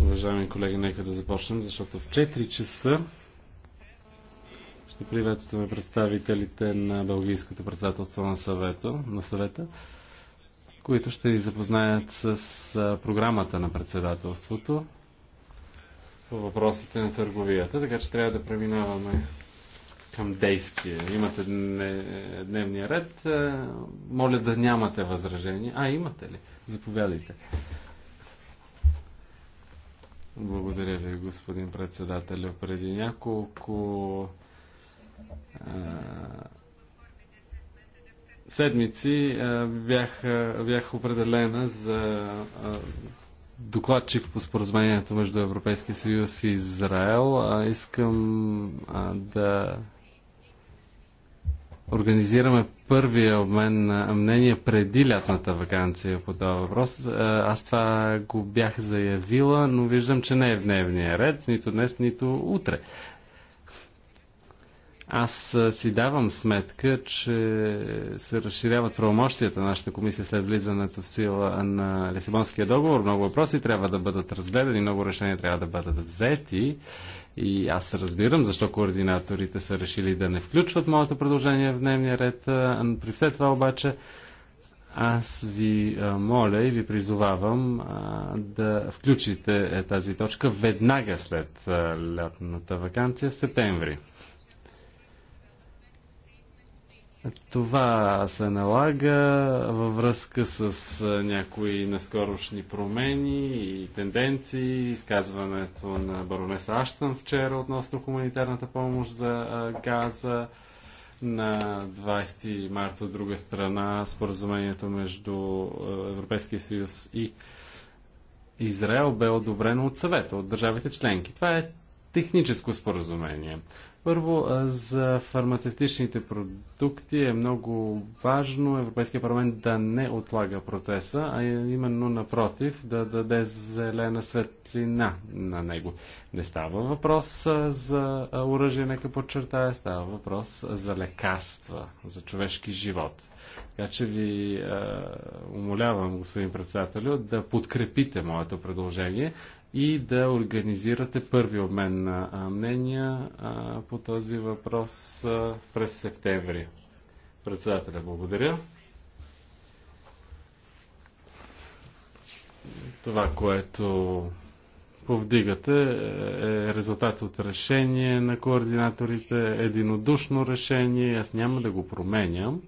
Уважаеми колеги, нека да започнем, защото в 4 часа ще приветстваме представителите на Белгийското председателство на, съвета, на съвета, които ще ви запознаят с програмата на председателството по въпросите на търговията, така че трябва да преминаваме към действие. Имате дневния ред. Моля да нямате възражения. А, имате ли? Заповядайте. Благодаря ви, господин председател. Преди няколко а, седмици а, бях, а, бях определена за а, докладчик по споразумението между Европейския съюз и Израел. А, искам а, да организираме първия обмен на мнение преди лятната вакансия по този въпрос. Е, аз това го бях заявила, но виждам, че не е в дневния ред, нито днес, нито утре. Аз си давам сметка, че се разширяват правомощията на нашата комисия след влизането в сила на Лисабонския договор. Много въпроси трябва да бъдат разгледани, много решения трябва да бъдат взети. И аз разбирам защо координаторите са решили да не включват моето предложение в дневния ред. При все това обаче аз ви моля и ви призовавам да включите е, тази точка веднага след лятната вакансия в септември. Това се налага във връзка с някои наскорошни промени и тенденции, изказването на баронеса Аштън вчера относно хуманитарната помощ за газа, на 20 марта от друга страна споразумението между Европейския съюз и Израел бе одобрено от съвета, от държавите членки. Това е техническо споразумение. Първо, за фармацевтичните продукти е много важно Европейския парламент да не отлага процеса, а именно напротив, да даде зелена светлина на него. Не става въпрос за оръжие, нека подчертая, става въпрос за лекарства, за човешки живот. Така че ви е, умолявам, господин председателю, да подкрепите моето предложение, и да организирате първи обмен на мнения по този въпрос през септември. Председателя, благодаря. Това, което повдигате е, е резултат от решение на координаторите, единодушно решение, аз няма да го променям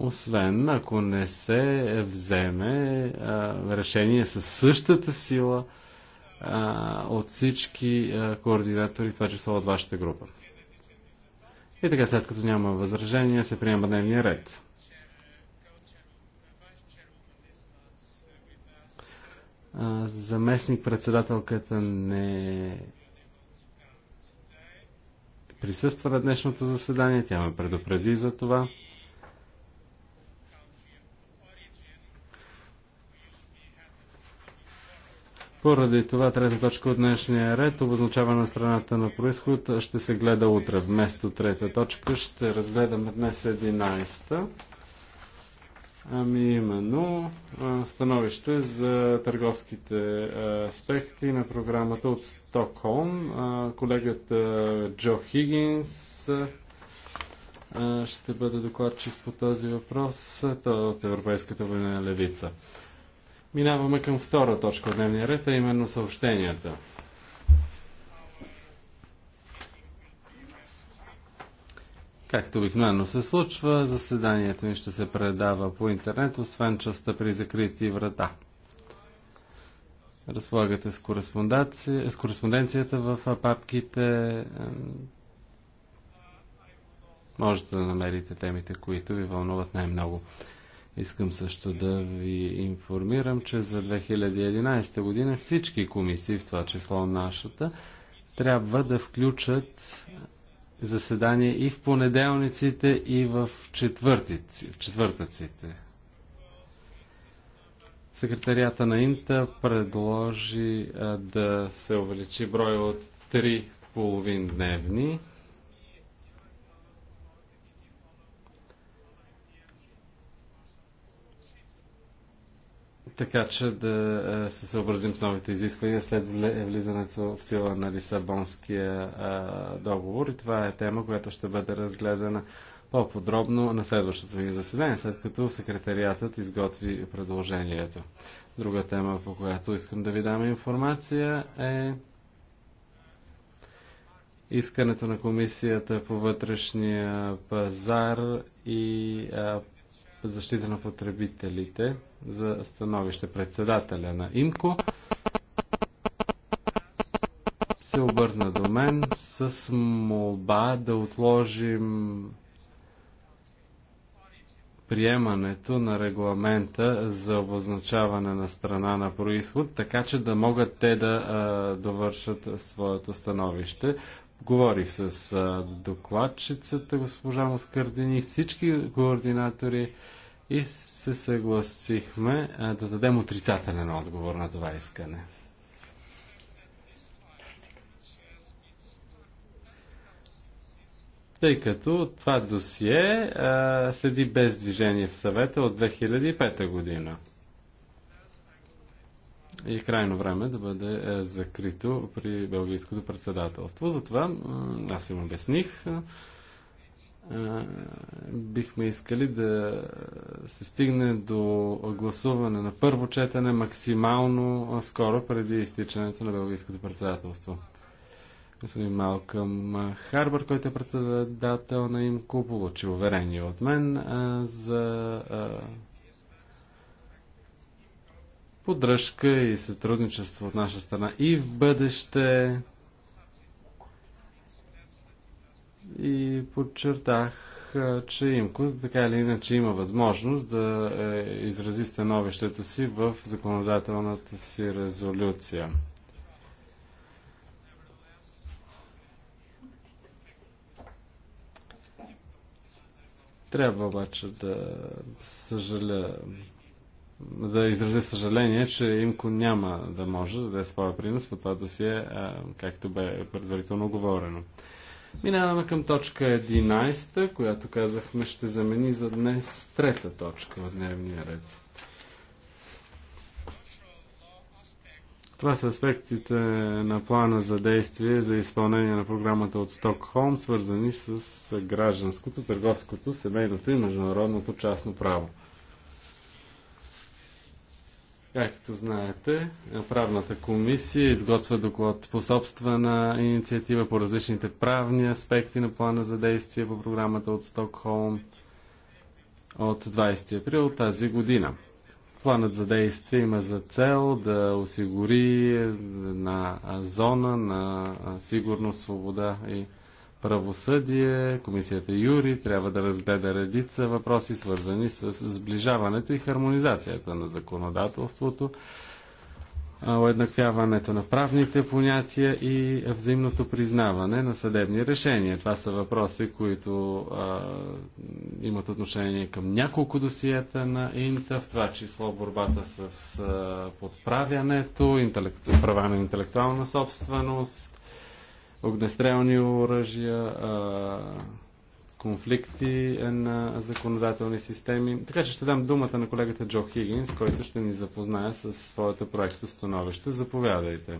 освен ако не се вземе а, решение със същата сила а, от всички а, координатори, това число от вашата група. И така, след като няма възражение, се приема дневния ред. Заместник председателката не присъства на днешното заседание. Тя ме предупреди за това. Поради това трета точка от днешния ред, обозначаване на страната на происход, ще се гледа утре. Вместо трета точка ще разгледаме днес 11-та. Ами именно становище за търговските аспекти на програмата от Стокхолм. Колегата Джо Хигинс ще бъде докладчик по този въпрос. Той е от Европейската война левица. Минаваме към втора точка от дневния ред, а именно съобщенията. Както обикновено се случва, заседанието ми ще се предава по интернет, освен частта при закрити врата. Разполагате с, с кореспонденцията в папките. Можете да намерите темите, които ви вълнуват най-много. Искам също да ви информирам, че за 2011 година всички комисии, в това число нашата, трябва да включат заседание и в понеделниците, и в, в четвъртъците. Секретарията на Инта предложи а, да се увеличи броя от 3,5 дневни. така че да е, се съобразим с новите изисквания след е, влизането в сила на Лисабонския е, договор. И това е тема, която ще бъде разгледана по-подробно на следващото ми заседание, след като секретариатът изготви предложението. Друга тема, по която искам да ви дам информация е искането на Комисията по вътрешния пазар и защита на потребителите за становище председателя на ИМКО се обърна до мен с молба да отложим приемането на регламента за обозначаване на страна на происход, така че да могат те да а, довършат своето становище. Говорих с докладчицата госпожа Москардини, всички координатори и се съгласихме да дадем отрицателен отговор на това искане. тъй като това досие а, седи без движение в съвета от 2005 година и е крайно време да бъде е, закрито при Белгийското председателство. Затова аз им обясних. Е, е, бихме искали да се стигне до гласуване на първо четене максимално скоро преди изтичането на Белгийското председателство. Господин Малкъм Харбър, който е председател на ИМКО, получи уверение от мен за поддръжка и сътрудничество от наша страна и в бъдеще. И подчертах, че Имко така или иначе има възможност да е, изрази становището си в законодателната си резолюция. Трябва обаче да съжаля да изрази съжаление, че Имко няма да може да даде своя принос по това досие, както бе предварително говорено. Минаваме към точка 11, която казахме ще замени за днес трета точка от дневния ред. Това са аспектите на плана за действие за изпълнение на програмата от Стокхолм, свързани с гражданското, търговското, семейното и международното частно право. Както знаете, правната комисия изготвя доклад по собствена инициатива по различните правни аспекти на плана за действие по програмата от Стокхолм от 20 април тази година. Планът за действие има за цел да осигури на зона на сигурност, свобода и правосъдие, комисията Юри трябва да разгледа редица въпроси, свързани с сближаването и хармонизацията на законодателството, уеднаквяването на правните понятия и взаимното признаване на съдебни решения. Това са въпроси, които а, имат отношение към няколко досиета на Инта, в това число борбата с а, подправянето, интелект, права на интелектуална собственост, огнестрелни оръжия, конфликти на законодателни системи. Така че ще дам думата на колегата Джо Хигинс, който ще ни запознае с своето проекто становище. Заповядайте.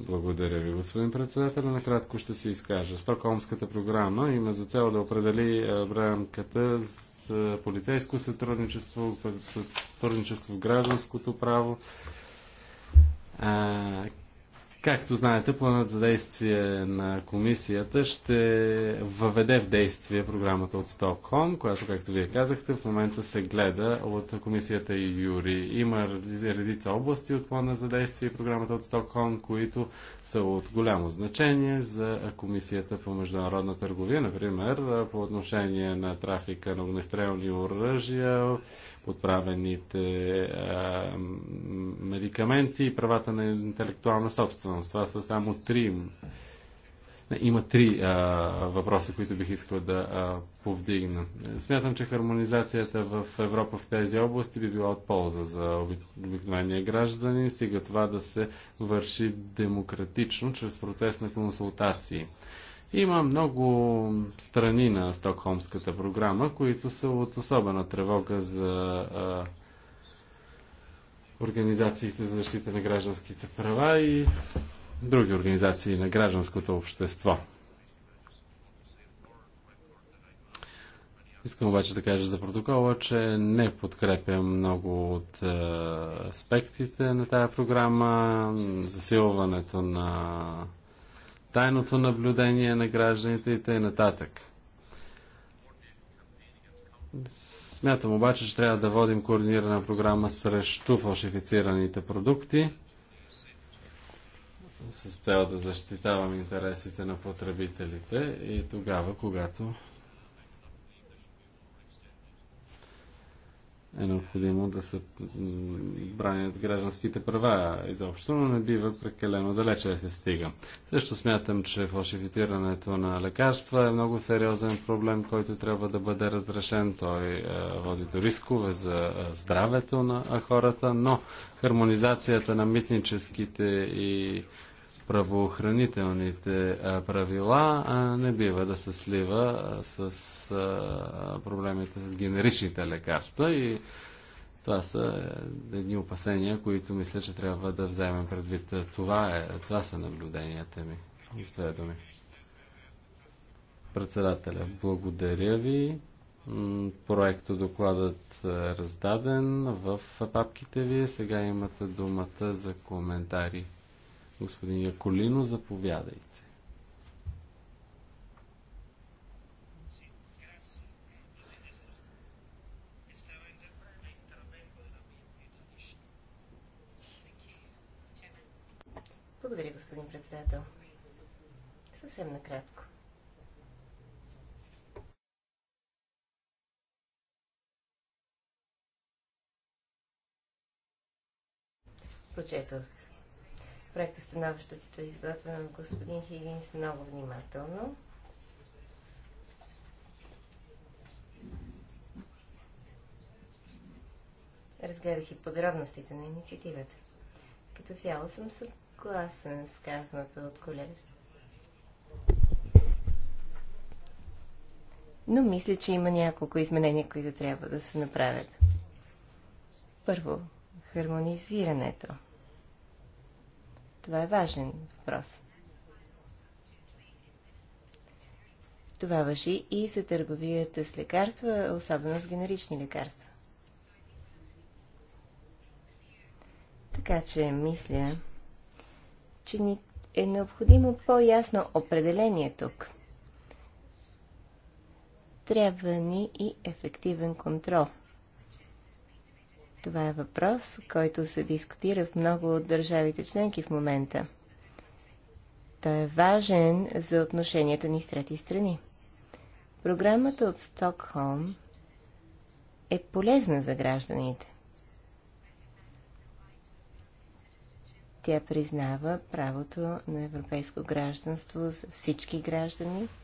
Благодаря ви, господин председател. Накратко ще се изкажа. Стокхолмската програма има за цел да определи рамката с полицейско сътрудничество, сътрудничество в гражданското право, Както знаете, планът за действие на комисията ще въведе в действие програмата от Стокхолм, която, както вие казахте, в момента се гледа от комисията и Юри. Има редица области от плана за действие и програмата от Стокхолм, които са от голямо значение за комисията по международна търговия, например, по отношение на трафика на огнестрелни оръжия, Отправените а, медикаменти и правата на интелектуална собственост. Това са само три. Не, има три а, въпроса, които бих искал да а, повдигна. Смятам, че хармонизацията в Европа в тези области би била от полза за обикновения граждани, стига това да се върши демократично, чрез процес на консултации. Има много страни на Стокхолмската програма, които са от особена тревога за а, организациите за защита на гражданските права и други организации на гражданското общество. Искам обаче да кажа за протокола, че не подкрепям много от аспектите на тая програма, засилването на тайното наблюдение на гражданите и т.н. Смятам обаче, че трябва да водим координирана програма срещу фалшифицираните продукти с цел да защитавам интересите на потребителите и тогава, когато е необходимо да се бранят гражданските права изобщо, но не бива прекалено далече да се стига. Също смятам, че фалшифицирането на лекарства е много сериозен проблем, който трябва да бъде разрешен. Той е, води до рискове за е, здравето на е, хората, но хармонизацията на митническите и правоохранителните правила не бива да се слива с проблемите с генеричните лекарства и това са е, едни опасения, които мисля, че трябва да вземем предвид. Това, е, това са наблюденията ми. С две Председателя, благодаря ви. Проекто докладът е раздаден в папките ви. Сега имате думата за коментари. Господин Яколино, заповядайте. Благодаря, господин председател. Съвсем накратко. Прочетох Проекта становището е изготвено от господин Хигинс много внимателно. Разгледах и подробностите на инициативата. Като цяло съм съгласен с казаното от колегата. Но мисля, че има няколко изменения, които трябва да се направят. Първо, хармонизирането – това е важен въпрос. Това въжи и за търговията с лекарства, особено с генерични лекарства. Така че мисля, че ни е необходимо по-ясно определение тук. Трябва ни и ефективен контрол – това е въпрос, който се дискутира в много от държавите членки в момента. Той е важен за отношенията ни с трети страни. Програмата от Стокхолм е полезна за гражданите. Тя признава правото на европейско гражданство за всички граждани –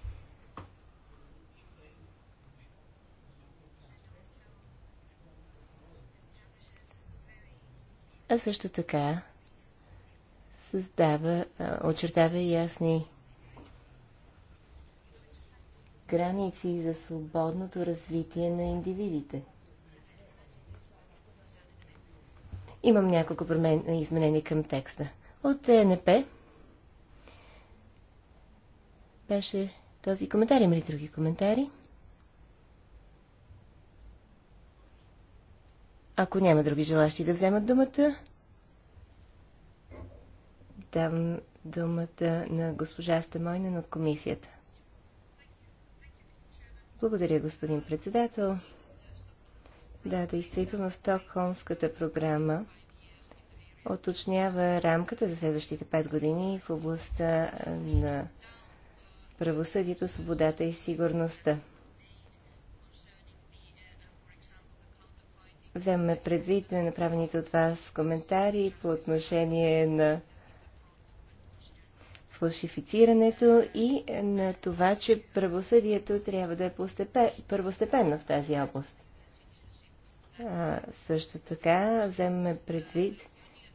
а също така създава, очертава ясни граници за свободното развитие на индивидите. Имам няколко промен... изменения към текста. От ЕНП беше този коментар. Има ли други коментари? Ако няма други желащи да вземат думата, давам думата на госпожа Стамойнен от комисията. Благодаря, господин председател. Да, действително Стокхолмската програма оточнява рамката за следващите 5 години в областта на правосъдието, свободата и сигурността. вземаме предвид на направените от вас коментари по отношение на фалшифицирането и на това, че правосъдието трябва да е първостепенно в тази област. А, също така вземаме предвид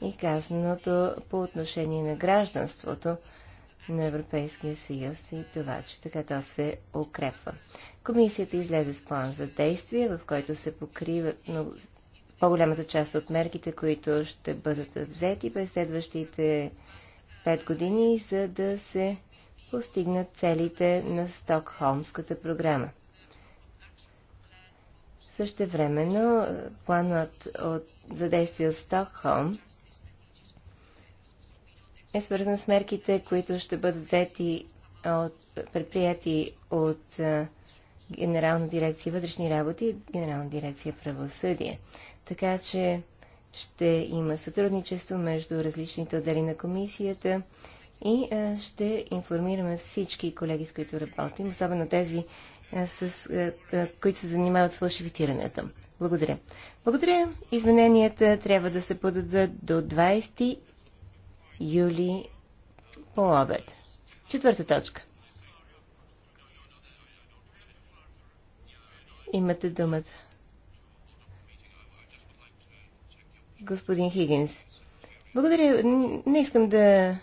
и казаното по отношение на гражданството на Европейския съюз и това, че така то се укрепва. Комисията излезе с план за действие, в който се покрива по-голямата част от мерките, които ще бъдат взети през следващите 5 години, за да се постигнат целите на Стокхолмската програма. Също времено планът от, за действие от Стокхолм е свързан с мерките, които ще бъдат взети от, предприяти от Генерална дирекция вътрешни работи и Генерална дирекция правосъдие. Така че ще има сътрудничество между различните отдели на комисията и ще информираме всички колеги, с които работим, особено тези, с, които се занимават с фалшифицирането. Благодаря. Благодаря. Измененията трябва да се подадат до 20 юли по обед. Четвърта точка. Имате думата. господин Хигинс. Благодаря. Не искам да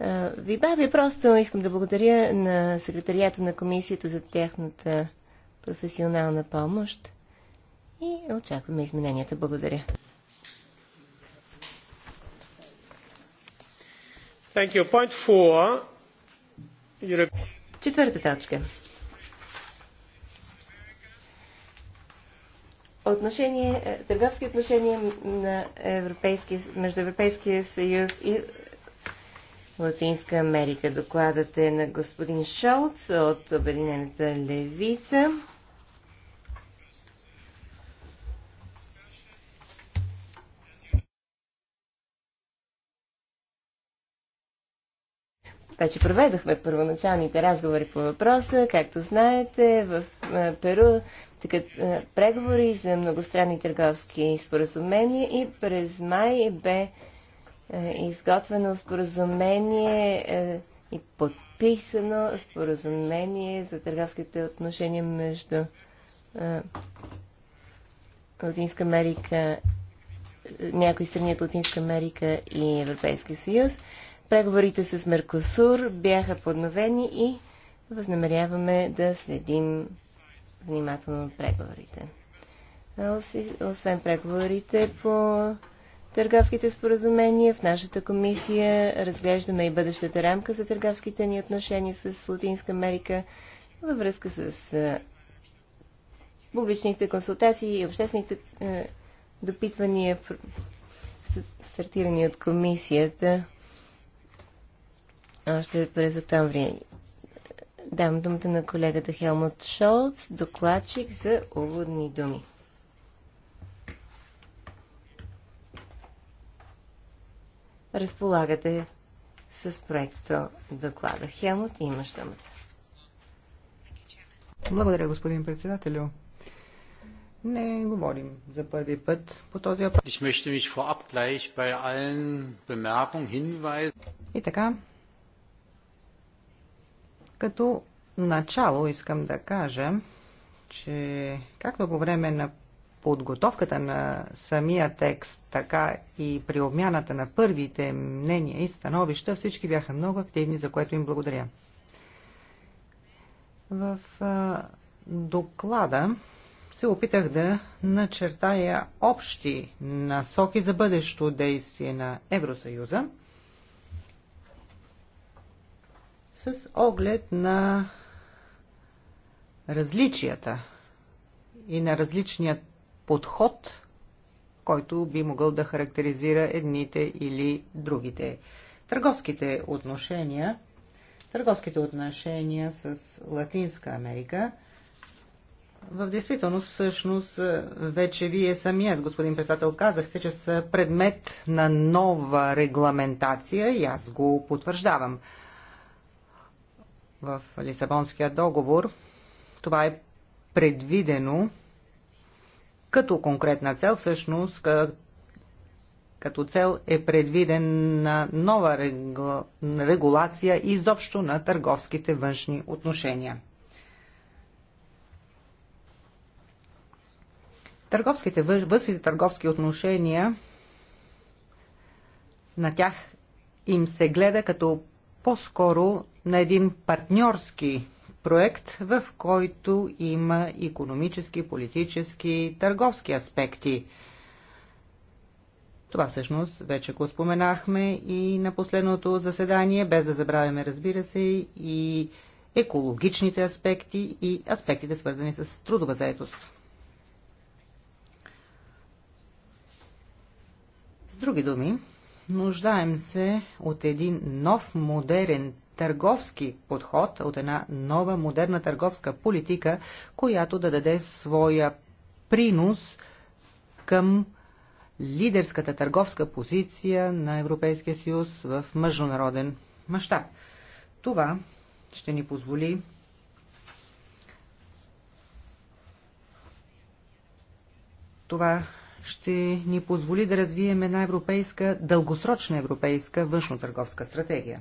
а, ви бавя, просто искам да благодаря на секретарията на комисията за тяхната професионална помощ и очакваме измененията. Благодаря. Thank you. Point four. Четвърта точка. отношение, е, търговски отношения на европейски, между Европейския съюз и Латинска Америка. Докладът е на господин Шолц от Обединената левица. Вече проведохме първоначалните разговори по въпроса. Както знаете, в е, Перу така, е, преговори за многостранни търговски споразумения и през май бе е, изготвено споразумение и подписано споразумение за търговските отношения между Латинска Америка, някои страни от Латинска Америка и Европейския съюз преговорите с Меркосур бяха подновени и възнамеряваме да следим внимателно преговорите. Освен преговорите по търговските споразумения, в нашата комисия разглеждаме и бъдещата рамка за търговските ни отношения с Латинска Америка във връзка с публичните консултации и обществените допитвания, стартирани от комисията още през октомври. Дам думата на колегата Хелмут Шолц, докладчик за уводни думи. Разполагате с проекто доклада. Хелмут, имаш думата. Благодаря, господин председателю. Не говорим за първи път по този въпрос. И така, като начало искам да кажа, че както по време на подготовката на самия текст, така и при обмяната на първите мнения и становища, всички бяха много активни, за което им благодаря. В а, доклада се опитах да начертая общи насоки за бъдещо действие на Евросъюза – С оглед на различията и на различният подход, който би могъл да характеризира едните или другите. Търговските отношения, търговските отношения с Латинска Америка – в действителност, всъщност, вече вие самият, господин председател, казахте, че са предмет на нова регламентация и аз го потвърждавам в Лисабонския договор. Това е предвидено като конкретна цел, всъщност като цел е предвиден на нова регулация изобщо на търговските външни отношения. Търговските, външните търговски отношения на тях им се гледа като по-скоро на един партньорски проект, в който има економически, политически, и търговски аспекти. Това всъщност вече го споменахме и на последното заседание, без да забравяме, разбира се, и екологичните аспекти и аспектите свързани с трудова заетост. С други думи, нуждаем се от един нов модерен търговски подход, от една нова модерна търговска политика, която да даде своя принос към лидерската търговска позиция на Европейския съюз в международен мащаб. Това ще ни позволи това ще ни позволи да развием една европейска, дългосрочна европейска външно-търговска стратегия.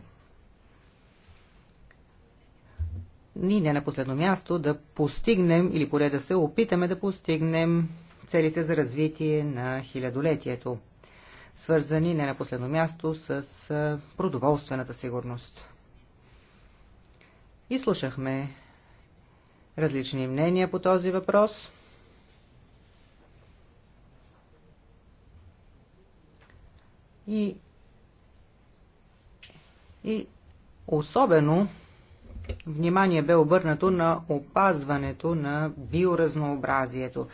и не на последно място да постигнем или поне да се опитаме да постигнем целите за развитие на хилядолетието, свързани не на последно място с продоволствената сигурност. И слушахме различни мнения по този въпрос. И, и особено внимание бе обърнато на опазването на биоразнообразието.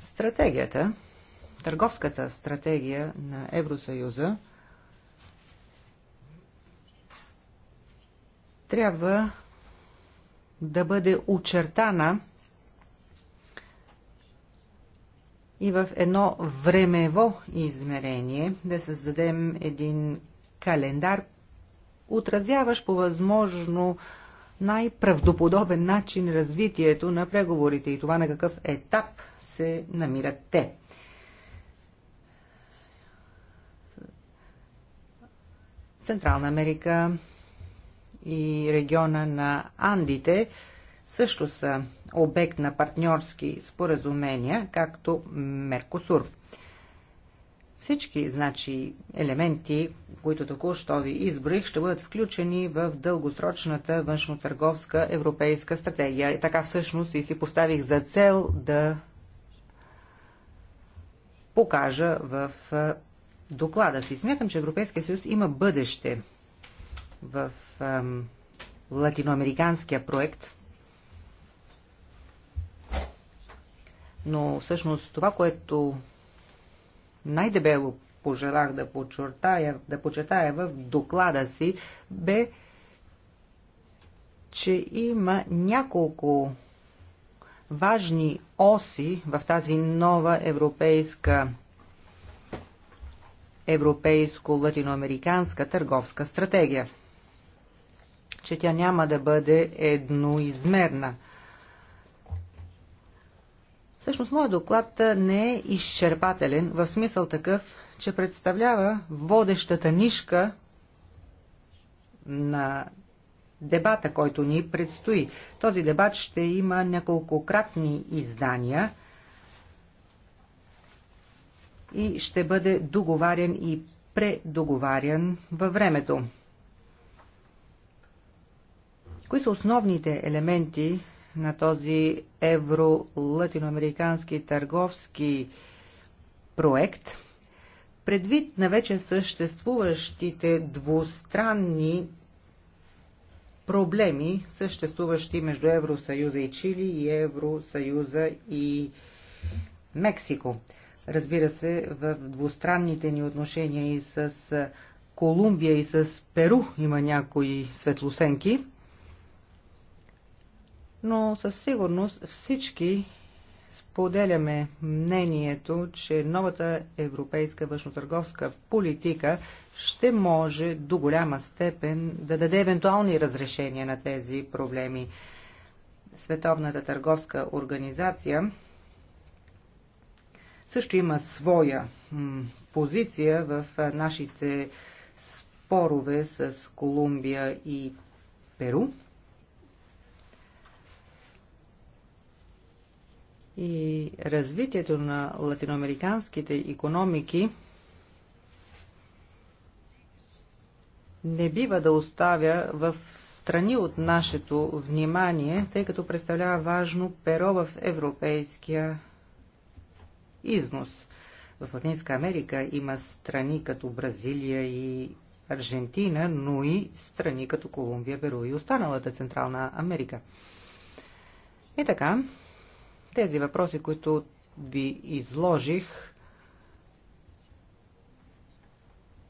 Стратегията, търговската стратегия на Евросъюза трябва да бъде очертана и в едно времево измерение да създадем един календар, отразяваш по възможно най-правдоподобен начин развитието на преговорите и това на какъв етап се намират те. Централна Америка и региона на Андите – също са обект на партньорски споразумения, както Меркосур. Всички значи, елементи, които току-що ви изброих, ще бъдат включени в дългосрочната външно-търговска европейска стратегия. И така всъщност и си поставих за цел да покажа в доклада си. Смятам, че Европейския съюз има бъдеще в ам, латиноамериканския проект – Но всъщност това, което най-дебело пожелах да подчертая, да подчертая в доклада си, бе, че има няколко важни оси в тази нова европейска европейско-латиноамериканска търговска стратегия. Че тя няма да бъде едноизмерна – Всъщност, моят доклад не е изчерпателен, в смисъл такъв, че представлява водещата нишка на дебата, който ни предстои. Този дебат ще има няколкократни издания и ще бъде договарян и предоговарян във времето. Кои са основните елементи на този евро-латиноамерикански търговски проект, предвид на вече съществуващите двустранни проблеми, съществуващи между Евросъюза и Чили и Евросъюза и Мексико. Разбира се, в двустранните ни отношения и с Колумбия и с Перу има някои светлосенки, но със сигурност всички споделяме мнението, че новата европейска външнотърговска политика ще може до голяма степен да даде евентуални разрешения на тези проблеми. Световната търговска организация също има своя позиция в нашите спорове с Колумбия и Перу. и развитието на латиноамериканските економики не бива да оставя в страни от нашето внимание, тъй като представлява важно перо в европейския износ. В Латинска Америка има страни като Бразилия и Аржентина, но и страни като Колумбия, Беру и останалата Централна Америка. И така, тези въпроси, които ви изложих,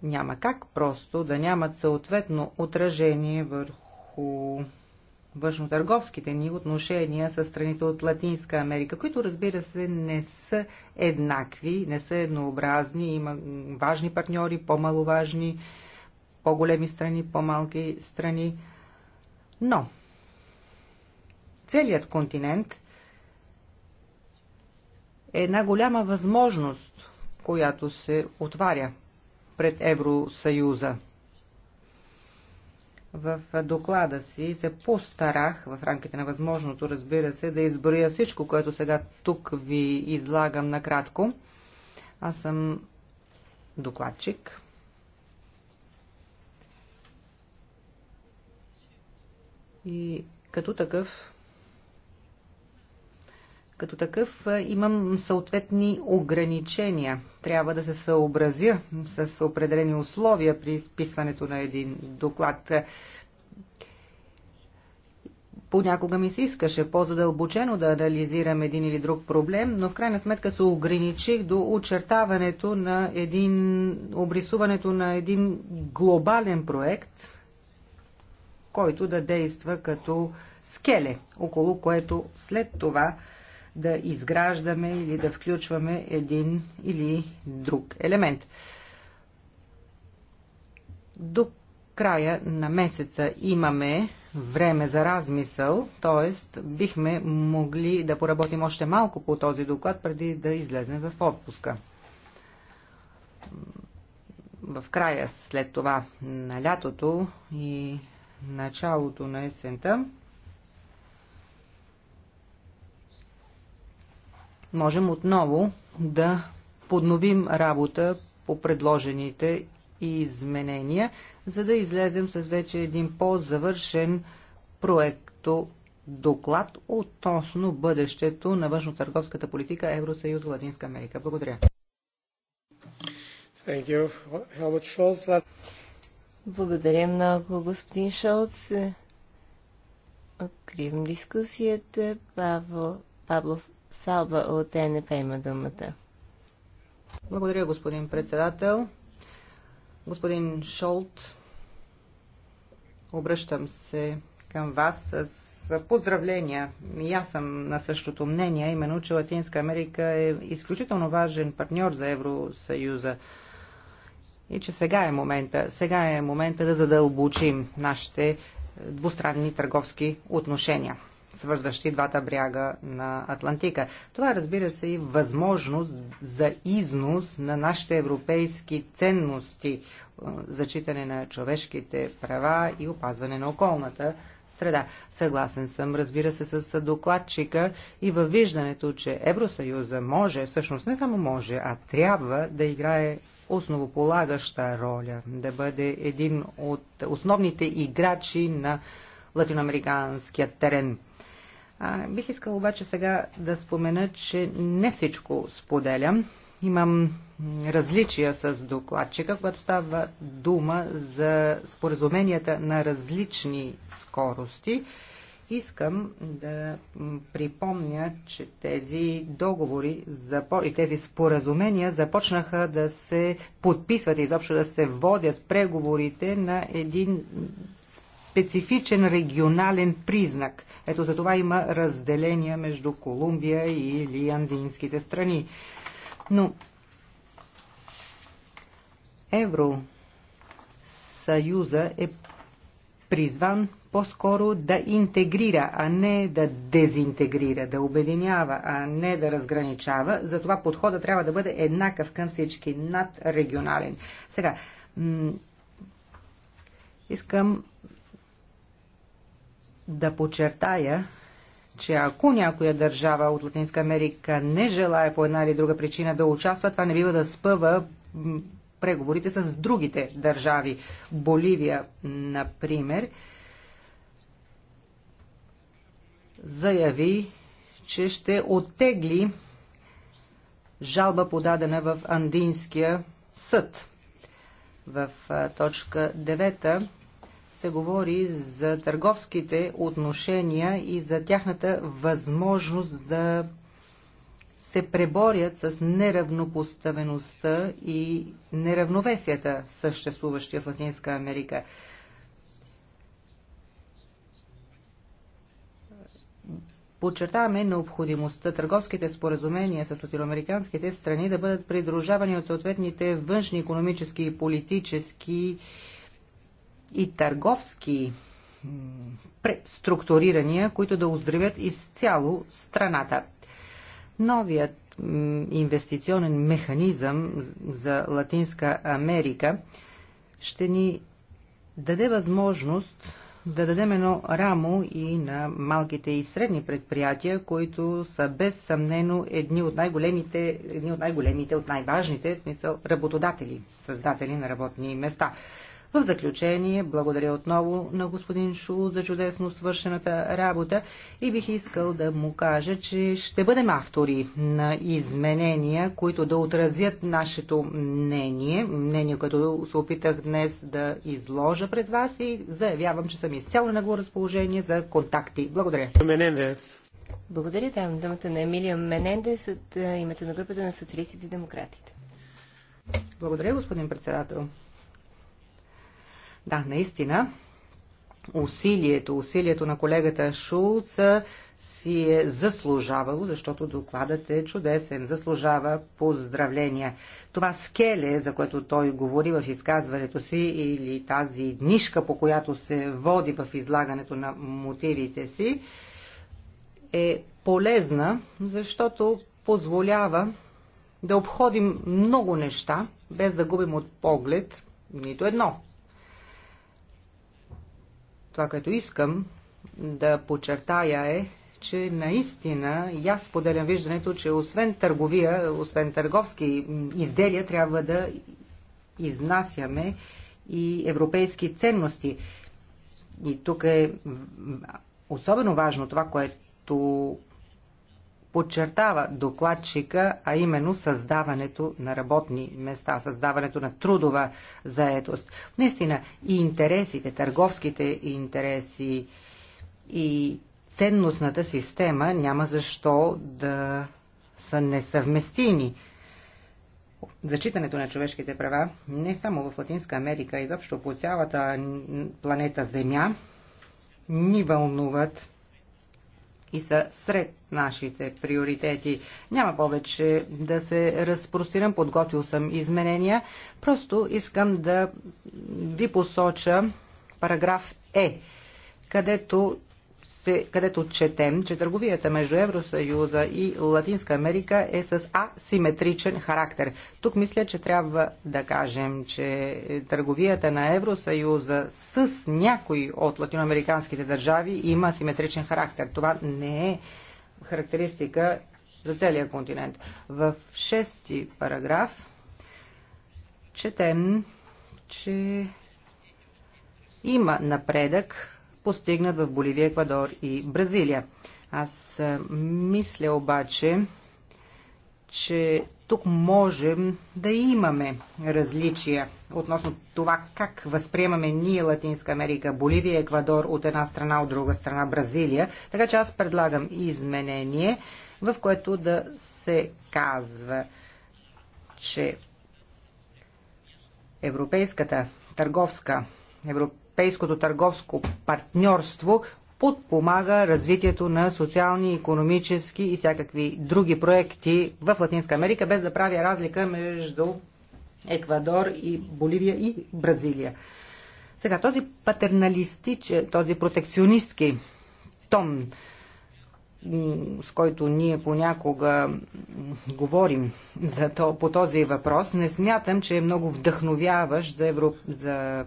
няма как просто да нямат съответно отражение върху външно-търговските ни отношения с страните от Латинска Америка, които разбира се не са еднакви, не са еднообразни, има важни партньори, по-маловажни, по-големи страни, по-малки страни. Но целият континент е една голяма възможност, която се отваря пред Евросъюза. В доклада си се постарах, в рамките на възможното, разбира се, да изброя всичко, което сега тук ви излагам накратко. Аз съм докладчик. И като такъв като такъв имам съответни ограничения. Трябва да се съобразя с определени условия при изписването на един доклад. Понякога ми се искаше по-задълбочено да анализирам един или друг проблем, но в крайна сметка се ограничих до очертаването на един, обрисуването на един глобален проект, който да действа като скеле, около което след това да изграждаме или да включваме един или друг елемент. До края на месеца имаме време за размисъл, т.е. бихме могли да поработим още малко по този доклад, преди да излезем в отпуска. В края, след това на лятото и началото на есента, можем отново да подновим работа по предложените и изменения, за да излезем с вече един по-завършен проекто доклад относно бъдещето на външно-търговската политика Евросъюз Латинска Америка. Благодаря. Благодаря много, господин Шолц. Откривам дискусията. Павло, Павлов Салба от ЕНП има думата. Благодаря, господин председател. Господин Шолт, обръщам се към вас с поздравления. И аз съм на същото мнение, именно, че Латинска Америка е изключително важен партньор за Евросъюза. И че сега е момента, сега е момента да задълбочим нашите двустранни търговски отношения свързващи двата бряга на Атлантика. Това разбира се и е възможност за износ на нашите европейски ценности, е, зачитане на човешките права и опазване на околната среда. Съгласен съм, разбира се, с докладчика и във виждането, че Евросъюза може, всъщност не само може, а трябва да играе основополагаща роля, да бъде един от основните играчи на латиноамериканския терен. А, бих искал обаче сега да спомена, че не всичко споделям. Имам различия с докладчика, когато става дума за споразуменията на различни скорости. Искам да припомня, че тези договори и тези споразумения започнаха да се подписват и изобщо да се водят преговорите на един специфичен регионален признак. Ето за това има разделения между Колумбия или андинските страни. Но Евросъюза е призван по-скоро да интегрира, а не да дезинтегрира, да обединява, а не да разграничава. Затова подхода трябва да бъде еднакъв към всички, надрегионален. Сега, искам да подчертая, че ако някоя държава от Латинска Америка не желая по една или друга причина да участва, това не бива да спъва преговорите с другите държави. Боливия, например, заяви, че ще оттегли жалба подадена в Андинския съд. В точка 9 се говори за търговските отношения и за тяхната възможност да се преборят с неравнопоставеността и неравновесията, съществуващи в Латинска Америка. Подчертаваме необходимостта търговските споразумения с латиноамериканските страни да бъдат придружавани от съответните външни економически и политически и търговски преструктурирания, които да оздравят изцяло страната. Новият инвестиционен механизъм за Латинска Америка ще ни даде възможност да дадем едно рамо и на малките и средни предприятия, които са без съмнено едни от най-големите, едни от най-големите, от най-важните, в смисъл работодатели, създатели на работни места. В заключение, благодаря отново на господин Шул за чудесно свършената работа и бих искал да му кажа, че ще бъдем автори на изменения, които да отразят нашето мнение, мнение, което се опитах днес да изложа пред вас и заявявам, че съм изцяло на го разположение за контакти. Благодаря. Благодаря. Давам думата на Емилия Менендес от името на групата на социалистите и демократите. Благодаря, господин председател. Да, наистина, усилието, усилието на колегата Шулц си е заслужавало, защото докладът е чудесен, заслужава поздравления. Това скеле, за което той говори в изказването си, или тази нишка, по която се води в излагането на мотивите си, е полезна, защото позволява да обходим много неща, без да губим от поглед нито едно. Това, което искам да подчертая е, че наистина и аз поделям виждането, че освен търговия, освен търговски изделия, трябва да изнасяме и европейски ценности. И тук е особено важно това, което подчертава докладчика, а именно създаването на работни места, създаването на трудова заетост. Наистина и интересите, търговските интереси и ценностната система няма защо да са несъвместими. Зачитането на човешките права не само в Латинска Америка, изобщо по цялата планета Земя ни вълнуват и са сред нашите приоритети. Няма повече да се разпростирам, подготвил съм изменения, просто искам да ви посоча параграф Е, където се, където четем, че търговията между Евросъюза и Латинска Америка е с асиметричен характер. Тук мисля, че трябва да кажем, че търговията на Евросъюза с някои от латиноамериканските държави има асиметричен характер. Това не е характеристика за целия континент. В шести параграф четем, че има напредък постигнат в Боливия, Еквадор и Бразилия. Аз мисля обаче, че тук можем да имаме различия относно това как възприемаме ние Латинска Америка, Боливия, Еквадор от една страна, от друга страна Бразилия. Така че аз предлагам изменение, в което да се казва, че Европейската търговска, Европ европейското търговско партньорство подпомага развитието на социални, економически и всякакви други проекти в Латинска Америка, без да прави разлика между Еквадор и Боливия и Бразилия. Сега, този патерналистичен, този протекционистки тон с който ние понякога говорим за то, по този въпрос, не смятам, че е много вдъхновяващ за, евро... за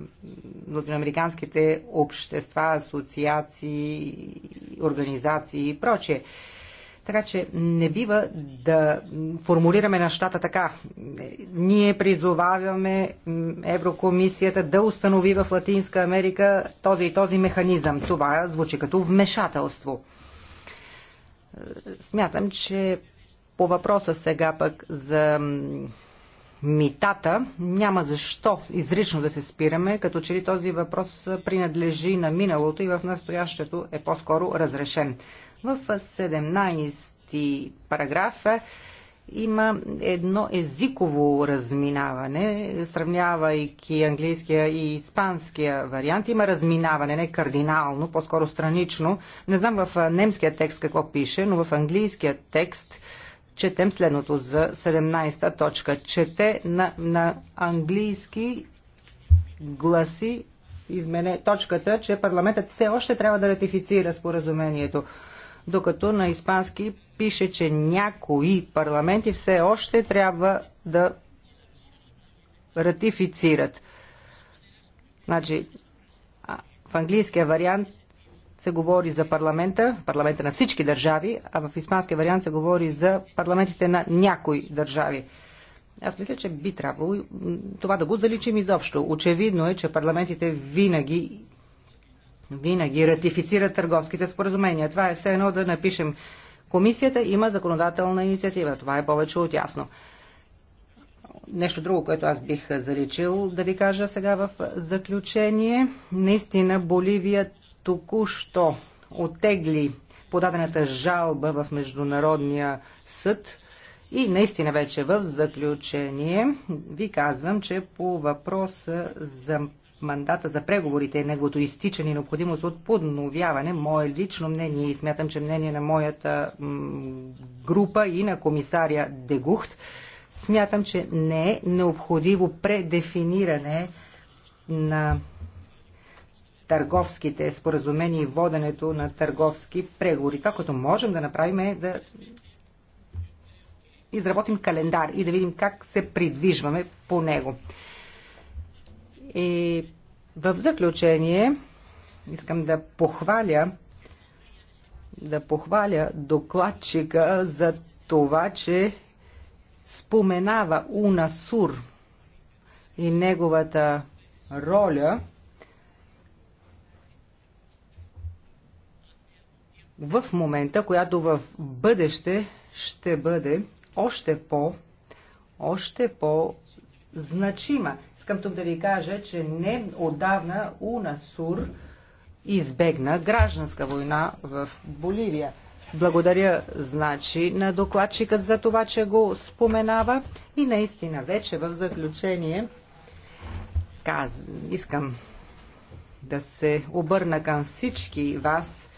латиноамериканските общества, асоциации, организации и прочее. Така че не бива да формулираме нещата така. Ние призоваваме Еврокомисията да установи в Латинска Америка този и този механизъм. Това звучи като вмешателство. Смятам, че по въпроса сега пък за митата, няма защо изрично да се спираме, като че ли този въпрос принадлежи на миналото и в настоящето е по-скоро разрешен. В 17 параграф има едно езиково разминаване, сравнявайки английския и испанския вариант. Има разминаване, не кардинално, по-скоро странично. Не знам в немския текст какво пише, но в английския текст четем следното за 17-та точка. Чете на, на английски гласи измене точката, че парламентът все още трябва да ратифицира споразумението, докато на испански пише, че някои парламенти все още трябва да ратифицират. Значи, в английския вариант се говори за парламента, парламента на всички държави, а в испанския вариант се говори за парламентите на някои държави. Аз мисля, че би трябвало това да го заличим изобщо. Очевидно е, че парламентите винаги винаги ратифицират търговските споразумения. Това е все едно да напишем Комисията има законодателна инициатива. Това е повече от ясно. Нещо друго, което аз бих заличил да ви кажа сега в заключение. Наистина Боливия току-що отегли подадената жалба в Международния съд и наистина вече в заключение ви казвам, че по въпроса за мандата за преговорите е неговото изтичане и необходимост от подновяване, мое лично мнение и смятам, че мнение на моята група и на комисаря Дегухт, смятам, че не е необходимо предефиниране на търговските споразумения и воденето на търговски преговори. Това, което можем да направим е да изработим календар и да видим как се придвижваме по него. И в заключение искам да похваля да похваля докладчика за това, че споменава Унасур и неговата роля в момента, която в бъдеще ще бъде още по още по значима. Искам тук да ви кажа, че не отдавна УНАСУР избегна гражданска война в Боливия. Благодаря, значи, на докладчика за това, че го споменава и наистина вече в заключение каз... искам да се обърна към всички вас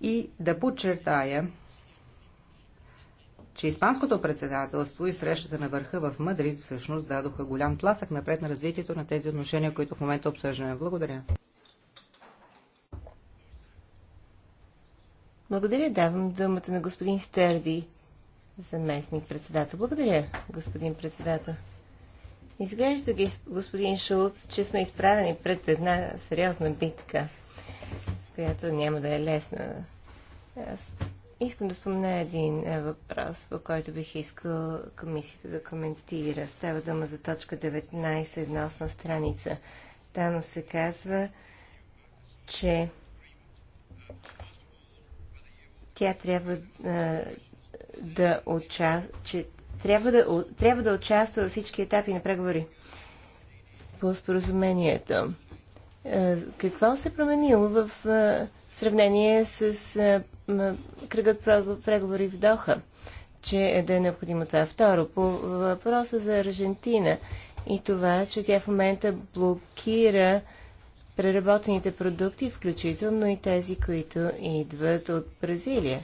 и да подчертая, че Испанското председателство и срещата на върха в Мадрид всъщност дадоха голям тласък напред на развитието на тези отношения, които в момента обсъждаме. Благодаря. Благодаря. Давам думата на господин Стърди, заместник председател. Благодаря, господин председател. Изглежда, господин Шулц, че сме изправени пред една сериозна битка, която няма да е лесна. Аз Искам да спомня един е, въпрос, по който бих искал комисията да коментира. Става дума за точка 19, една осна страница. Там се казва, че тя трябва е, да участва, че трябва да, трябва да участва във всички етапи на преговори по споразумението. Е, какво се променило в в сравнение с кръгът преговори в Доха, че е да е необходимо това. Второ, по въпроса за Аржентина и това, че тя в момента блокира преработените продукти, включително и тези, които идват от Бразилия.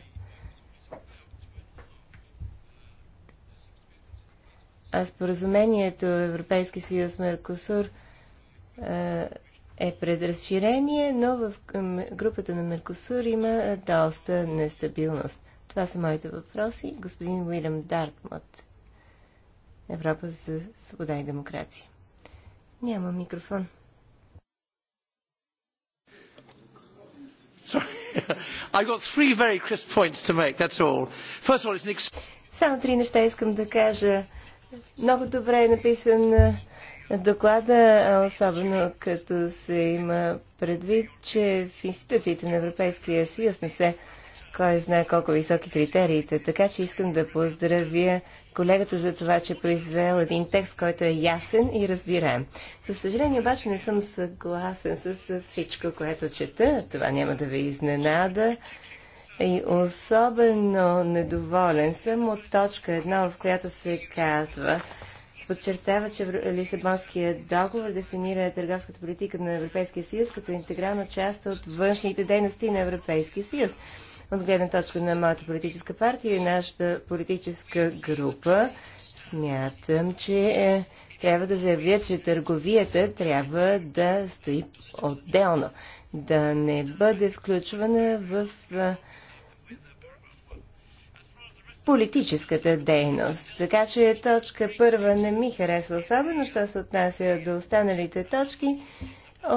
А споразумението Европейски съюз Меркосур е, е пред разширение, но в групата на Меркосур има доста нестабилност. Това са моите въпроси. Господин Уилям Дартмут, Европа за свобода и демокрация. Няма микрофон. All, an... Само три неща искам да кажа. Много добре е написан доклада, особено като се има предвид, че в институциите на Европейския съюз не се кой знае колко високи критериите. Така че искам да поздравя колегата за това, че произвел един текст, който е ясен и разбираем. За съжаление обаче не съм съгласен с всичко, което чета. Това няма да ви изненада. И особено недоволен съм от точка едно, в която се казва, подчертава, че Лисабонският договор дефинира търговската политика на Европейския съюз като интегрална част от външните дейности на Европейския съюз. От гледна точка на моята политическа партия и нашата политическа група, смятам, че е, трябва да заявя, че търговията трябва да стои отделно, да не бъде включвана в е, политическата дейност. Така че точка първа не ми харесва особено, що се отнася до останалите точки.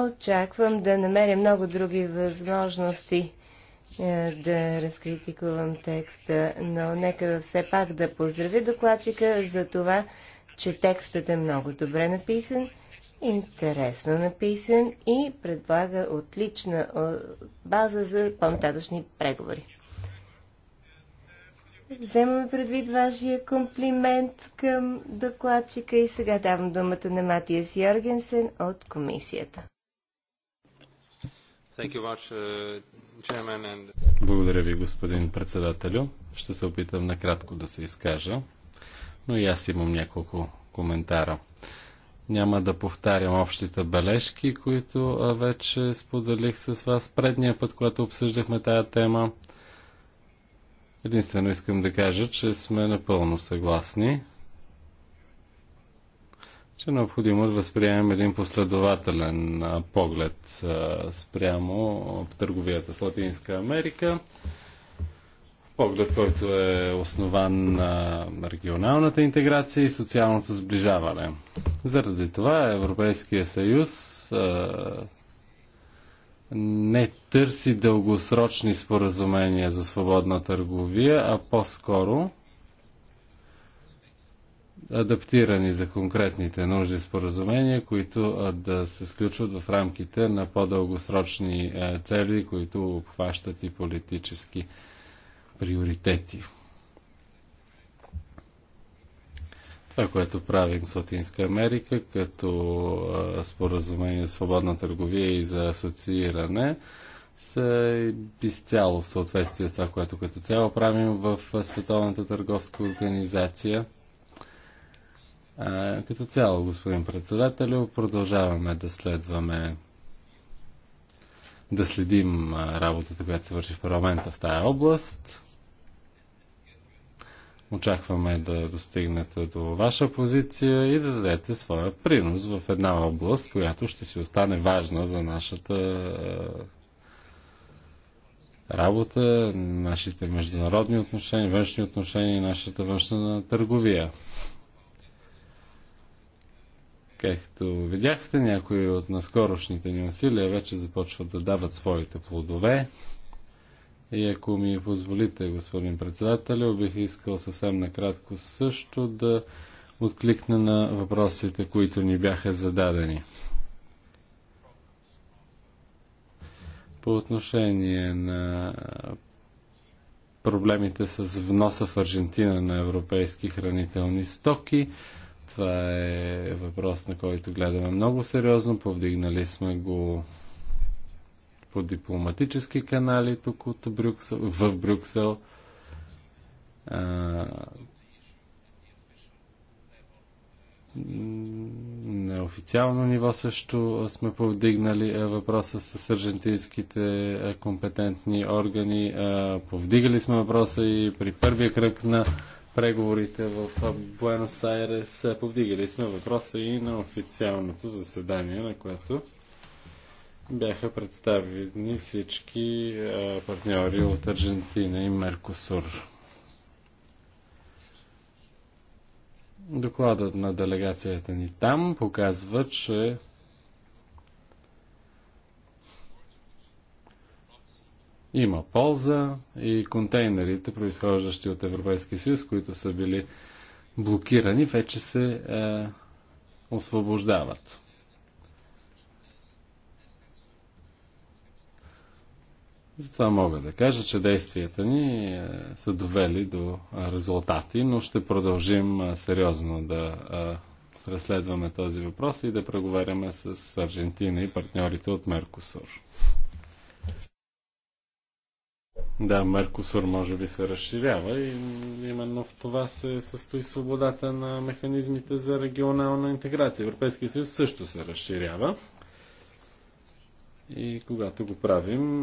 Очаквам да намеря много други възможности е, да разкритикувам текста, но нека все пак да поздравя докладчика за това, че текстът е много добре написан, интересно написан и предлага отлична база за по-нататъчни преговори. Вземаме предвид вашия комплимент към докладчика и сега давам думата на Матиас Йоргенсен от комисията. Uh, Благодаря ви, господин председателю. Ще се опитам накратко да се изкажа, но и аз имам няколко коментара. Няма да повтарям общите бележки, които вече споделих с вас предния път, когато обсъждахме тая тема. Единствено искам да кажа, че сме напълно съгласни, че е необходимо да възприемем един последователен поглед спрямо търговията с Латинска Америка поглед, който е основан на регионалната интеграция и социалното сближаване. Заради това Европейския съюз не търси дългосрочни споразумения за свободна търговия, а по-скоро адаптирани за конкретните нужди споразумения, които да се сключват в рамките на по-дългосрочни цели, които обхващат и политически приоритети. Това, което правим с Латинска Америка, като споразумение за свободна търговия и за асоцииране, са изцяло в съответствие с това, което като цяло правим в Световната търговска организация. А, като цяло, господин председател, продължаваме да следваме да следим работата, която се върши в парламента в тая област. Очакваме да достигнете до ваша позиция и да дадете своя принос в една област, която ще си остане важна за нашата е, работа, нашите международни отношения, външни отношения и нашата външна търговия. Както видяхте, някои от наскорошните ни усилия вече започват да дават своите плодове. И ако ми позволите, господин председател, бих искал съвсем накратко също да откликна на въпросите, които ни бяха зададени. По отношение на проблемите с вноса в Аржентина на европейски хранителни стоки, това е въпрос, на който гледаме много сериозно. Повдигнали сме го по дипломатически канали тук от Брюксел, в Брюксел. А, неофициално ниво също сме повдигнали въпроса с аржентинските компетентни органи. Повдигали сме въпроса и при първия кръг на преговорите в Буенос Айрес. Повдигали сме въпроса и на официалното заседание, на което бяха представени всички партньори от Аржентина и Меркосур. Докладът на делегацията ни там показва, че има полза и контейнерите, произхождащи от Европейския съюз, които са били блокирани, вече се е, освобождават. Затова мога да кажа, че действията ни е, са довели до е, резултати, но ще продължим е, сериозно да разследваме този въпрос и да преговаряме с Аржентина и партньорите от Меркосур. Да, Меркосур може би се разширява и именно в това се състои свободата на механизмите за регионална интеграция. Европейския съюз също се разширява. И когато го правим,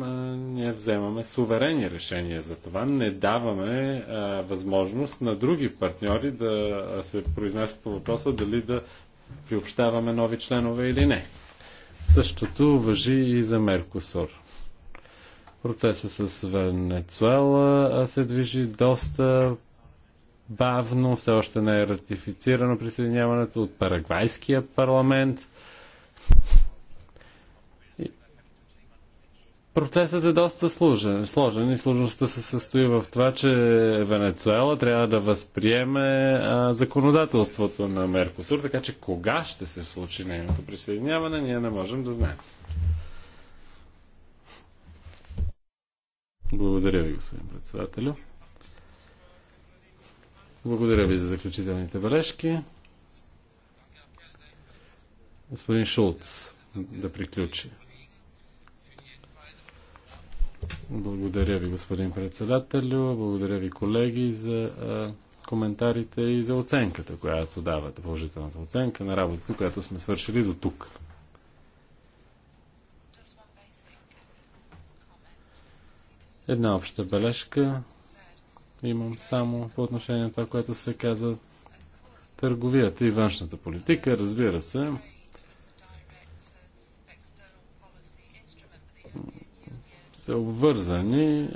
ние вземаме суверени решения за това. Не даваме възможност на други партньори да се произнесат по въпроса дали да приобщаваме нови членове или не. Същото въжи и за Меркосур. Процеса с Венецуела се движи доста бавно, все още не е ратифицирано присъединяването от Парагвайския парламент Процесът е доста сложен, сложен и сложността се състои в това, че Венецуела трябва да възприеме а, законодателството на Меркосур, така че кога ще се случи нейното присъединяване, ние не можем да знаем. Благодаря ви, господин председателю. Благодаря ви за заключителните бележки. Господин Шулц, да приключи. Благодаря ви, господин председателю. Благодаря ви, колеги, за коментарите и за оценката, която давате, положителната оценка на работата, която сме свършили до тук. Една обща бележка имам само по отношение на това, което се каза търговията и външната политика. Разбира се, са обвързани.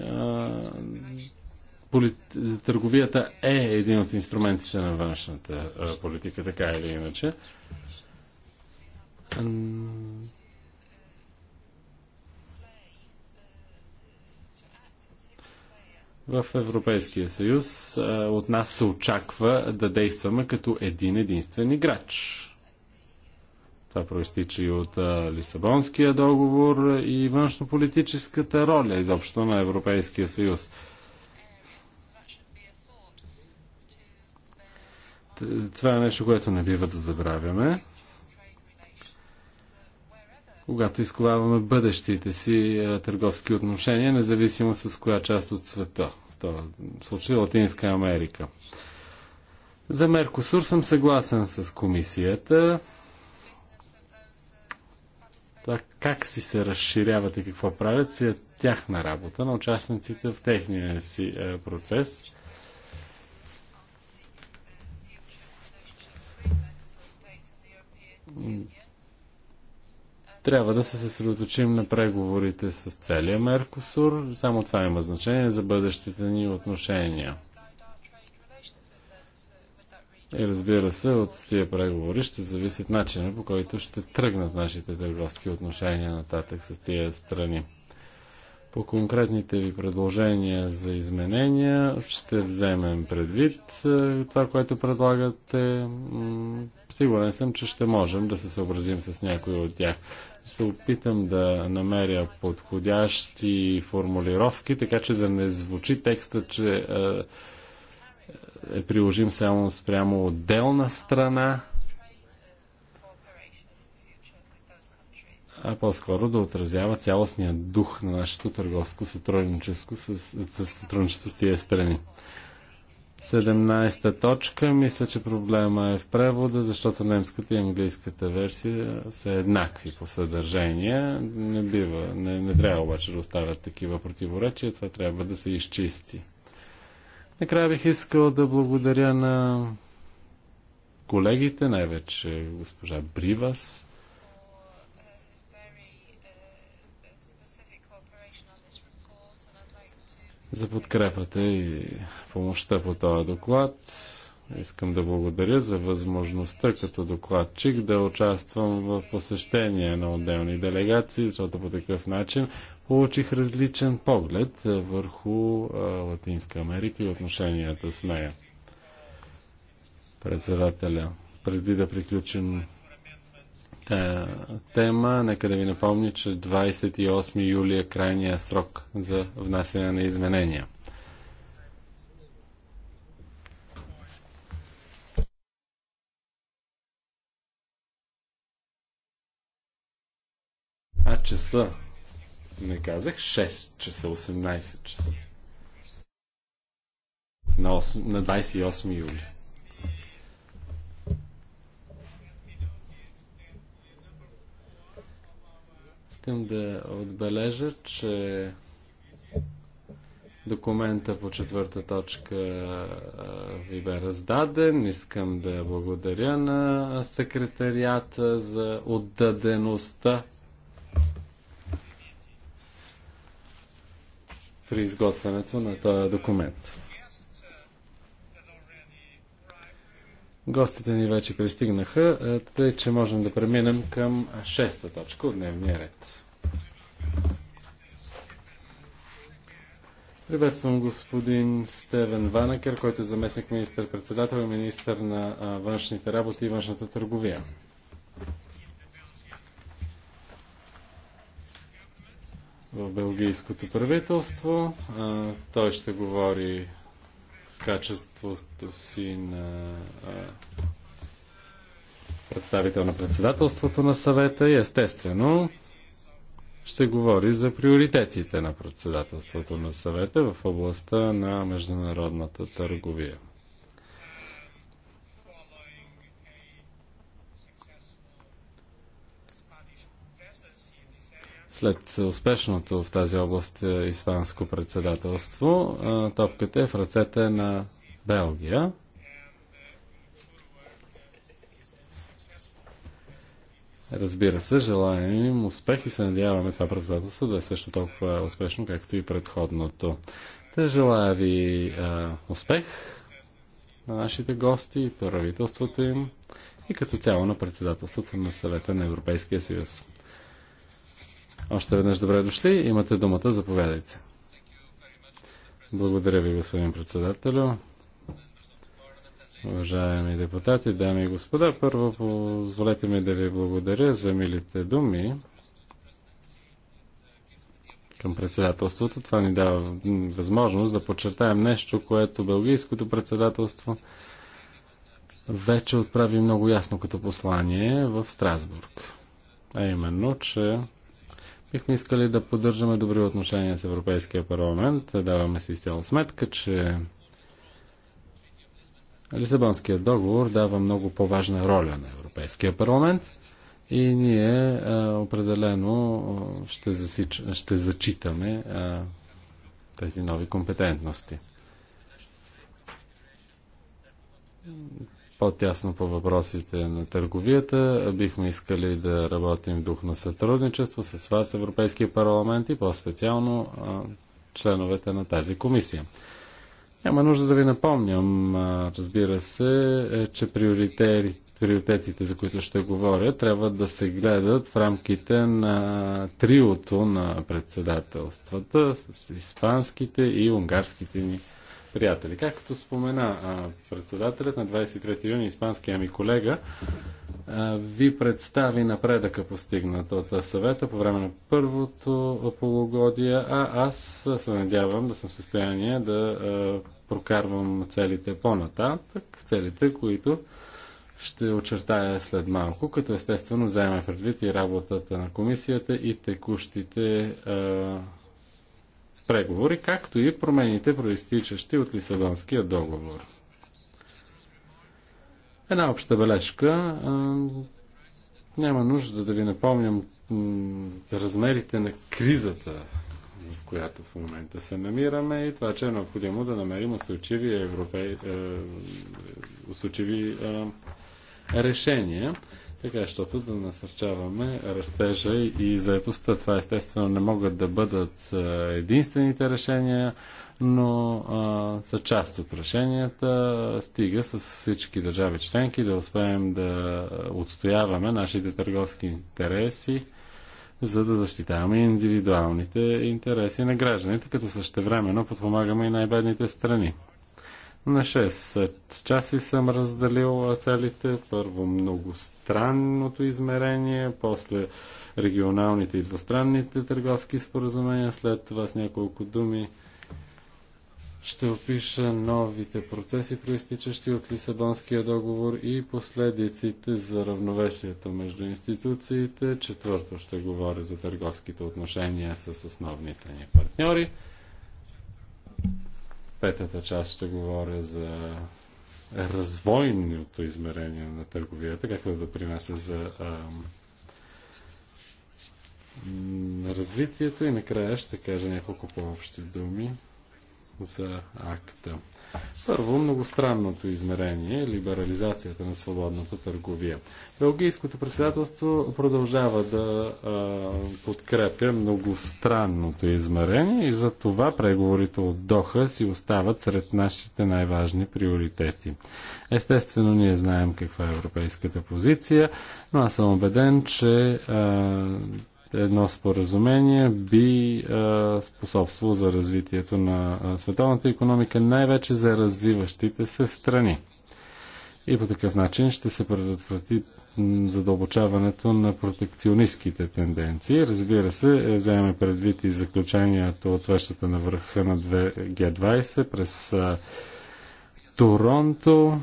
Търговията е един от инструментите на външната политика, така или иначе. в Европейския съюз от нас се очаква да действаме като един единствен играч. Това проистича и от Лисабонския договор и външнополитическата роля изобщо на Европейския съюз. Това е нещо, което не бива да забравяме. Когато изковаваме бъдещите си търговски отношения, независимо с коя част от света, в този случай Латинска Америка. За Меркосур съм съгласен с комисията. Това как си се разширяват и какво правят си е тяхна работа на участниците в техния си е, процес. Трябва да се съсредоточим на преговорите с целия Меркосур. Само това има значение за бъдещите ни отношения. И разбира се, от тия преговори ще зависят начина по който ще тръгнат нашите търговски отношения нататък с тия страни. По конкретните ви предложения за изменения ще вземем предвид е, това, което предлагате. Сигурен съм, че ще можем да се съобразим с някои от тях. Ще се опитам да намеря подходящи формулировки, така че да не звучи текста, че е, е приложим само спрямо отделна страна, а по-скоро да отразява цялостния дух на нашето търговско сътрудничество с, с, сътрудничество с тия страни. 17-та точка. Мисля, че проблема е в превода, защото немската и английската версия са еднакви по съдържание. Не бива, не, не трябва обаче да оставят такива противоречия. Това трябва да се изчисти. Накрая бих искал да благодаря на колегите, най-вече госпожа Бривас, за подкрепата и помощта по този доклад. Искам да благодаря за възможността като докладчик да участвам в посещение на отделни делегации, защото по такъв начин получих различен поглед върху Латинска Америка и отношенията с нея. Председателя, преди да приключим тема, нека да ви напомня, че 28 юли е крайния срок за внасяне на изменения. А часа не казах 6 часа, 18 часа. На, 8, на 28 юли. Искам да отбележа, че документа по четвърта точка ви бе раздаден. Искам да благодаря на секретарията за отдадеността при изготвянето на този документ. Гостите ни вече пристигнаха, е, тъй че можем да преминем към шеста точка от дневния ред. Приветствам господин Стевен Ванакер, който е заместник министър-председател и министър на външните работи и външната търговия. в белгийското правителство. той ще говори в качеството си на представител на председателството на съвета и естествено ще говори за приоритетите на председателството на съвета в областта на международната търговия. След успешното в тази област е, испанско председателство, е, топката е в ръцете на Белгия. Разбира се, желаем им успех и се надяваме това председателство да е също толкова успешно, както и предходното. Те желая ви а, е, успех на нашите гости, правителството им и като цяло на председателството на съвета на Европейския съюз. Още веднъж добре дошли. Имате думата. Заповядайте. Благодаря ви, господин председателю. Уважаеми депутати, дами и господа, първо позволете ми да ви благодаря за милите думи към председателството. Това ни дава възможност да подчертаем нещо, което Белгийското председателство вече отправи много ясно като послание в Страсбург. А именно, че Бихме искали да поддържаме добри отношения с Европейския парламент. Даваме си изцяло сметка, че Лисабонският договор дава много по-важна роля на Европейския парламент и ние а, определено ще, засич... ще зачитаме а, тези нови компетентности по-тясно по въпросите на търговията. Бихме искали да работим в дух на сътрудничество с вас, Европейския парламент и по-специално членовете на тази комисия. Няма нужда да ви напомням, разбира се, е, че приоритетите приоритетите, за които ще говоря, трябва да се гледат в рамките на триото на председателствата с испанските и унгарските ни приятели. Както спомена председателят на 23 юни, испанския ми колега, ви представи напредъка постигнат от съвета по време на първото полугодие, а аз се надявам да съм в състояние да прокарвам целите по-нататък, целите, които ще очертая след малко, като естествено вземе предвид и работата на комисията и текущите преговори, както и промените, проистичащи от Лисабонския договор. Една обща бележка. Няма нужда да ви напомням размерите на кризата, в която в момента се намираме и това, че е необходимо да намерим устойчиви, европей... Е, устойчиви решения така защото да насърчаваме растежа и заетостта. Това естествено не могат да бъдат единствените решения, но а, са част от решенията. Стига с всички държави членки да успеем да отстояваме нашите търговски интереси, за да защитаваме индивидуалните интереси на гражданите, като същевременно подпомагаме и най-бедните страни. На 6 часи съм разделил целите. Първо многостранното измерение, после регионалните и двустранните търговски споразумения, след това с няколко думи ще опиша новите процеси, проистичащи от Лисабонския договор и последиците за равновесието между институциите. Четвърто ще говоря за търговските отношения с основните ни партньори петата част ще говоря за развойното измерение на търговията, как да допринася за а, развитието и накрая ще кажа няколко по-общи думи за акта. Първо, многостранното измерение, либерализацията на свободната търговия. Белгийското председателство продължава да а, подкрепя многостранното измерение и за това преговорите от Доха си остават сред нашите най-важни приоритети. Естествено, ние знаем каква е европейската позиция, но аз съм убеден, че а, едно споразумение би а, способствало за развитието на световната економика, най-вече за развиващите се страни. И по такъв начин ще се предотврати задълбочаването на протекционистските тенденции. Разбира се, е, вземе предвид и заключението от свещата на върха на Г20 през Торонто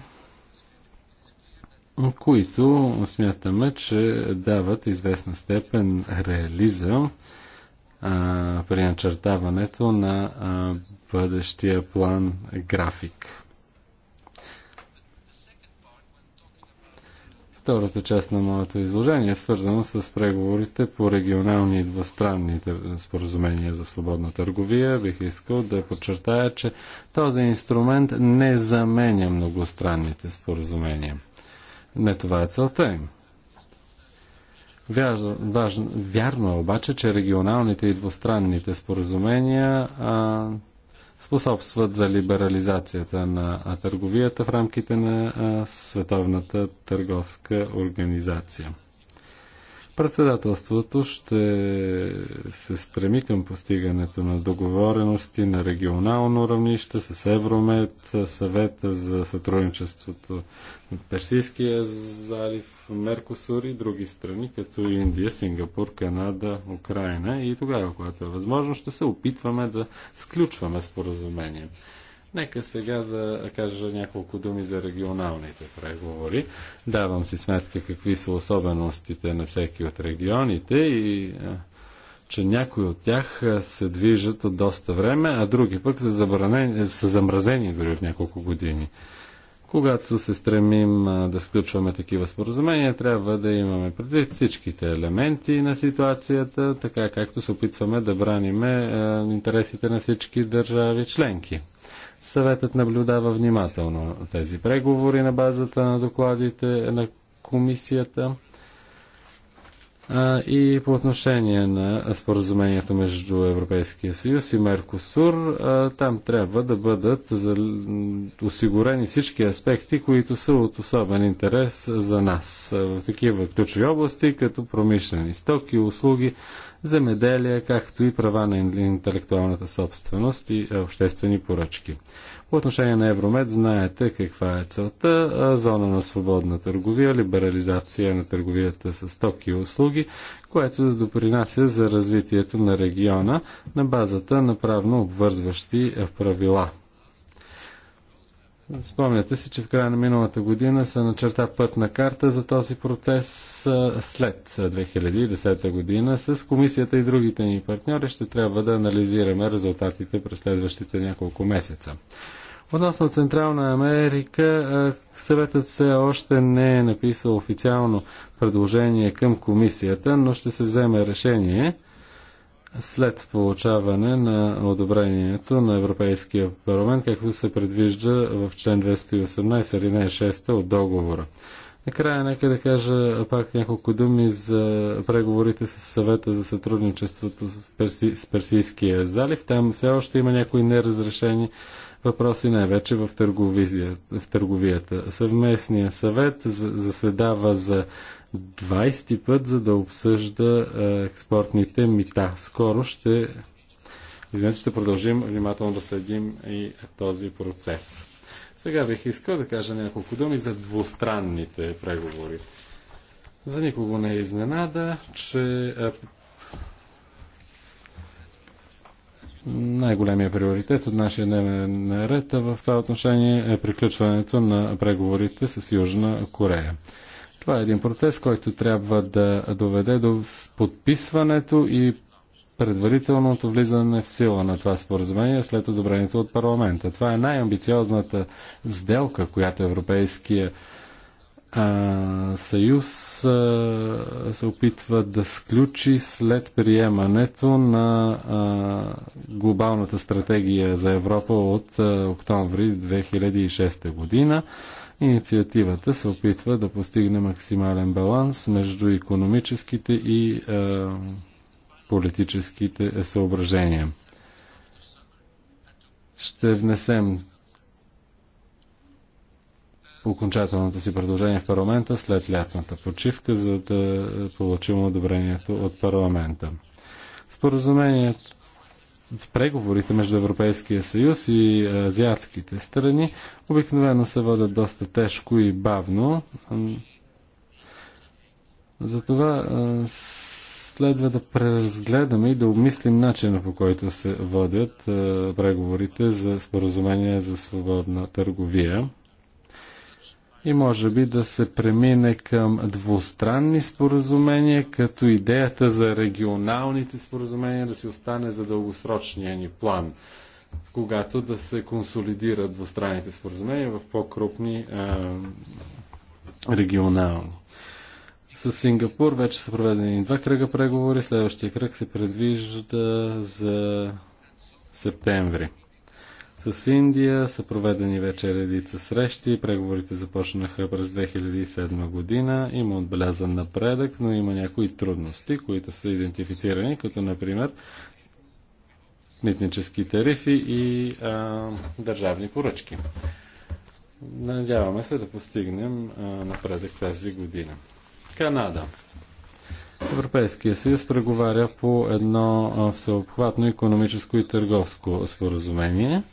които смятаме, че дават известна степен реализъм при начертаването на бъдещия план график. Втората част на моето изложение е свързана с преговорите по регионални и двустранни споразумения за свободна търговия. Бих искал да подчертая, че този инструмент не заменя многостранните споразумения. Не това е целта им. Вярно, вярно е обаче, че регионалните и двустранните споразумения а, способстват за либерализацията на търговията в рамките на а, Световната търговска организация. Председателството ще се стреми към постигането на договорености на регионално равнище с Евромед, съвета за сътрудничеството на Персийския залив, Меркосур и други страни, като Индия, Сингапур, Канада, Украина. И тогава, когато е възможно, ще се опитваме да сключваме споразумение. Нека сега да кажа няколко думи за регионалните преговори. Давам си сметка какви са особеностите на всеки от регионите и че някои от тях се движат от доста време, а други пък са, забранени, са замразени дори в няколко години. Когато се стремим да сключваме такива споразумения, трябва да имаме предвид всичките елементи на ситуацията, така както се опитваме да браниме интересите на всички държави членки. Съветът наблюдава внимателно тези преговори на базата на докладите на комисията и по отношение на споразумението между Европейския съюз и Меркосур, там трябва да бъдат осигурени всички аспекти, които са от особен интерес за нас в такива ключови области, като промишлени стоки, услуги, земеделие, както и права на интелектуалната собственост и е, обществени поръчки. По отношение на Евромед знаете каква е целта. Зона на свободна търговия, либерализация на търговията с стоки и услуги, което да допринася за развитието на региона на базата на правно обвързващи правила. Спомняте си, че в края на миналата година се начерта пътна карта за този процес след 2010 година. С комисията и другите ни партньори ще трябва да анализираме резултатите през следващите няколко месеца. Относно Централна Америка, съветът все още не е написал официално предложение към комисията, но ще се вземе решение след получаване на одобрението на Европейския парламент, както се предвижда в член 218 или не 6 от договора. Накрая нека да кажа пак няколко думи за преговорите с съвета за сътрудничеството с, Перси, с Персийския залив. Там все още има някои неразрешени въпроси, най-вече в, в търговията. Съвместния съвет заседава за 20 път, за да обсъжда е, експортните мита. Скоро ще, извинете, ще продължим внимателно да следим и този процес. Сега бих искал да кажа няколко думи за двустранните преговори. За никого не е изненада, че е, най-големия приоритет от нашия дневен ред в това отношение е приключването на преговорите с Южна Корея. Това е един процес, който трябва да доведе до подписването и предварителното влизане в сила на това споразумение след одобрението от парламента. Това е най-амбициозната сделка, която Европейския а, съюз а, се опитва да сключи след приемането на а, глобалната стратегия за Европа от а, октомври 2006 година. Инициативата се опитва да постигне максимален баланс между економическите и е, политическите съображения. Ще внесем окончателното си предложение в парламента след лятната почивка, за да получим одобрението от парламента. Споразумението в преговорите между Европейския съюз и е, азиатските страни обикновено се водят доста тежко и бавно. Затова е, следва да преразгледаме и да обмислим начина по който се водят е, преговорите за споразумение за свободна търговия и може би да се премине към двустранни споразумения, като идеята за регионалните споразумения да си остане за дългосрочния ни план, когато да се консолидират двустранните споразумения в по-крупни регионални. С Сингапур вече са проведени два кръга преговори. Следващия кръг се предвижда за септември. С Индия са проведени вече редица срещи, преговорите започнаха през 2007 година, има отбелязан напредък, но има някои трудности, които са идентифицирани, като например митнически тарифи и а, държавни поръчки. Надяваме се да постигнем а, напредък тази година. Канада. Европейския съюз преговаря по едно всеобхватно економическо и търговско споразумение –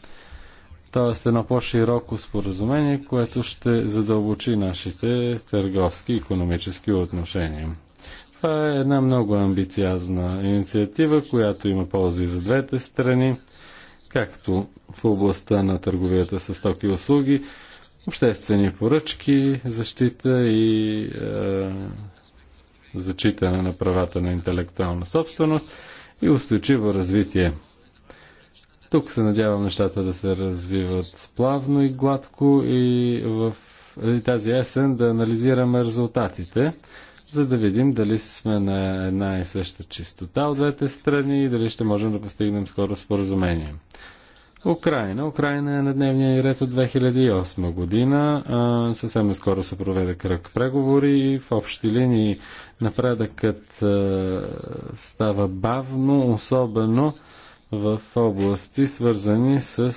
Тоест едно по-широко споразумение, което ще задълбочи нашите търговски и економически отношения. Това е една много амбициозна инициатива, която има ползи за двете страни, както в областта на търговията с токи и услуги, обществени поръчки, защита и е, зачитане на правата на интелектуална собственост и устойчиво развитие – тук се надявам нещата да се развиват плавно и гладко и в и тази есен да анализираме резултатите, за да видим дали сме на една и съща чистота от двете страни и дали ще можем да постигнем скоро споразумение. Украина. Украина е на дневния ред от 2008 година. А, съвсем скоро се проведе кръг преговори и в общи линии напредъкът а, става бавно, особено в области, свързани с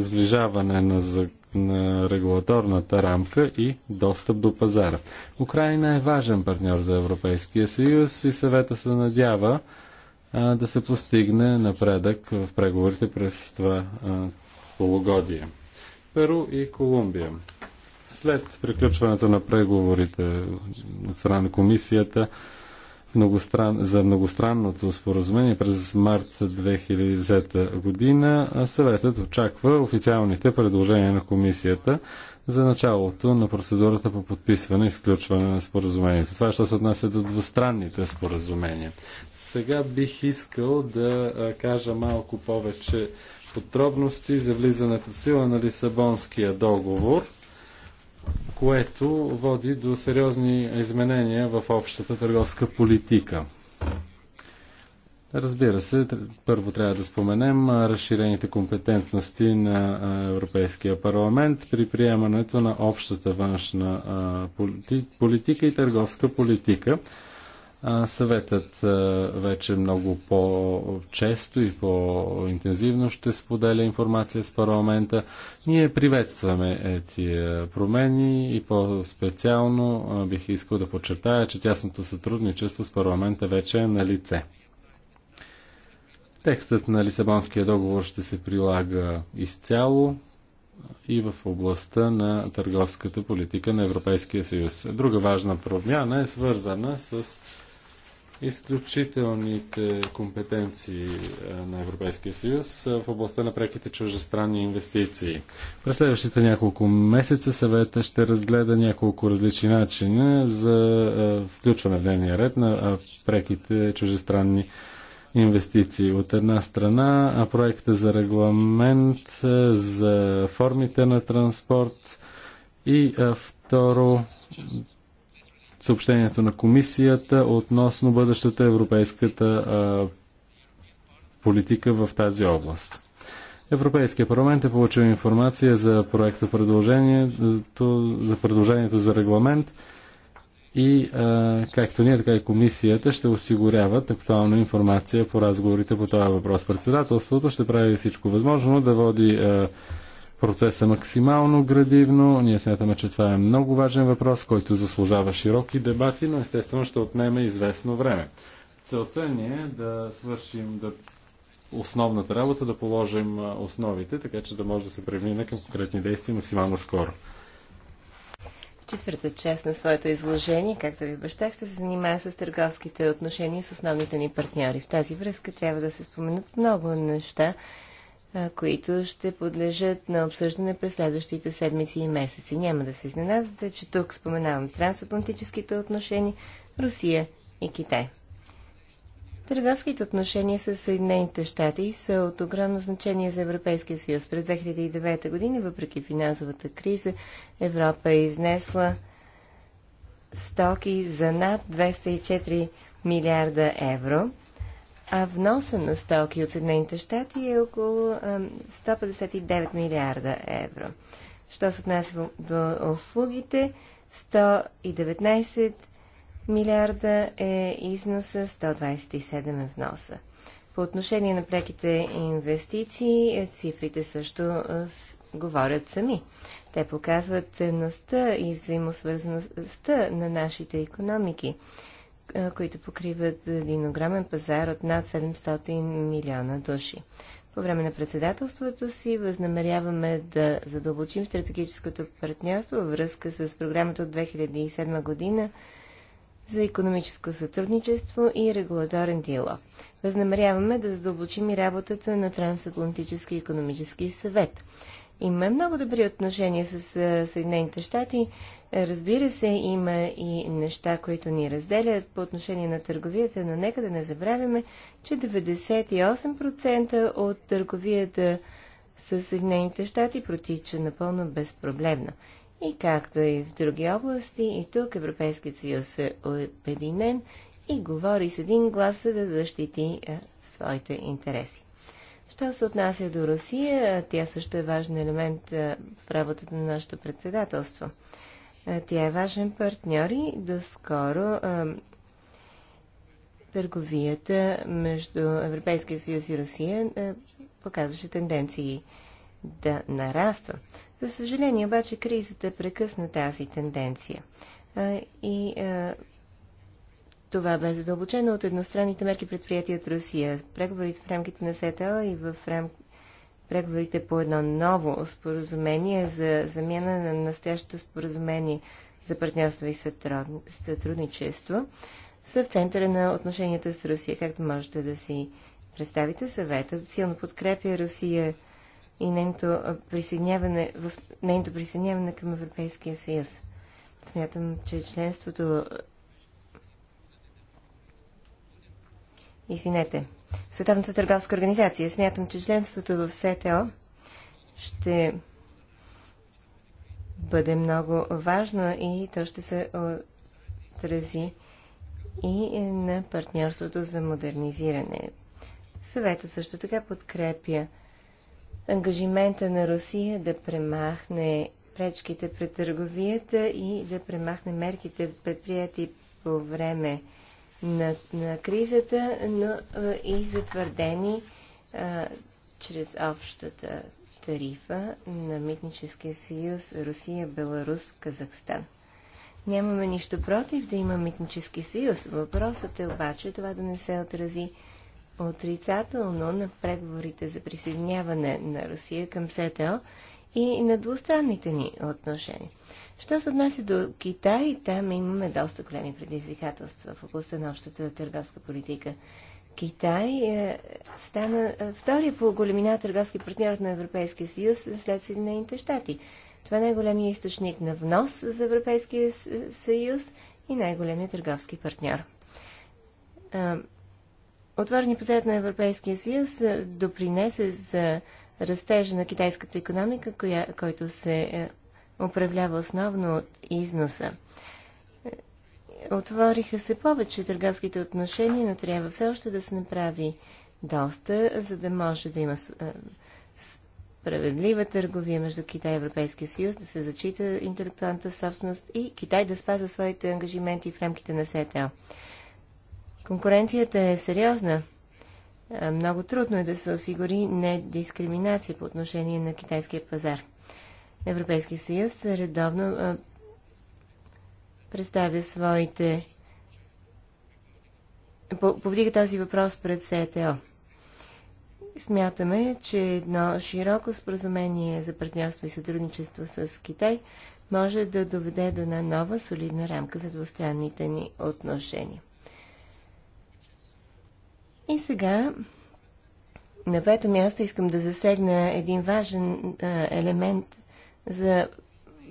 сближаване на, на регулаторната рамка и достъп до пазара. Украина е важен партньор за Европейския съюз и съвета се надява а, да се постигне напредък в преговорите през това а, полугодие. Перу и Колумбия. След приключването на преговорите от страна на комисията, многостран... за многостранното споразумение през март 2010 година, съветът очаква официалните предложения на комисията за началото на процедурата по подписване и изключване на споразумението. Това ще се отнася до двустранните споразумения. Сега бих искал да кажа малко повече подробности за влизането в сила на Лисабонския договор – което води до сериозни изменения в общата търговска политика. Разбира се, първо трябва да споменем разширените компетентности на Европейския парламент при приемането на общата външна политика и търговска политика Съветът вече много по-често и по-интензивно ще споделя информация с парламента. Ние приветстваме ети промени и по-специално бих искал да подчертая, че тясното сътрудничество с парламента вече е на лице. Текстът на Лисабонския договор ще се прилага изцяло и в областта на търговската политика на Европейския съюз. Друга важна промяна е свързана с изключителните компетенции е, на Европейския съюз в областта на преките чуждестранни инвестиции. През следващите няколко месеца съвета ще разгледа няколко различни начина за е, включване в дневния ред на е, преките чуждестранни инвестиции. От една страна, а проекта за регламент за формите на транспорт и второ съобщението на комисията относно бъдещата европейската а, политика в тази област. Европейския парламент е получил информация за проекта предложението, за предложението за регламент и а, както ние, така и комисията ще осигуряват актуална информация по разговорите по този въпрос. Председателството ще прави всичко възможно да води а, процеса максимално градивно. Ние смятаме, че това е много важен въпрос, който заслужава широки дебати, но естествено ще отнеме известно време. Целта ни е да свършим да основната работа, да положим основите, така че да може да се премине към конкретни действия максимално скоро. В четвърта част на своето изложение, както ви обещах, ще се занимая с търговските отношения с основните ни партньори. В тази връзка трябва да се споменат много неща, които ще подлежат на обсъждане през следващите седмици и месеци. Няма да се изненадате, че тук споменавам трансатлантическите отношения, Русия и Китай. Търговските отношения с Съединените щати са от огромно значение за Европейския съюз. През 2009 година, въпреки финансовата криза, Европа е изнесла стоки за над 204 милиарда евро – а вноса на стоки от Съединените щати е около 159 милиарда евро. Що се отнася до услугите, 119 милиарда е износа, 127 е вноса. По отношение на преките инвестиции, е, цифрите също говорят сами. Те показват ценността и взаимосвързаността на нашите економики които покриват динограмен пазар от над 700 милиона души. По време на председателството си възнамеряваме да задълбочим стратегическото партньорство във връзка с програмата от 2007 година за економическо сътрудничество и регулаторен диалог. Възнамеряваме да задълбочим и работата на Трансатлантически економически съвет. Има много добри отношения с Съединените щати. Разбира се, има и неща, които ни разделят по отношение на търговията, но нека да не забравяме, че 98% от търговията с Съединените щати протича напълно безпроблемно. И както и в други области, и тук Европейският съюз е обединен и говори с един глас, за да защити а, е, своите интереси. Що се отнася до Русия, тя също е важен елемент в работата на нашето председателство. Тя е важен партньор и доскоро търговията между Европейския съюз и Русия показваше тенденции да нараства. За съжаление обаче кризата прекъсна тази тенденция. И това бе задълбочено от едностранните мерки предприяти от Русия. Преговорите в рамките на СЕТА и в рам... преговорите по едно ново споразумение за замяна на настоящото споразумение за партньорство и сътрудничество са в центъра на отношенията с Русия. Както можете да си представите, съветът силно подкрепя Русия и нейното присъединяване, в нейното присъединяване към Европейския съюз. Смятам, че членството извинете, Световната търговска организация. Смятам, че членството в СТО ще бъде много важно и то ще се отрази и на партньорството за модернизиране. Съвета също така подкрепя ангажимента на Русия да премахне пречките пред търговията и да премахне мерките предприяти по време на, на кризата, но и затвърдени а, чрез общата тарифа на Митническия съюз Русия, Беларус, Казахстан. Нямаме нищо против да има митнически съюз. Въпросът е обаче това да не се отрази отрицателно на преговорите за присъединяване на Русия към СТО и на двустранните ни отношения. Що се отнася до Китай, там имаме доста големи предизвикателства в областта на общата търговска политика. Китай е, стана е, втори по големина търговски партньор на Европейския съюз след Съединените щати. Това е най-големият източник на внос за Европейския е, съюз и най-големият търговски партньор. Е, отворени пазар на Европейския съюз допринесе за растежа на китайската економика, коя, който се управлява основно от износа. Отвориха се повече търговските отношения, но трябва все още да се направи доста, за да може да има е, справедлива търговия между Китай и Европейския съюз, да се зачита интелектуалната собственост и Китай да спазва своите ангажименти в рамките на СЕТЕО. Конкуренцията е сериозна. Е, много трудно е да се осигури недискриминация по отношение на китайския пазар. Европейския съюз редовно а, представя своите. повдига този въпрос пред СТО. Смятаме, че едно широко споразумение за партньорство и сътрудничество с Китай може да доведе до една нова солидна рамка за двустранните ни отношения. И сега на пето място искам да засегна един важен а, елемент за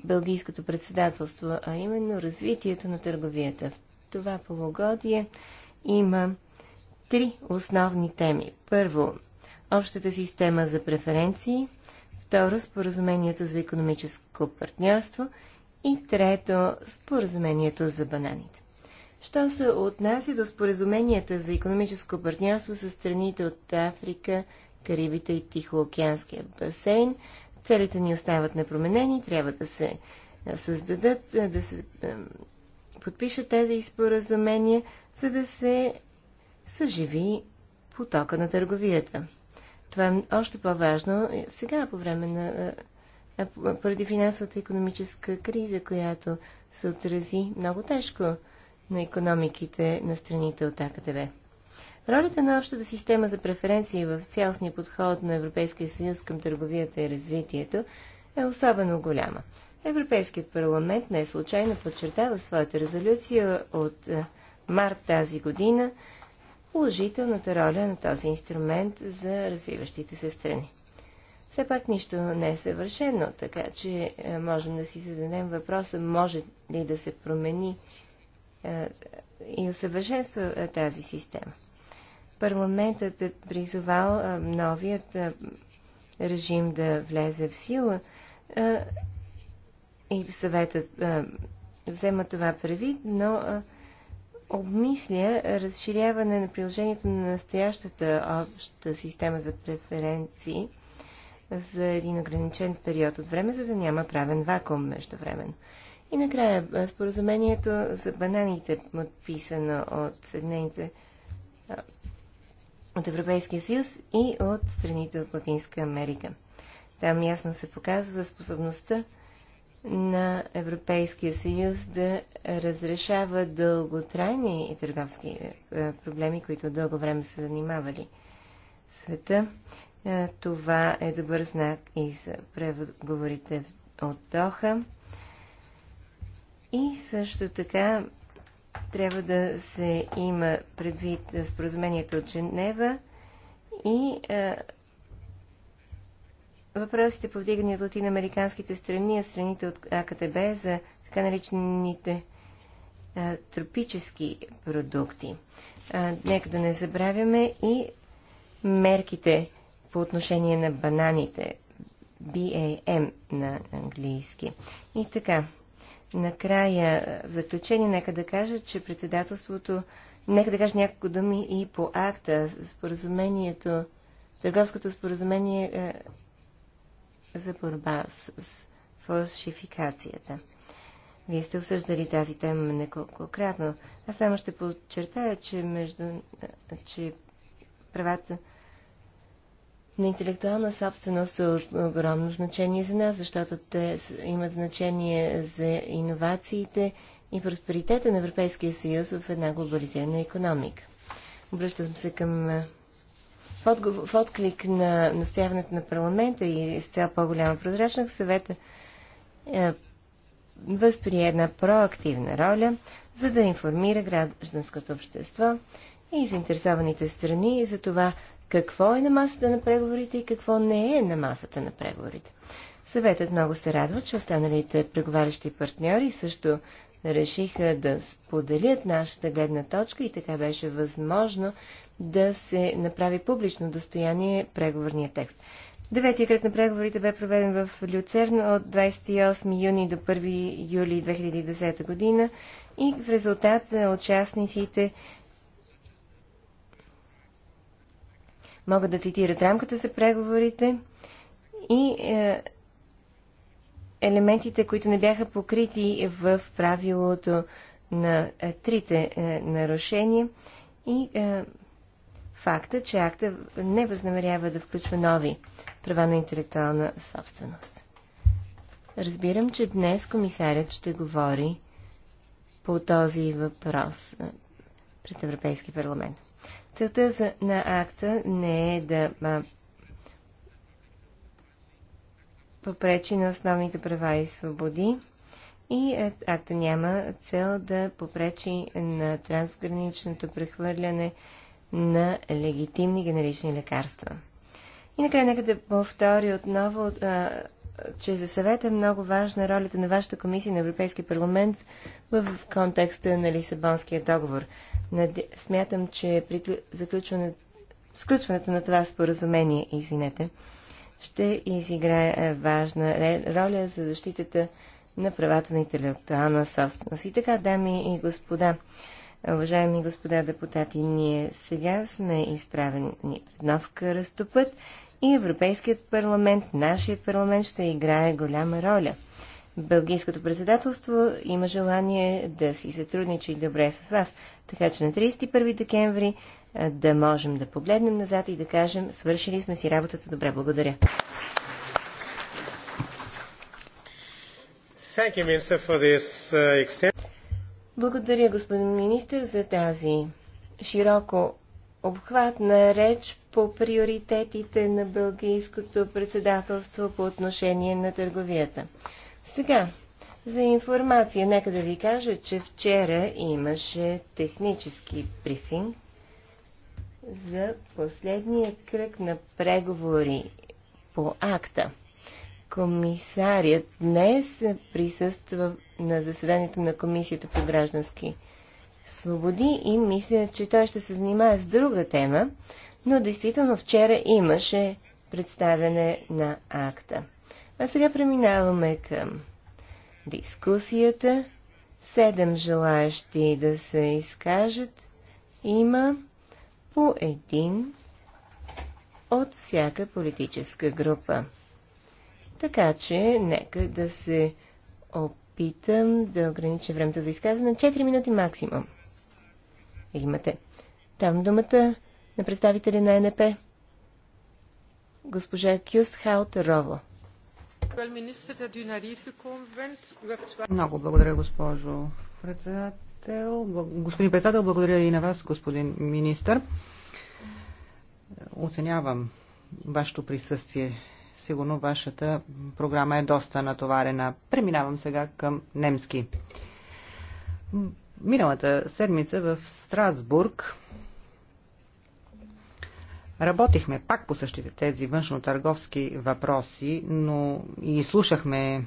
Бългийското председателство, а именно развитието на търговията. В това полугодие има три основни теми. Първо, общата система за преференции, второ, споразумението за економическо партньорство и трето, споразумението за бананите. Що се отнася до споразуменията за економическо партньорство с страните от Африка, Карибите и Тихоокеанския басейн, Целите ни остават непроменени, трябва да се създадат, да се подпишат тези споразумения, за да се съживи потока на търговията. Това е още по-важно е, сега, по време на поради финансовата и економическа криза, която се отрази много тежко на економиките на страните от АКТВ. Ролята на общата система за преференции в цялостния подход на Европейския съюз към търговията и развитието е особено голяма. Европейският парламент не случайно подчертава своята резолюция от е, март тази година положителната роля на този инструмент за развиващите се страни. Все пак нищо не е съвършено, така че е, можем да си зададем въпроса, може ли да се промени е, и усъвършенства тази система. Парламентът е призовал новият режим да влезе в сила и съветът взема това предвид, но обмисля разширяване на приложението на настоящата обща система за преференции за един ограничен период от време, за да няма правен вакуум междувременно. И накрая, споразумението за бананите, подписано от Съединените от Европейския съюз и от страните от Латинска Америка. Там ясно се показва способността на Европейския съюз да разрешава дълготрайни и търговски е, проблеми, които дълго време са занимавали света. Е, това е добър знак и за преговорите от Доха. И също така трябва да се има предвид споразумението от Женева и а, въпросите повдигани от латиноамериканските страни, а страните от АКТБ за така наречените а, тропически продукти. А, нека да не забравяме и мерките по отношение на бананите, BAM на английски. И така, Накрая, в заключение, нека да кажа, че председателството, нека да кажа няколко думи и по акта, споразумението, търговското споразумение е, за борба с, с фалшификацията. Вие сте обсъждали тази тема неколкократно. Аз само ще подчертая, че, между, че правата на интелектуална собственост са от огромно значение за нас, защото те имат значение за иновациите и просперитета на Европейския съюз в една глобализирана економика. Обръщам се към в отклик на настояването на парламента и с цял по-голяма прозрачност, съвета възприе една проактивна роля, за да информира гражданското общество и заинтересованите страни за това какво е на масата на преговорите и какво не е на масата на преговорите. Съветът много се радва, че останалите преговарящи партньори също решиха да споделят нашата гледна точка и така беше възможно да се направи публично достояние преговорния текст. Деветия кръг на преговорите бе проведен в Люцерн от 28 юни до 1 юли 2010 година и в резултат участниците могат да цитират рамката за преговорите и е, елементите, които не бяха покрити в правилото на е, трите е, нарушения и факта, че акта не възнамерява да включва нови права на интелектуална собственост. Разбирам, че днес комисарят ще говори по този въпрос пред Европейски парламент. Целта на акта не е да а, попречи на основните права и свободи и акта няма цел да попречи на трансграничното прехвърляне на легитимни генерични лекарства. И накрая нека да повтори отново а, че за съвета е много важна ролята на вашата комисия на Европейски парламент в контекста на Лисабонския договор. Смятам, че при заключване... сключването на това споразумение, извинете, ще изиграе е, важна роля за защитата на правата на интелектуална собственост. И така, дами и господа, уважаеми господа депутати, ние сега сме изправени пред нов кръстопът и Европейският парламент, нашият парламент ще играе голяма роля. Бългийското председателство има желание да си сътрудничи добре с вас, така че на 31 декември да можем да погледнем назад и да кажем, свършили сме си работата добре. Благодаря. Uh, Благодаря, господин министр, за тази широко обхватна реч по приоритетите на Белгийското председателство по отношение на търговията. Сега, за информация, нека да ви кажа, че вчера имаше технически брифинг за последния кръг на преговори по акта. Комисарият днес присъства на заседанието на Комисията по граждански свободи и мисля, че той ще се занимае с друга тема, но действително вчера имаше представяне на акта. А сега преминаваме към дискусията. Седем желаящи да се изкажат има по един от всяка политическа група. Така че, нека да се опитам да огранича времето за изказване. 4 минути максимум имате. Там думата на представители на НП. Госпожа Кюс Рово. Много благодаря, госпожо председател. Господин председател, благодаря и на вас, господин министър. Оценявам вашето присъствие. Сигурно вашата програма е доста натоварена. Преминавам сега към немски. Миналата седмица в Страсбург работихме пак по същите тези външно-търговски въпроси, но и слушахме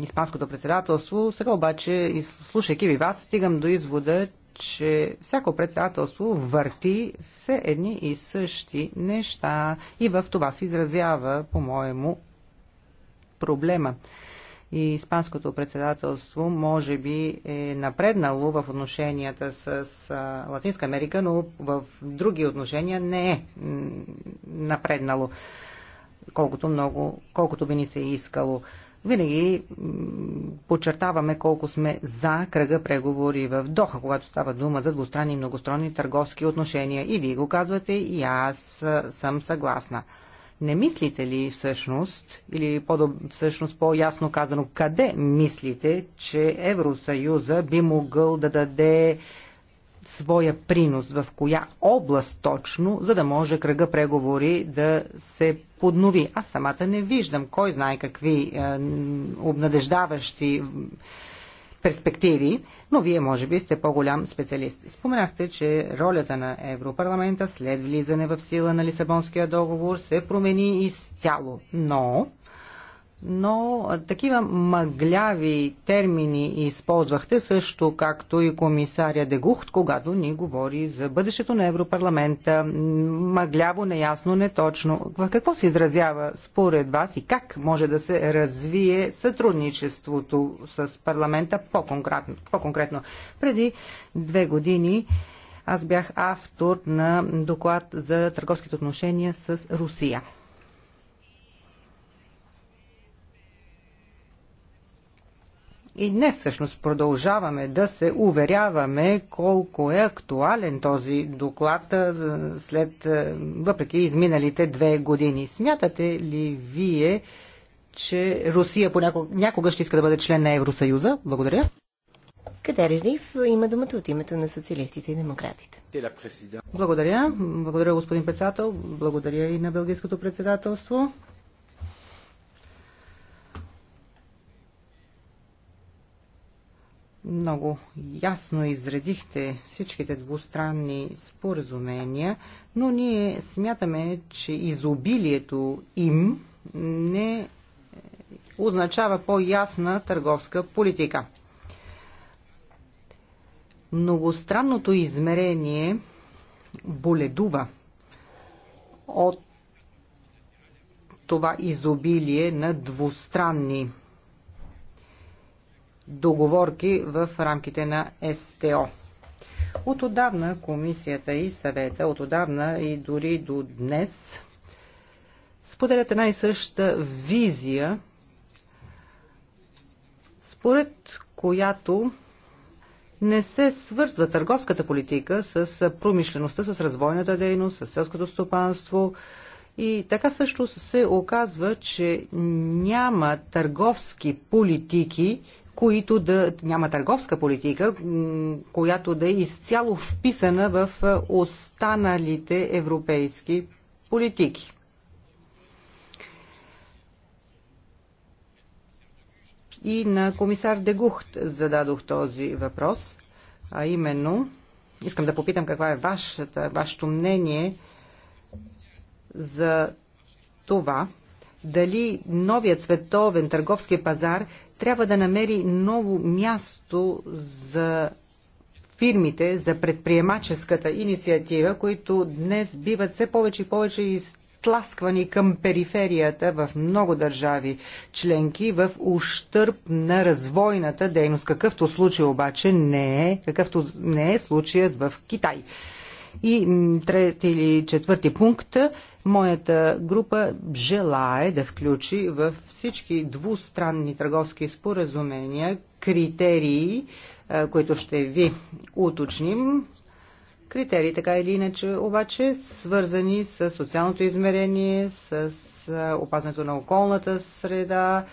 Испанското председателство. Сега обаче, слушайки ви вас, стигам до извода, че всяко председателство върти все едни и същи неща и в това се изразява, по-моему, проблема и Испанското председателство може би е напреднало в отношенията с Латинска Америка, но в други отношения не е напреднало колкото, много, колкото би ни се искало. Винаги подчертаваме колко сме за кръга преговори в Доха, когато става дума за двустранни и многостранни търговски отношения. И вие го казвате, и аз съм съгласна. Не мислите ли всъщност, или по всъщност по-ясно казано, къде мислите, че Евросъюза би могъл да даде своя принос, в коя област точно, за да може кръга преговори да се поднови. Аз самата не виждам кой знае какви е, обнадеждаващи перспективи, но вие може би сте по-голям специалист. Споменахте, че ролята на Европарламента след влизане в сила на Лисабонския договор се промени изцяло, но но такива мъгляви термини използвахте също както и комисаря Дегухт, когато ни говори за бъдещето на Европарламента. Мъгляво, неясно, неточно. В какво се изразява според вас и как може да се развие сътрудничеството с парламента по-конкретно? по-конкретно? Преди две години аз бях автор на доклад за търговските отношения с Русия. И днес всъщност продължаваме да се уверяваме колко е актуален този доклад след, въпреки изминалите две години. Смятате ли вие, че Русия понякога някога ще иска да бъде член на Евросъюза? Благодаря. Катереждив има думата от името на социалистите и демократите. Благодаря. Благодаря, господин председател. Благодаря и на Белгийското председателство. много ясно изредихте всичките двустранни споразумения, но ние смятаме, че изобилието им не е, означава по-ясна търговска политика. Многостранното измерение боледува от това изобилие на двустранни договорки в рамките на СТО. От отдавна комисията и съвета, от отдавна и дори до днес, споделят една и съща визия, според която не се свързва търговската политика с промишлеността, с развойната дейност, с селското стопанство. И така също се оказва, че няма търговски политики които да няма търговска политика, която да е изцяло вписана в останалите европейски политики. И на комисар Дегухт зададох този въпрос, а именно искам да попитам каква е вашата, вашето мнение за това, дали новият световен търговски пазар трябва да намери ново място за фирмите, за предприемаческата инициатива, които днес биват все повече и повече изтласквани към периферията в много държави членки в ущърп на развойната дейност, какъвто случай обаче не е, какъвто не е случаят в Китай. И трети или четвърти пункт, моята група желае да включи в всички двустранни търговски споразумения критерии, които ще ви уточним, критерии, така или иначе, обаче свързани с социалното измерение, с опазването на околната среда.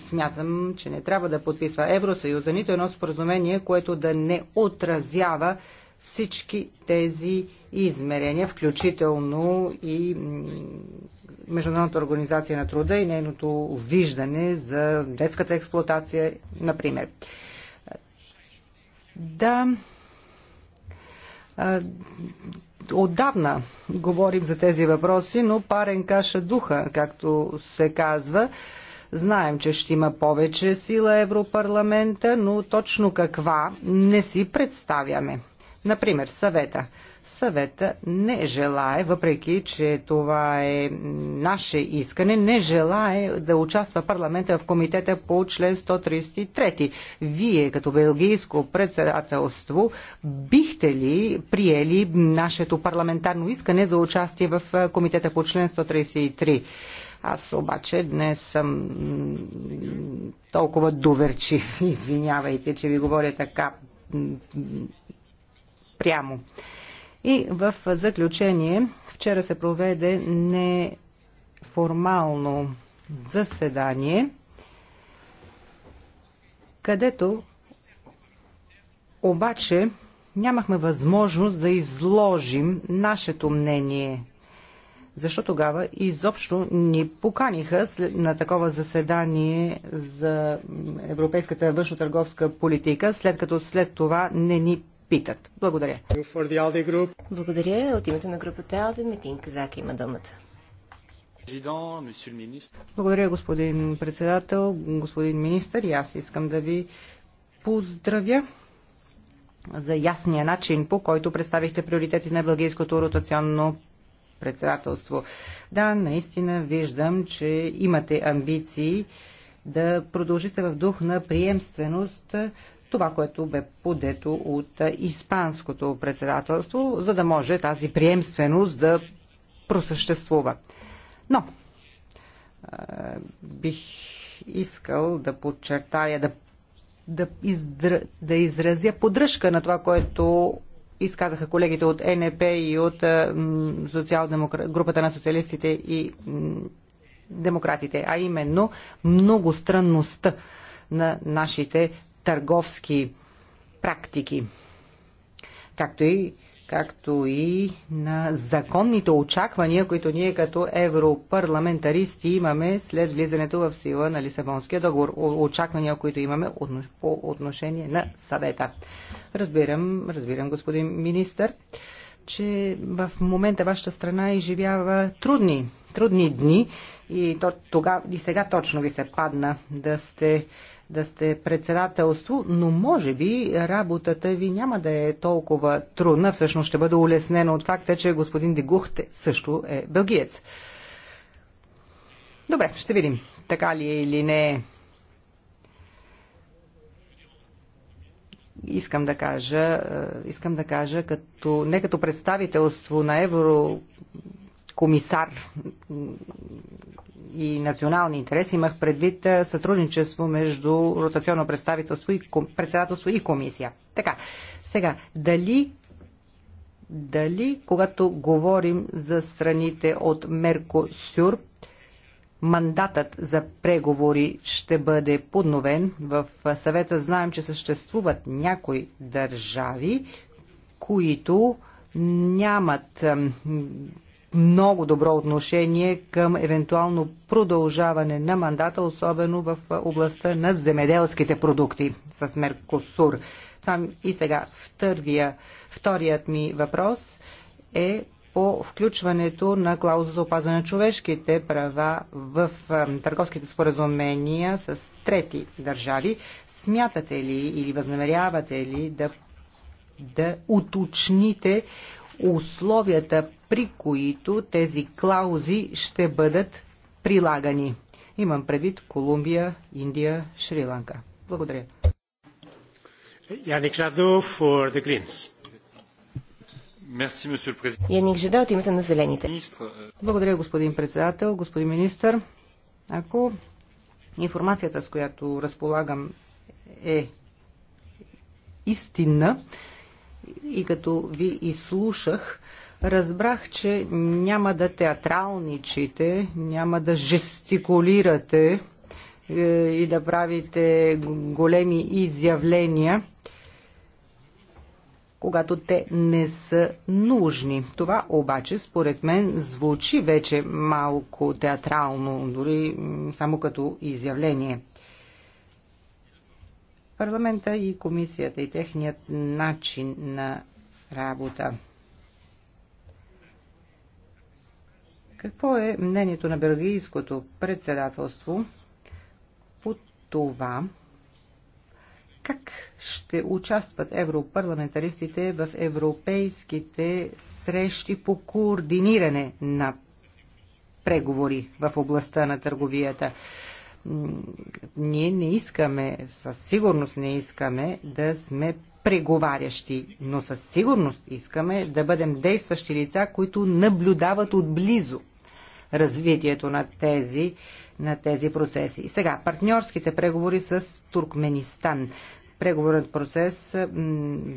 Смятам, че не трябва да подписва Евросъюза нито едно споразумение, което да не отразява всички тези измерения, включително и Международната организация на труда и нейното виждане за детската експлуатация, например. Да, отдавна говорим за тези въпроси, но парен каша духа, както се казва. Знаем, че ще има повече сила Европарламента, но точно каква не си представяме. Например, съвета. Съвета не желае, въпреки че това е наше искане, не желае да участва парламента в комитета по член 133. Вие, като белгийско председателство, бихте ли приели нашето парламентарно искане за участие в комитета по член 133? Аз обаче не съм толкова доверчив. Извинявайте, че ви говоря така прямо. И в заключение, вчера се проведе неформално заседание, където обаче нямахме възможност да изложим нашето мнение. Защо тогава изобщо ни поканиха на такова заседание за европейската външно-търговска политика, след като след това не ни питат. Благодаря. Благодаря. От името на групата Алде, Метин Казак има думата. Благодаря, господин председател, господин министр. И аз искам да ви поздравя за ясния начин, по който представихте приоритети на белгийското ротационно председателство. Да, наистина виждам, че имате амбиции да продължите в дух на приемственост това, което бе подето от Испанското председателство, за да може тази приемственост да просъществува. Но, бих искал да подчертая, да, да, издр... да изразя поддръжка на това, което изказаха колегите от НП и от е, м, групата на социалистите и демократите, а именно многостранността на нашите търговски практики, както и, както и на законните очаквания, които ние като европарламентаристи имаме след влизането в сила на Лисабонския договор. Очаквания, които имаме по отношение на съвета. Разбирам, разбирам, господин министър че в момента вашата страна изживява трудни, трудни дни и, то, тога, и сега точно ви се падна да сте, да сте председателство, но може би работата ви няма да е толкова трудна. Всъщност ще бъде улеснена от факта, че господин Дегухте също е бългиец. Добре, ще видим така ли е или не е. искам да кажа, е, искам да кажа като, не като представителство на еврокомисар и национални интереси, имах предвид е, сътрудничество между ротационно представителство и, председателство и комисия. Така, сега, дали дали, когато говорим за страните от Меркосюр, мандатът за преговори ще бъде подновен. В съвета знаем, че съществуват някои държави, които нямат много добро отношение към евентуално продължаване на мандата, особено в областта на земеделските продукти с Меркосур. Това и сега втория, вторият ми въпрос е по включването на клауза за опазване на човешките права в търговските споразумения с трети държави. Смятате ли или възнамерявате ли да, да уточните условията, при които тези клаузи ще бъдат прилагани? Имам предвид Колумбия, Индия, Шри-Ланка. Благодаря. Яник Радов for the Greens. Яник от името на Зелените. Е, Благодаря, господин председател, господин министр. Ако информацията, с която разполагам, е истинна и като ви изслушах, разбрах, че няма да театралничите, няма да жестикулирате е, и да правите големи изявления, когато те не са нужни. Това обаче, според мен, звучи вече малко театрално, дори само като изявление. Парламента и комисията и техният начин на работа. Какво е мнението на Белгийското председателство по това, как ще участват европарламентаристите в европейските срещи по координиране на преговори в областта на търговията. Ние не искаме, със сигурност не искаме да сме преговарящи, но със сигурност искаме да бъдем действащи лица, които наблюдават отблизо развитието на тези, на тези процеси. И сега, партньорските преговори с Туркменистан. Преговорът процес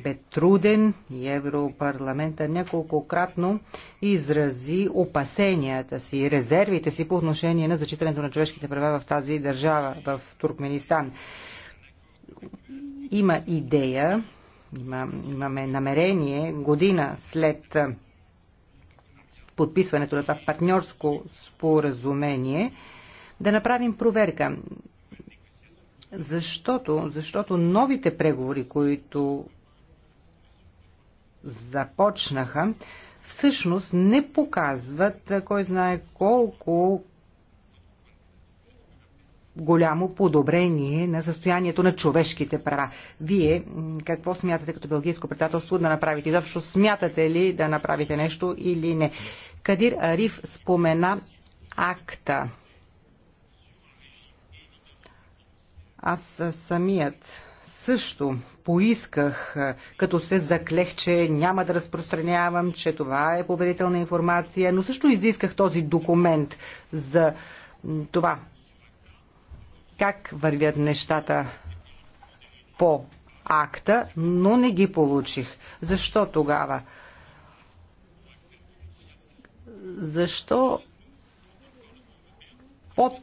бе труден и Европарламента няколкократно изрази опасенията си, резервите си по отношение на зачитането на човешките права в тази държава, в Туркменистан. Има идея, има, имаме намерение година след подписването на това партньорско споразумение да направим проверка защото, защото новите преговори, които започнаха, всъщност не показват кой знае колко голямо подобрение на състоянието на човешките права. Вие какво смятате като бългийско председателство да направите? Изобщо смятате ли да направите нещо или не? Кадир Ариф спомена акта Аз самият също поисках, като се заклех, че няма да разпространявам, че това е поверителна информация, но също изисках този документ за това как вървят нещата по акта, но не ги получих. Защо тогава? Защо под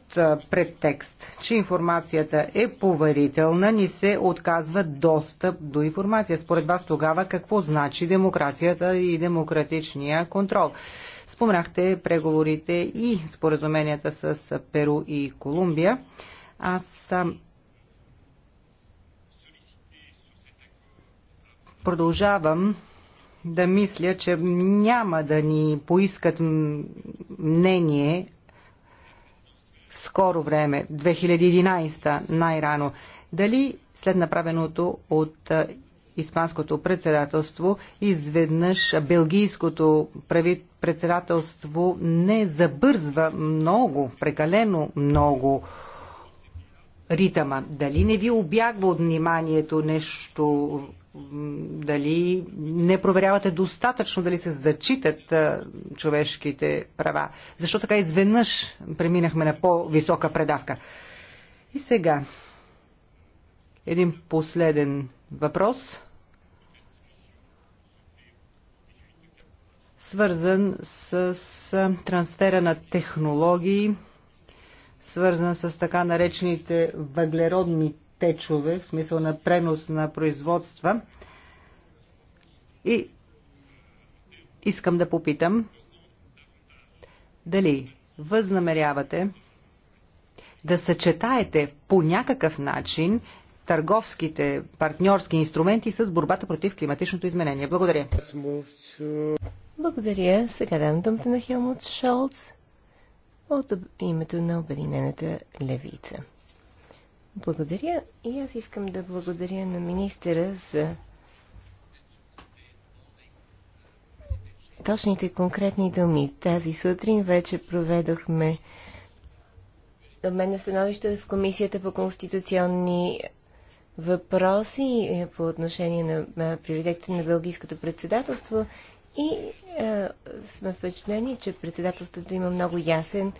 предтекст, че информацията е поверителна, ни се отказва достъп до информация. Според вас тогава какво значи демокрацията и демократичния контрол? Споменахте преговорите и споразуменията с Перу и Колумбия. Аз съм продължавам да мисля, че няма да ни поискат мнение в скоро време, 2011 най-рано, дали след направеното от Испанското председателство, изведнъж Белгийското председателство не забързва много, прекалено много ритъма. Дали не ви обягва от вниманието нещо дали не проверявате достатъчно дали се зачитат а, човешките права. Защо така изведнъж преминахме на по-висока предавка? И сега един последен въпрос, свързан с, с трансфера на технологии, свързан с така наречените въглеродни течове, в смисъл на пренос на производства. И искам да попитам дали възнамерявате да съчетаете по някакъв начин търговските партньорски инструменти с борбата против климатичното изменение. Благодаря. Благодаря. Сега дам думата на Хелмут Шолц от името на Обединената левица. Благодаря. И аз искам да благодаря на министера за точните конкретни думи. Тази сутрин вече проведохме обмен на становище в Комисията по конституционни въпроси е, по отношение на приоритетите на Белгийското председателство и е, сме впечатлени, че председателството има много ясен,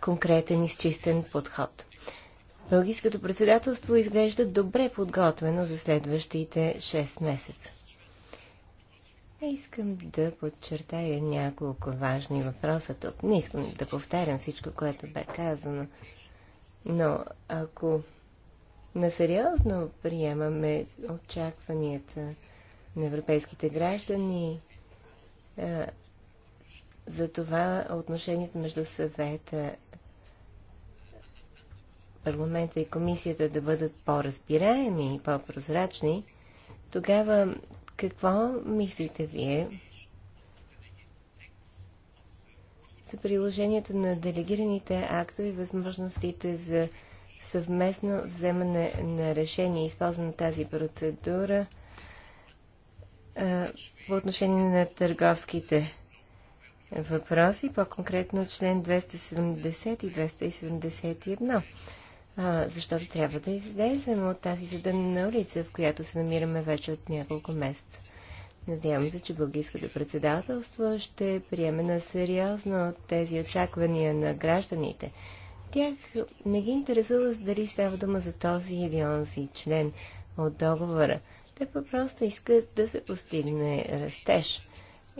конкретен, изчистен подход. Белгийското председателство изглежда добре подготвено за следващите 6 месеца. Искам да подчертая няколко важни въпроса тук. Не искам да повтарям всичко, което бе казано, но ако насериозно приемаме очакванията на европейските граждани, за това отношението между съвета парламента и комисията да бъдат по-разбираеми и по-прозрачни, тогава какво мислите вие за приложението на делегираните актове и възможностите за съвместно вземане на решение, използване на тази процедура по отношение на търговските въпроси, по-конкретно член 270 и 271 а, защото трябва да излезем от тази съдънна улица, в която се намираме вече от няколко месеца. Надявам се, че Бългийското председателство ще приеме на сериозно тези очаквания на гражданите. Тях не ги интересува дали става дума за този или онзи член от договора. Те просто искат да се постигне растеж.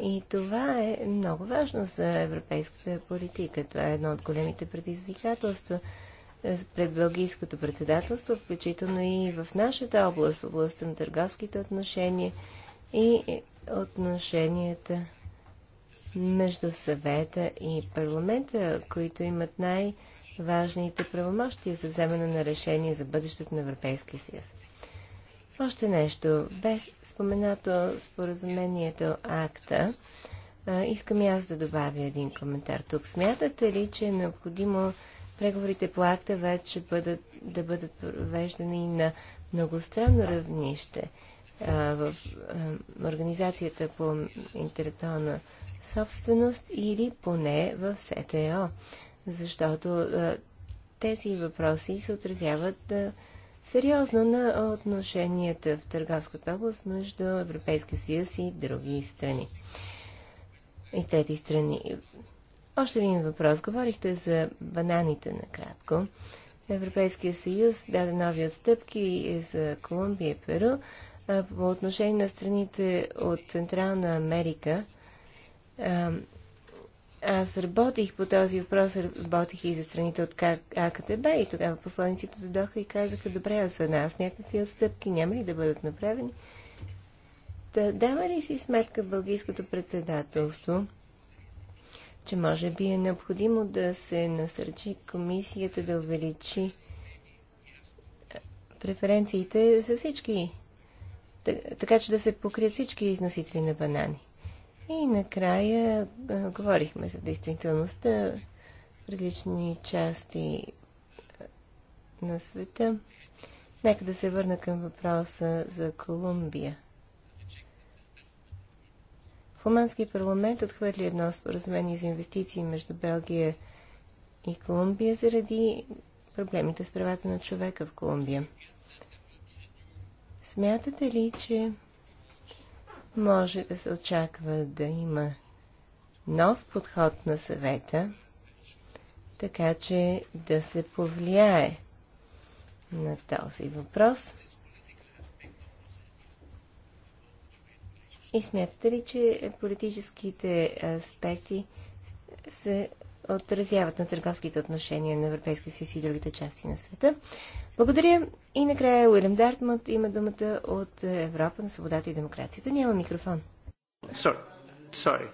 И това е много важно за европейската политика. Това е едно от големите предизвикателства – пред Белгийското председателство, включително и в нашата област, областта на търговските отношения и отношенията между съвета и парламента, които имат най-важните правомощия за вземане на решение за бъдещето на Европейския съюз. Още нещо. Бе споменато споразумението АКТА. Искам и аз да добавя един коментар тук. Смятате ли, че е необходимо преговорите по акта вече бъдат, да бъдат провеждани на многостранно равнище а, в а, Организацията по интелектуална собственост или поне в СТО, защото а, тези въпроси се отразяват сериозно на отношенията в търговската област между Европейския съюз и други страни и трети страни. Още един въпрос. Говорихте за бананите накратко. Европейския съюз даде нови отстъпки за Колумбия и Перу. По отношение на страните от Централна Америка, аз работих по този въпрос, работих и за страните от АКТБ и тогава посланиците додоха и казаха, добре, а за нас някакви отстъпки няма ли да бъдат направени? Да, дава ли си сметка Бългийското председателство? че може би е необходимо да се насърчи комисията да увеличи е, преференциите за всички, така че да се покрият всички износители на банани. И накрая е, говорихме за действителността в различни части е, на света. Нека да се върна към въпроса за Колумбия. Румънски парламент отхвърли едно споразумение за инвестиции между Белгия и Колумбия заради проблемите с правата на човека в Колумбия. Смятате ли, че може да се очаква да има нов подход на съвета, така че да се повлияе на този въпрос? И смятате ли, че политическите аспекти се отразяват на търговските отношения на Европейския съюз и другите части на света? Благодаря. И накрая Уилям Дартмут има думата от Европа на свободата и демокрацията. Няма микрофон. Sorry. Sorry.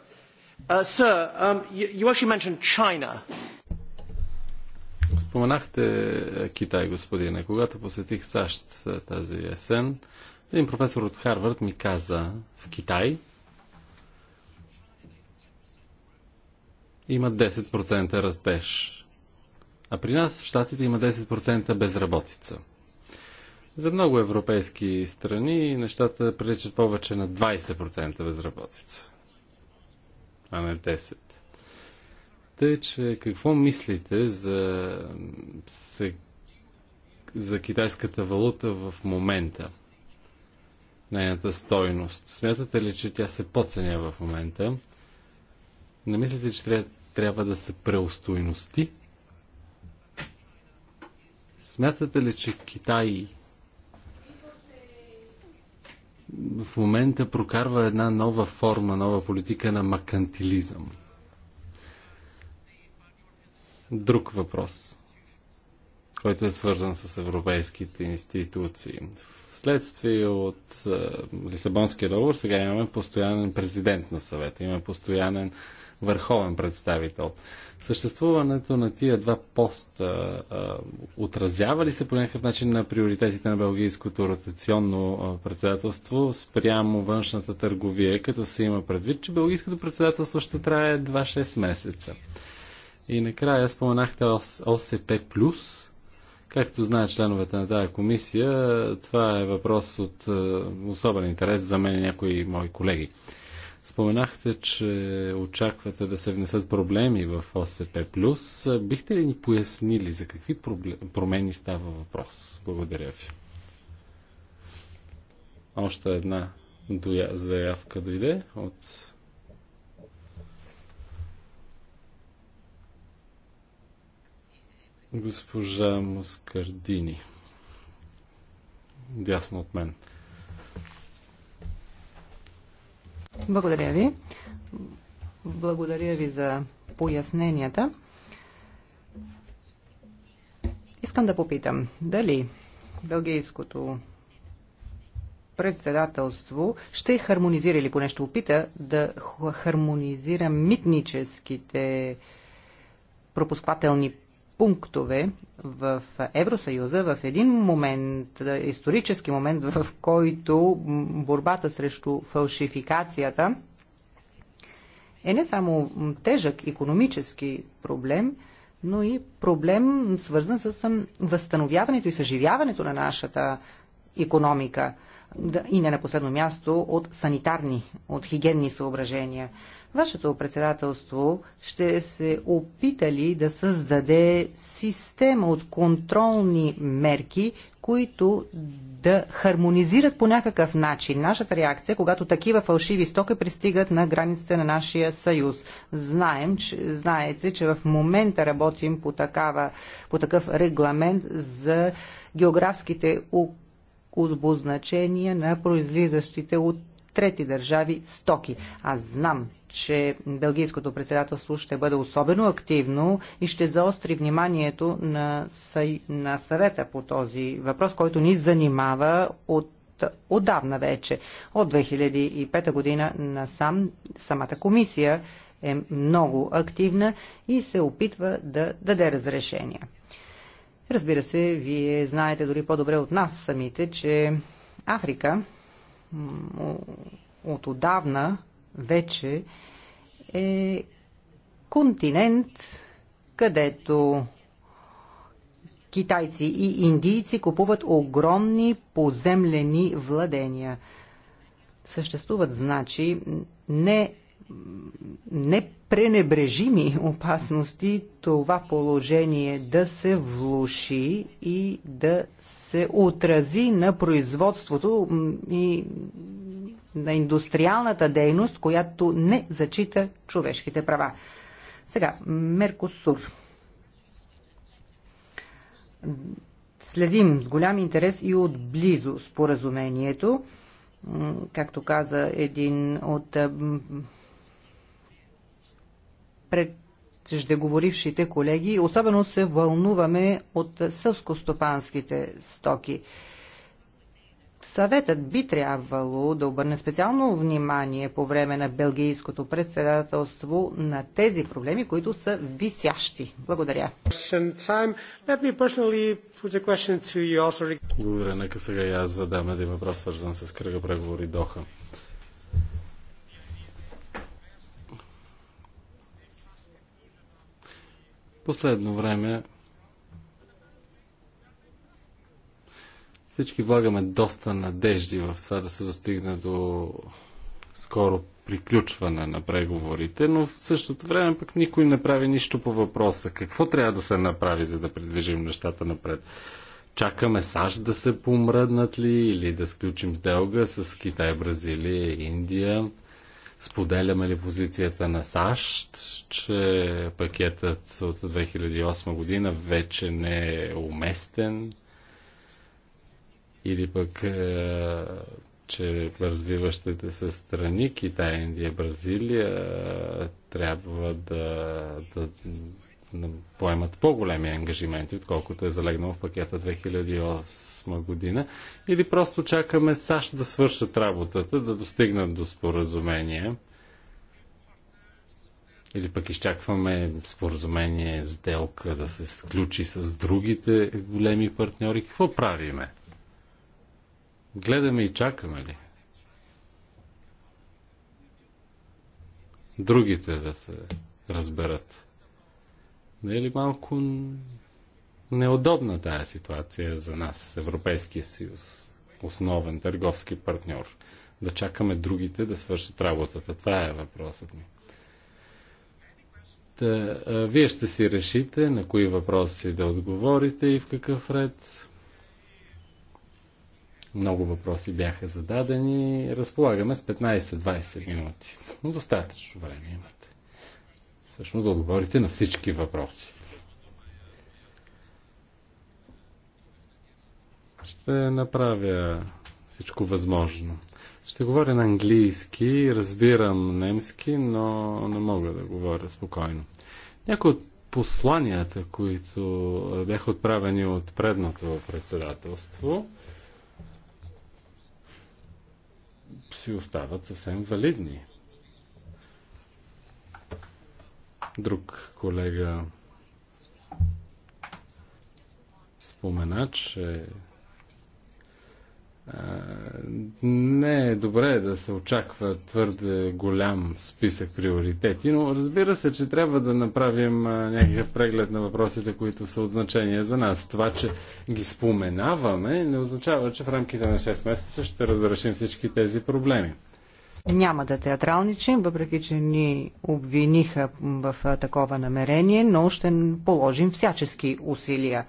Uh, sir, um, you, you mentioned China. Споменахте Китай, господине. Когато посетих САЩ uh, тази есен, един професор от Харвард ми каза в Китай има 10% растеж. А при нас в Штатите има 10% безработица. За много европейски страни нещата приличат повече на 20% безработица, а не 10%. Тъй, че какво мислите за, за китайската валута в момента? нейната стойност. Смятате ли, че тя се подценя в момента? Не мислите, че трябва да се преустойности? Смятате ли, че Китай в момента прокарва една нова форма, нова политика на макантилизъм? Друг въпрос, който е свързан с европейските институции. В Вследствие от е, Лисабонския договор сега имаме постоянен президент на съвета, имаме постоянен върховен представител. Съществуването на тия два поста е, е отразява ли се по някакъв начин на приоритетите на Белгийското ротационно е, председателство спрямо външната търговия, като се има предвид, че Белгийското председателство ще трае 2-6 месеца? И накрая споменахте ОСП+, Както знаят членовете на тази комисия, това е въпрос от е, особен интерес за мен и някои мои колеги. Споменахте, че очаквате да се внесат проблеми в ОСП+. Бихте ли ни пояснили за какви промени става въпрос? Благодаря ви. Още една заявка дойде от Госпожа Москардини. Дясно от мен. Благодаря ви. Благодаря ви за поясненията. Искам да попитам, дали бългийското председателство ще хармонизира или поне ще опита да хармонизира митническите пропусквателни пунктове в Евросъюза в един момент, е, исторически момент, в който борбата срещу фалшификацията е не само тежък економически проблем, но и проблем свързан с възстановяването и съживяването на нашата економика – и не на последно място от санитарни, от хигиенни съображения. Вашето председателство ще се опита ли да създаде система от контролни мерки, които да хармонизират по някакъв начин нашата реакция, когато такива фалшиви стоки пристигат на границите на нашия съюз. Знаем, че, знаете, че в момента работим по, такава, по такъв регламент за географските указания обозначения на произлизащите от трети държави стоки. Аз знам, че Белгийското председателство ще бъде особено активно и ще заостри вниманието на, съ... на съвета по този въпрос, който ни занимава от отдавна вече. От 2005 година на сам самата комисия е много активна и се опитва да даде разрешения. Разбира се, вие знаете дори по-добре от нас самите, че Африка от отдавна вече е континент, където китайци и индийци купуват огромни поземлени владения. Съществуват, значи, не непренебрежими опасности това положение да се влуши и да се отрази на производството и на индустриалната дейност, която не зачита човешките права. Сега, Меркосур. Следим с голям интерес и отблизо споразумението. Както каза един от пред преждеговорившите колеги. Особено се вълнуваме от сълскостопанските стоки. Съветът би трябвало да обърне специално внимание по време на белгийското председателство на тези проблеми, които са висящи. Благодаря. Благодаря. Нека сега и аз задам един въпрос, свързан с кръга преговори Доха. Последно време всички влагаме доста надежди в това да се достигне до скоро приключване на преговорите, но в същото време пък никой не прави нищо по въпроса. Какво трябва да се направи, за да придвижим нещата напред? Чакаме САЩ да се помръднат ли или да сключим сделка с Китай, Бразилия, Индия? Споделяме ли позицията на САЩ, че пакетът от 2008 година вече не е уместен? Или пък, е, че развиващите се страни, Китай, Индия, Бразилия, е, трябва да, да да поемат по-големи ангажименти, отколкото е залегнало в пакета 2008 година, или просто чакаме САЩ да свършат работата, да достигнат до споразумение, или пък изчакваме споразумение, сделка да се сключи с другите големи партньори. Какво правиме? Гледаме и чакаме ли? Другите да се разберат. Не е ли малко неудобна тази ситуация за нас, Европейския съюз, основен търговски партньор? Да чакаме другите да свършат работата. Това е въпросът ми. Та, вие ще си решите на кои въпроси да отговорите и в какъв ред. Много въпроси бяха зададени. Разполагаме с 15-20 минути. Но достатъчно време имате всъщност да отговорите на всички въпроси. Ще направя всичко възможно. Ще говоря на английски, разбирам немски, но не мога да говоря спокойно. Някои от посланията, които бяха отправени от предното председателство, си остават съвсем валидни. Друг колега спомена, че не е добре да се очаква твърде голям списък приоритети, но разбира се, че трябва да направим някакъв преглед на въпросите, които са от значение за нас. Това, че ги споменаваме, не означава, че в рамките на 6 месеца ще разрешим всички тези проблеми. Няма да театралничим, въпреки че ни обвиниха в такова намерение, но ще положим всячески усилия.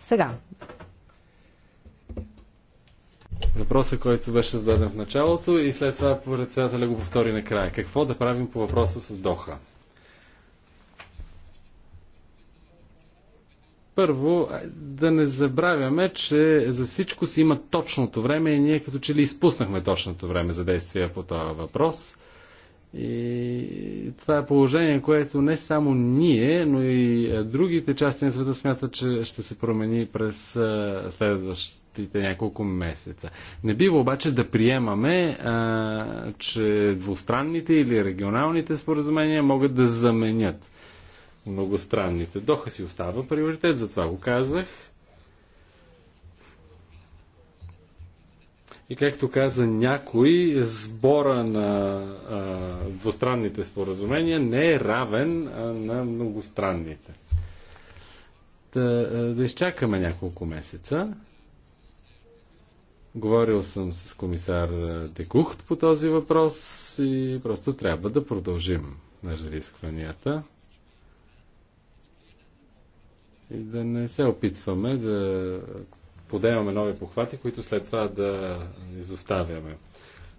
Сега. Въпросът, който беше зададен в началото и след това председателя го повтори накрая. Какво да правим по въпроса с Доха? Първо, е, да не забравяме, че за всичко си има точното време и ние като че ли изпуснахме точното време за действия по този въпрос. И това е положение, което не само ние, но и е, другите части на света смятат, че ще се промени през е, следващите няколко месеца. Не бива обаче да приемаме, а, че двустранните или регионалните споразумения могат да заменят многостранните. Доха си остава приоритет, затова го казах. И както каза някой, сбора на а, двустранните споразумения не е равен а, на многостранните. Да, да изчакаме няколко месеца. Говорил съм с комисар Декухт по този въпрос и просто трябва да продължим разискванията и да не се опитваме да подемаме нови похвати, които след това да изоставяме.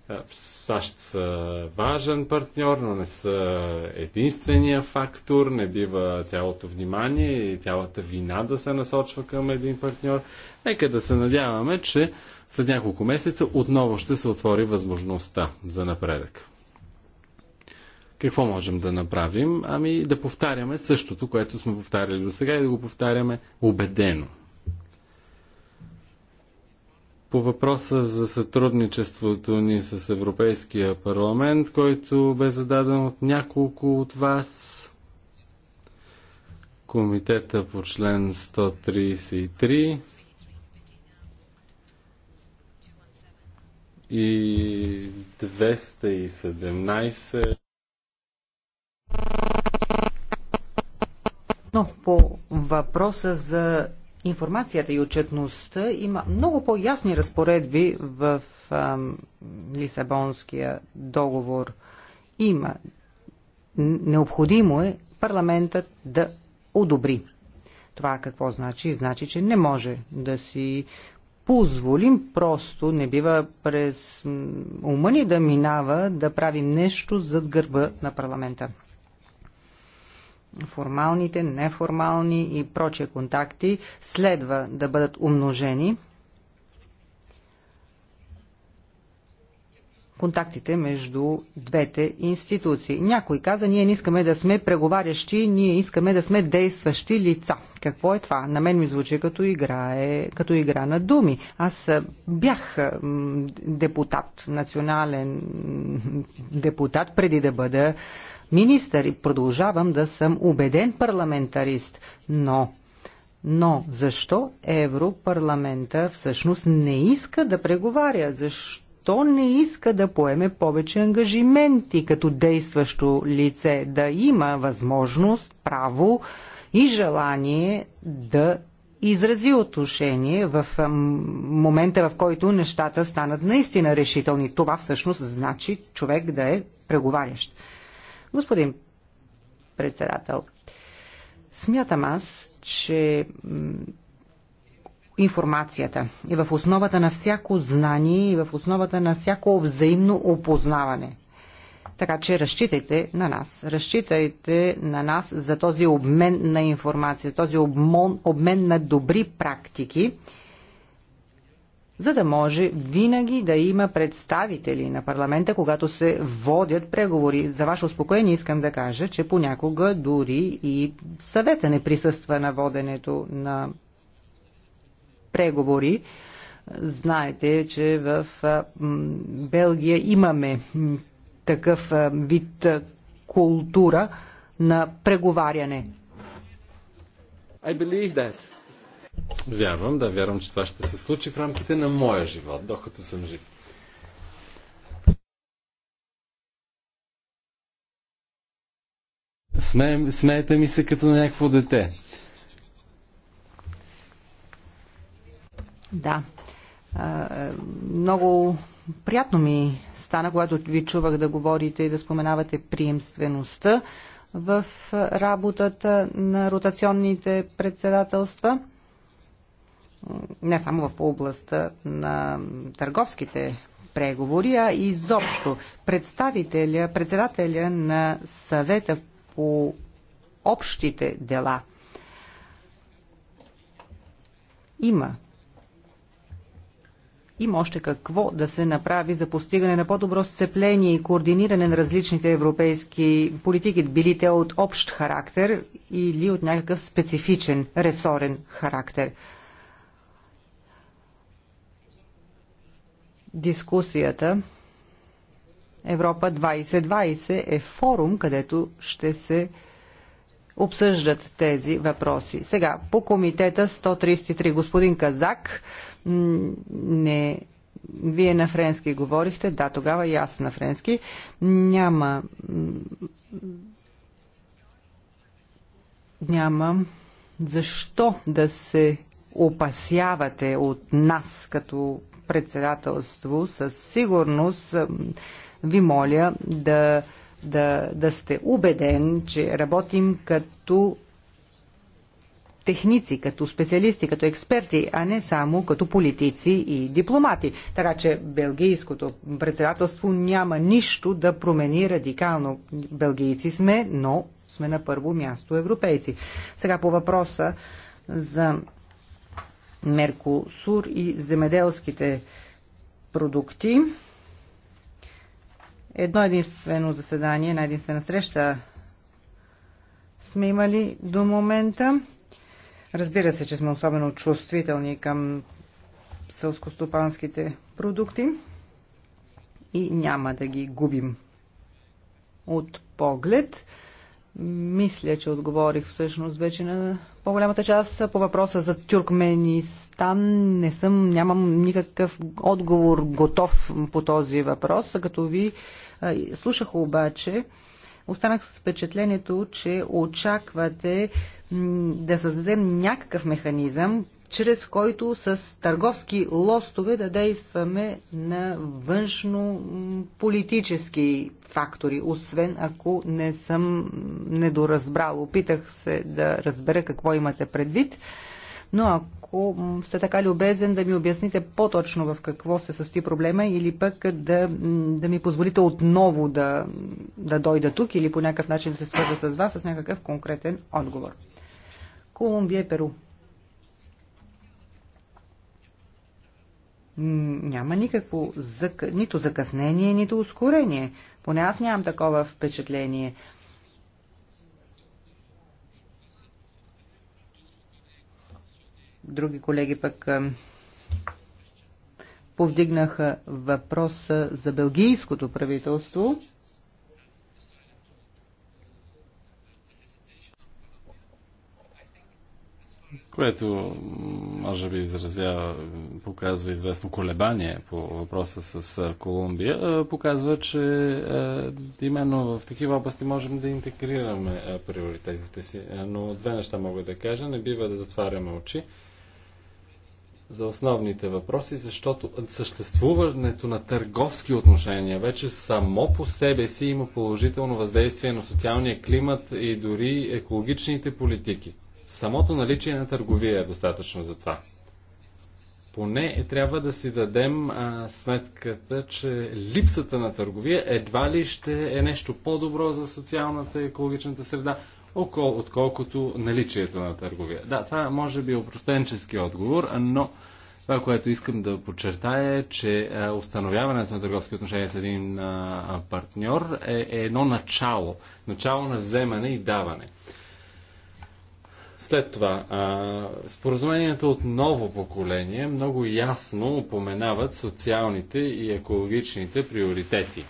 Е, САЩ са важен партньор, но не са единствения фактор. Не бива цялото внимание и цялата вина да се насочва към един партньор. Нека да се надяваме, че след няколко месеца отново ще се отвори възможността за напредък. Какво можем да направим? Ами да повтаряме същото, което сме повтаряли до сега и да го повтаряме убедено. По въпроса за сътрудничеството ни с Европейския парламент, който бе зададен от няколко от вас, комитета по член 133 и 217 Но по въпроса за информацията и отчетността има много по-ясни разпоредби в ам, Лисабонския договор. Има. Необходимо е парламентът да одобри. Това какво значи? Значи, че не може да си позволим просто, не бива през ума ни да минава да правим нещо зад гърба на парламента формалните, неформални и прочие контакти следва да бъдат умножени. контактите между двете институции. Някой каза, ние не искаме да сме преговарящи, ние искаме да сме действащи лица. Какво е това? На мен ми звучи като игра, е, като игра на думи. Аз бях депутат, национален депутат, преди да бъда министър и продължавам да съм убеден парламентарист, но но защо Европарламента всъщност не иска да преговаря? Защо не иска да поеме повече ангажименти като действащо лице? Да има възможност, право и желание да изрази отношение в момента, в който нещата станат наистина решителни. Това всъщност значи човек да е преговарящ. Господин председател, смятам аз, че информацията е в основата на всяко знание и в основата на всяко взаимно опознаване. Така че разчитайте на нас. Разчитайте на нас за този обмен на информация, този обмен, обмен на добри практики за да може винаги да има представители на парламента, когато се водят преговори. За ваше успокоение искам да кажа, че понякога дори и съвета не присъства на воденето на преговори. Знаете, че в Белгия имаме такъв вид култура на преговаряне. I believe that. Вярвам, да, вярвам, че това ще се случи в рамките на моя живот, докато съм жив. смеете ми се като на някакво дете. Да. Много приятно ми стана, когато ви чувах да говорите и да споменавате приемствеността в работата на ротационните председателства не само в областта на търговските преговори, а изобщо представителя, председателя на съвета по общите дела. Има. Има още какво да се направи за постигане на по-добро сцепление и координиране на различните европейски политики, били те от общ характер или от някакъв специфичен ресорен характер. дискусията Европа 2020 е форум, където ще се обсъждат тези въпроси. Сега, по комитета 133, господин Казак, не, вие на френски говорихте, да, тогава и аз на френски, няма няма защо да се опасявате от нас като председателство със сигурност ви моля да, да, да сте убеден, че работим като техници, като специалисти, като експерти, а не само като политици и дипломати. Така че белгийското председателство няма нищо да промени радикално. Белгийци сме, но сме на първо място европейци. Сега по въпроса за Меркосур и земеделските продукти. Едно единствено заседание, една единствена среща сме имали до момента. Разбира се, че сме особено чувствителни към сълскостопанските продукти и няма да ги губим от поглед. Мисля, че отговорих всъщност вече на по-голямата част по въпроса за Тюркменистан. Не съм, нямам никакъв отговор готов по този въпрос. Като ви слушах обаче, останах с впечатлението, че очаквате да създадем някакъв механизъм, чрез който с търговски лостове да действаме на външно-политически фактори, освен ако не съм недоразбрал. Опитах се да разбера какво имате предвид, но ако сте така любезен да ми обясните по-точно в какво се състои проблема или пък да, да ми позволите отново да, да дойда тук или по някакъв начин да се свържа с вас с някакъв конкретен отговор. Колумбия и Перу. няма никакво зак... нито закъснение, нито ускорение. Поне аз нямам такова впечатление. Други колеги пък повдигнаха въпроса за белгийското правителство. което може би изразява, показва известно колебание по въпроса с Колумбия, показва, че именно в такива области можем да интегрираме приоритетите си. Но две неща мога да кажа. Не бива да затваряме очи за основните въпроси, защото съществуването на търговски отношения вече само по себе си има положително въздействие на социалния климат и дори екологичните политики. Самото наличие на търговия е достатъчно за това. Поне е, трябва да си дадем а, сметката, че липсата на търговия едва ли ще е нещо по-добро за социалната и екологичната среда, окол, отколкото наличието на търговия. Да, това може би е опростенчески отговор, но това, което искам да подчертая е, че установяването на търговски отношения с един партньор е, е, едно начало. Начало на вземане и даване. След това, а, споразумението от ново поколение много ясно упоменават социалните и екологичните приоритети.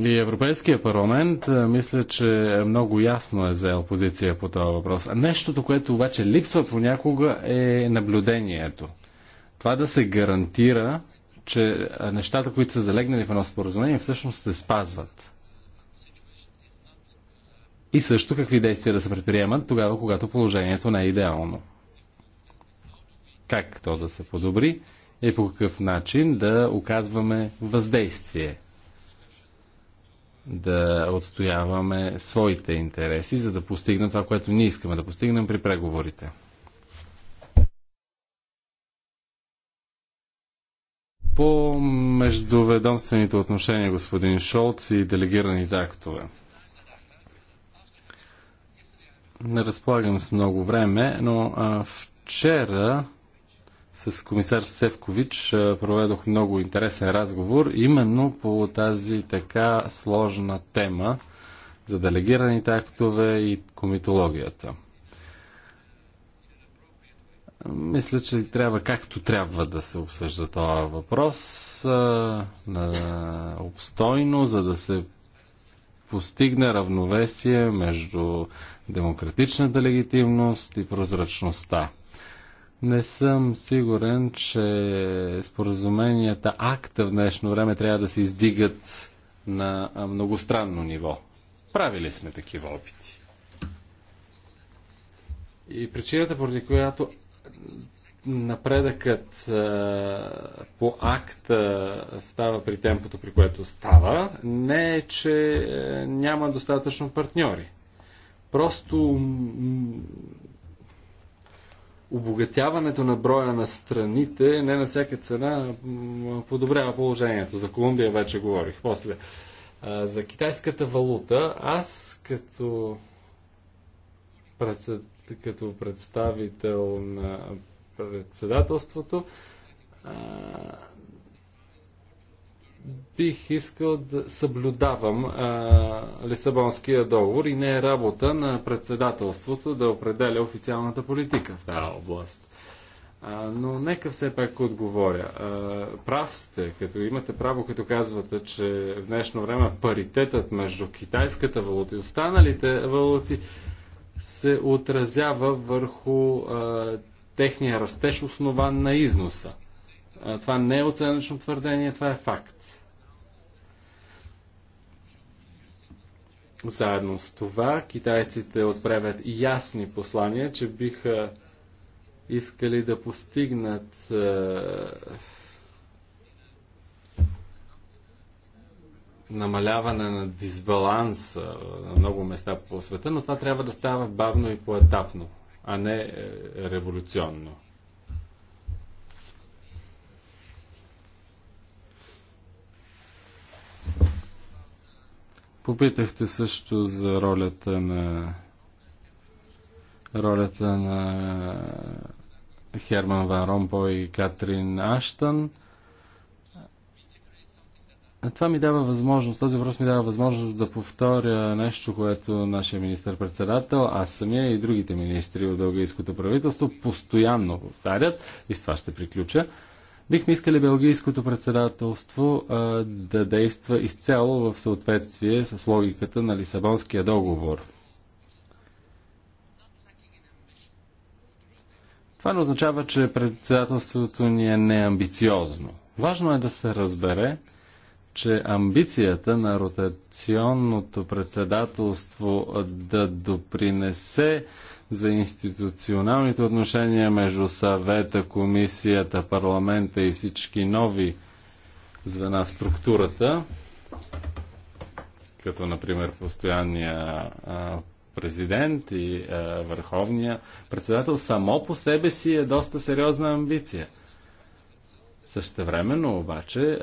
И Европейския парламент, а, мисля, че много ясно е взел позиция по този въпрос. Нещото, което обаче липсва понякога е наблюдението. Това да се гарантира, че нещата, които са залегнали в едно споразумение, всъщност се спазват и също какви действия да се предприемат тогава, когато положението не е идеално. Как то да се подобри и по какъв начин да оказваме въздействие, да отстояваме своите интереси, за да постигнем това, което ние искаме да постигнем при преговорите. По междуведомствените отношения, господин Шолц и делегираните актове – не разполагам с много време, но а, вчера с комисар Севкович проведох много интересен разговор именно по тази така сложна тема за делегираните актове и комитологията. Мисля, че трябва както трябва да се обсъжда този въпрос на обстойно, за да се постигне равновесие между демократичната легитимност и прозрачността. Не съм сигурен, че споразуменията акта в днешно време трябва да се издигат на многостранно ниво. Правили сме такива опити. И причината, поради която напредъкът по акта става при темпото, при което става, не е, че няма достатъчно партньори. Просто обогатяването на броя на страните не на всяка цена подобрява положението. За Колумбия вече говорих. После, за китайската валута, аз като, като представител на председателството, бих искал да съблюдавам а, Лисабонския договор и не е работа на председателството да определя официалната политика в тази област. А, но нека все пак отговоря. А, прав сте, като имате право, като казвате, че в днешно време паритетът между китайската валута и останалите валути се отразява върху а, техния растеж, основан на износа. Това не е оценъчно твърдение, това е факт. Заедно с това, китайците отправят ясни послания, че биха искали да постигнат е, намаляване на дисбаланса на много места по света, но това трябва да става бавно и поетапно, а не е, революционно. Попитахте също за ролята на ролята на Херман Ван Ромпо и Катрин Аштън. Това ми дава възможност, този въпрос ми дава възможност да повторя нещо, което нашия министр-председател, аз самия и другите министри от Бългийското правителство постоянно повтарят, и с това ще приключа Бихме искали Белгийското председателство а, да действа изцяло в съответствие с логиката на Лисабонския договор. Това не означава, че председателството ни е неамбициозно. Важно е да се разбере, че амбицията на ротационното председателство да допринесе за институционалните отношения между съвета, комисията, парламента и всички нови звена в структурата, като например постоянния президент и върховния председател, само по себе си е доста сериозна амбиция – Същевременно обаче е,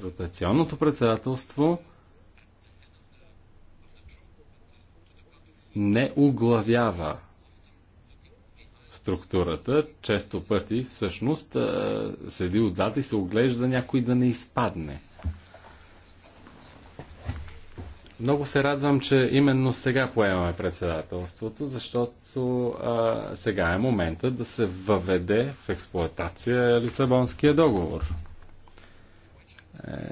ротационното председателство не оглавява структурата, често пъти всъщност е, седи отзад и се оглежда някой да не изпадне. Много се радвам, че именно сега поемаме председателството, защото а, сега е момента да се въведе в експлоатация Лисабонския договор.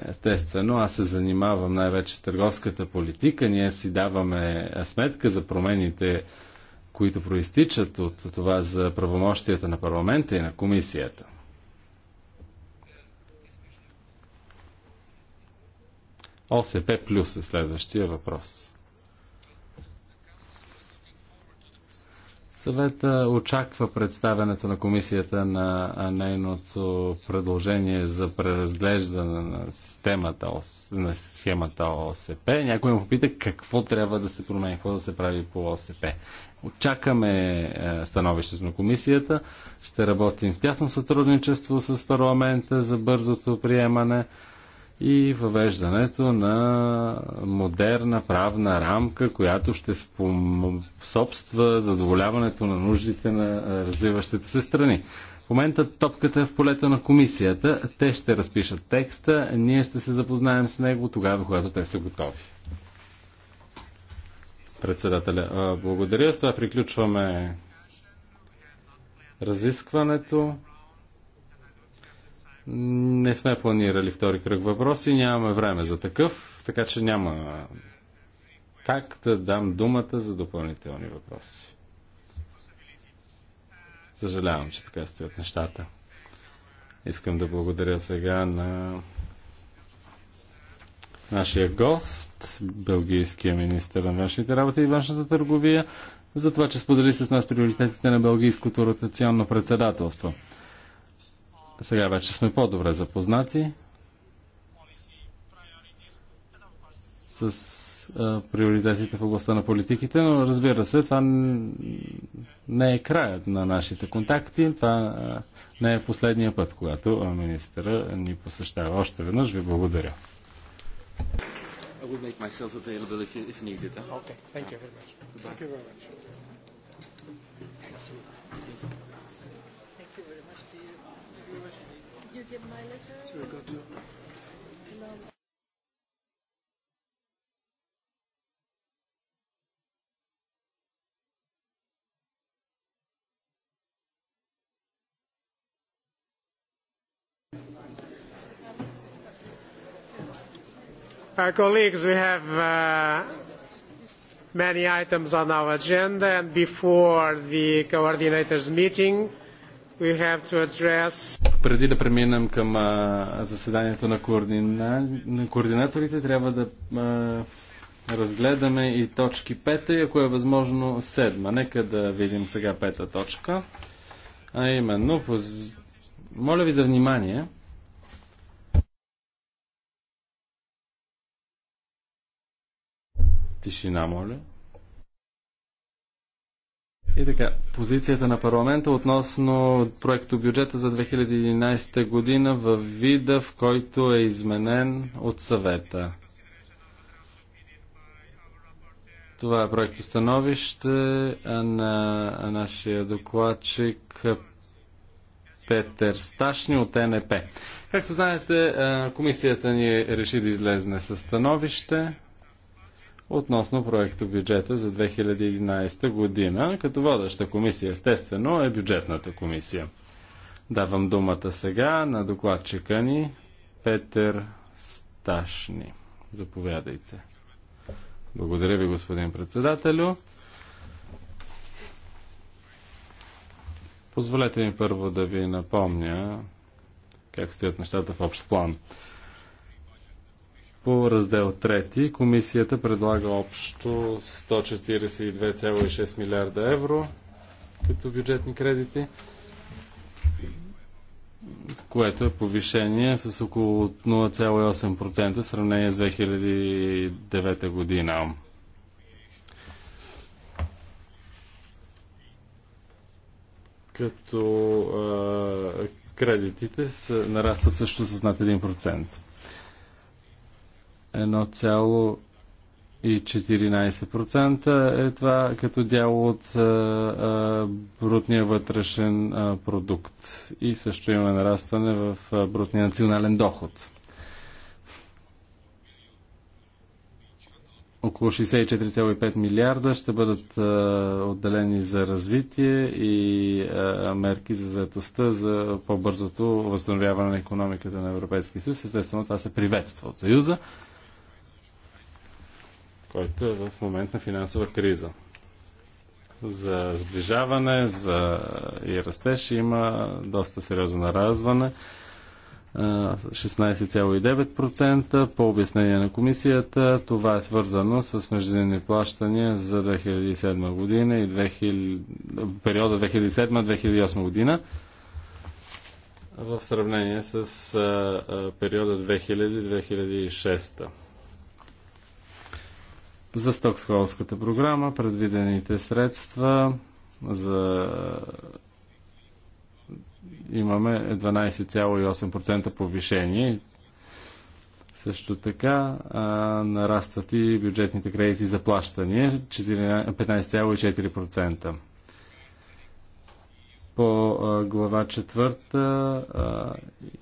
Естествено, аз се занимавам най-вече с търговската политика. Ние си даваме сметка за промените, които проистичат от това за правомощията на парламента и на комисията. ОСП плюс е следващия въпрос. Съвета очаква представенето на комисията на нейното предложение за преразглеждане на системата, на схемата ОСП. Някой му попита какво трябва да се промени, какво да се прави по ОСП. Очакаме е, становището на комисията. Ще работим в тясно сътрудничество с парламента за бързото приемане и въвеждането на модерна правна рамка, която ще способства задоволяването на нуждите на развиващите се страни. В момента топката е в полето на комисията. Те ще разпишат текста, ние ще се запознаем с него тогава, когато те са готови. Председателя, благодаря. С това приключваме разискването. Не сме планирали втори кръг въпроси, нямаме време за такъв, така че няма как да дам думата за допълнителни въпроси. Съжалявам, че така стоят нещата. Искам да благодаря сега на нашия гост, бългийския министр на външните работи и външната търговия, за това, че сподели с нас приоритетите на бългийското ротационно председателство. Сега вече сме по-добре запознати с а, приоритетите в областта на политиките, но разбира се, това не е краят на нашите контакти. Това а, не е последния път, когато министъра ни посещава. Още веднъж ви благодаря. I will make myself available if, if needed. Huh? Okay, thank you very much. Thank you very much. give my letter? colleagues, we have uh many items on our agenda, and before the coordinators' meeting, преди да преминем към а, заседанието на, координа... на координаторите, трябва да а, разгледаме и точки 5 и ако е възможно 7. Нека да видим сега пета точка. А именно, поз... моля ви за внимание. Тишина, моля. И така, позицията на парламента относно проекто бюджета за 2011 година в вида, в който е изменен от съвета. Това е проекто становище на нашия докладчик Петър Сташни от НП. Както знаете, комисията ни реши да излезне със становище относно проекта бюджета за 2011 година, като водеща комисия естествено е бюджетната комисия. Давам думата сега на докладчика ни Петър Сташни. Заповядайте. Благодаря ви, господин председателю. Позволете ми първо да ви напомня как стоят нещата в общ план. По раздел 3 комисията предлага общо 142,6 милиарда евро като бюджетни кредити, което е повишение с около 0,8% в сравнение с 2009 година. Като а, кредитите са, нарастват също с над 1%. 1,14% е това като дял от брутния вътрешен продукт. И също има нарастване в брутния национален доход. около 64,5 милиарда ще бъдат а, отделени за развитие и а, мерки за заедостта за по-бързото възстановяване на економиката на Европейския съюз. Естествено, това се приветства от Съюза който е в момент на финансова криза. За сближаване за и растеж има доста сериозно наразване. 16,9%. По обяснение на комисията, това е свързано с междинни плащания за 2007 година и 2000, периода 2007-2008 година в сравнение с периода 2000-2006. За Стоксхолската програма предвидените средства за имаме 12,8% е повишение. Също така а, нарастват и бюджетните кредити за плащания 15,4% по глава четвърта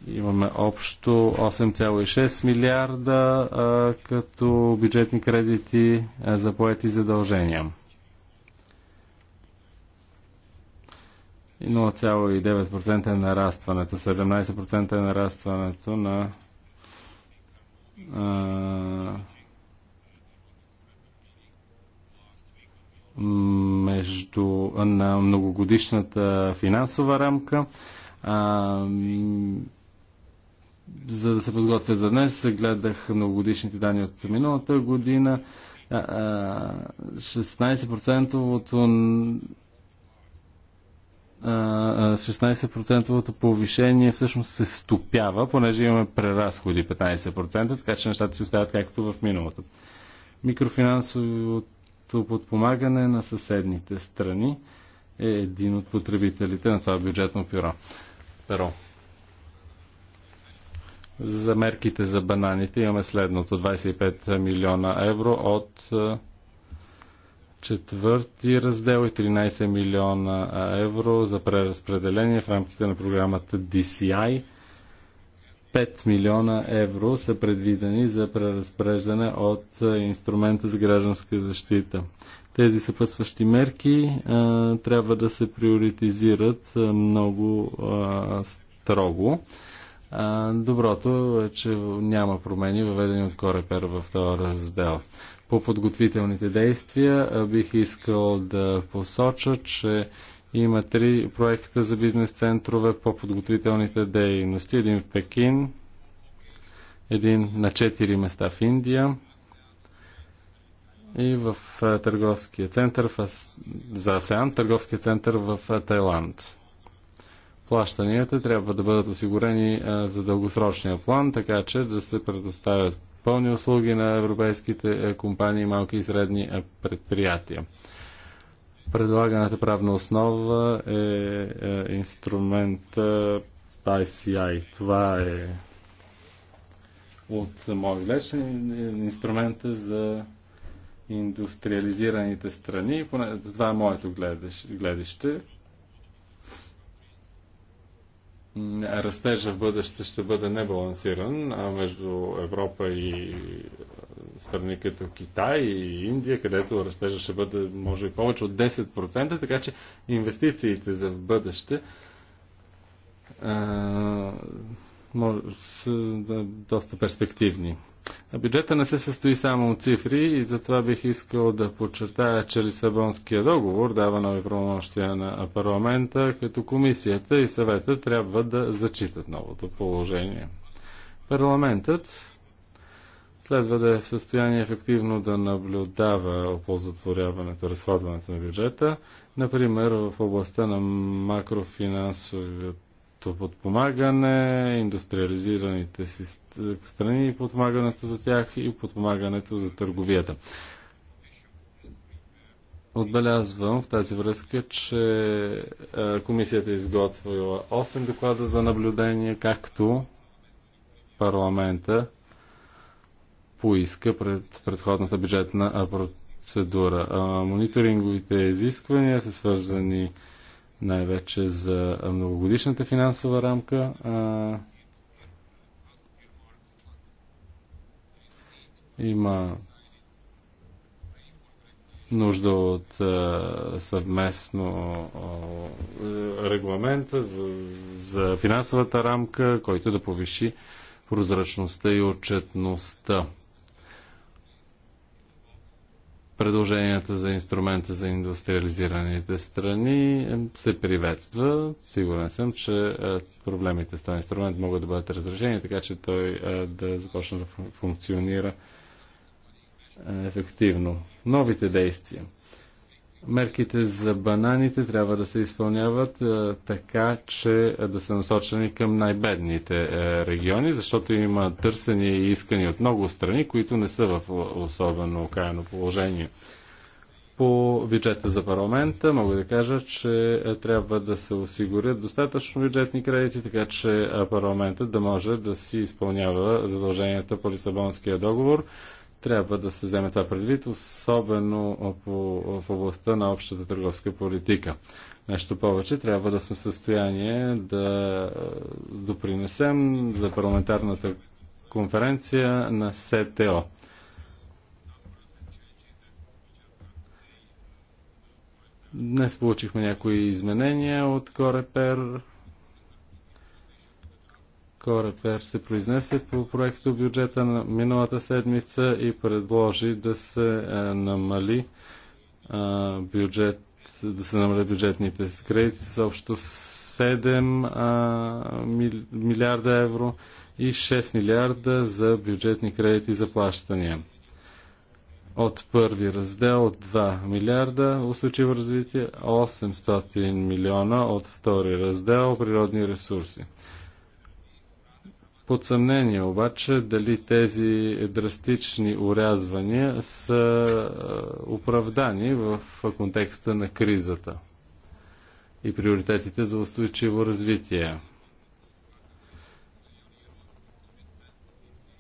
имаме общо 8,6 милиарда като бюджетни кредити за поети задължения. 0,9% е нарастването, 17% е нарастването на между, на многогодишната финансова рамка. А, за да се подготвя за днес, гледах многогодишните данни от миналата година. 16 16 повишение всъщност се стопява, понеже имаме преразходи 15%, така че нещата си остават както в миналото. Микрофинансовото като подпомагане на съседните страни е един от потребителите на това бюджетно пюро. Перо. За мерките за бананите имаме следното 25 милиона евро от четвърти раздел и 13 милиона евро за преразпределение в рамките на програмата DCI – 5 милиона евро са предвидени за преразпреждане от инструмента за гражданска защита. Тези съпъсващи мерки а, трябва да се приоритизират а, много а, строго. А, доброто е, че няма промени, въведени от Корепер в този раздел. По подготвителните действия а, бих искал да посоча, че има три проекта за бизнес центрове по подготовителните дейности. Един в Пекин, един на четири места в Индия и в търговския център в, за АСЕАН, търговския център в Тайланд. Плащанията трябва да бъдат осигурени за дългосрочния план, така че да се предоставят пълни услуги на европейските компании, малки и средни предприятия. Предлаганата правна основа е, е инструмент е, ICI. Това е от моя глед инструмента за индустриализираните страни. Поне, това е моето гледаще. Растежа в бъдеще ще бъде небалансиран а между Европа и страни като Китай и Индия, където растежа ще бъде, може и повече от 10%, така че инвестициите за в бъдеще а, може, са да, доста перспективни. А бюджета не се състои само от цифри и затова бих искал да подчертая, че Лисабонския договор дава нови правомощия на парламента, като комисията и съвета трябва да зачитат новото положение. Парламентът следва да е в състояние ефективно да наблюдава оползотворяването, разходването на бюджета, например в областта на макрофинансовото подпомагане, индустриализираните си страни и подпомагането за тях и подпомагането за търговията. Отбелязвам в тази връзка, че е, комисията е изготвила 8 доклада за наблюдение, както парламента поиска пред предходната бюджетна процедура. Мониторинговите изисквания са свързани най-вече за многогодишната финансова рамка. Има нужда от а, съвместно а, регламента за, за финансовата рамка, който да повиши прозрачността и отчетността предложенията за инструмента за индустриализираните страни се приветства. Сигурен съм, че е, проблемите с този инструмент могат да бъдат разрешени, така че той е, да започне да функционира е, ефективно. Новите действия. Мерките за бананите трябва да се изпълняват а, е, така, че да са насочени към най-бедните е, региони, защото има търсени и искани от много страни, които не са в особено окаяно положение. По бюджета за парламента мога да кажа, че е, трябва да се осигурят достатъчно бюджетни кредити, така че парламентът да може да си изпълнява задълженията по Лисабонския договор трябва да се вземе това предвид, особено в областта на общата търговска политика. Нещо повече, трябва да сме в състояние да е, допринесем за парламентарната конференция на СТО. Днес получихме някои изменения от Корепер. Корепер се произнесе по проекто бюджета на миналата седмица и предложи да се е, намали е, бюджет, да се намалят бюджетните кредити с общо 7 е, милиарда евро и 6 милиарда за бюджетни кредити за плащания. От първи раздел от 2 милиарда устойчиво развитие, 800 милиона от втори раздел природни ресурси. Под съмнение обаче дали тези драстични урязвания са е, оправдани в контекста на кризата и приоритетите за устойчиво развитие.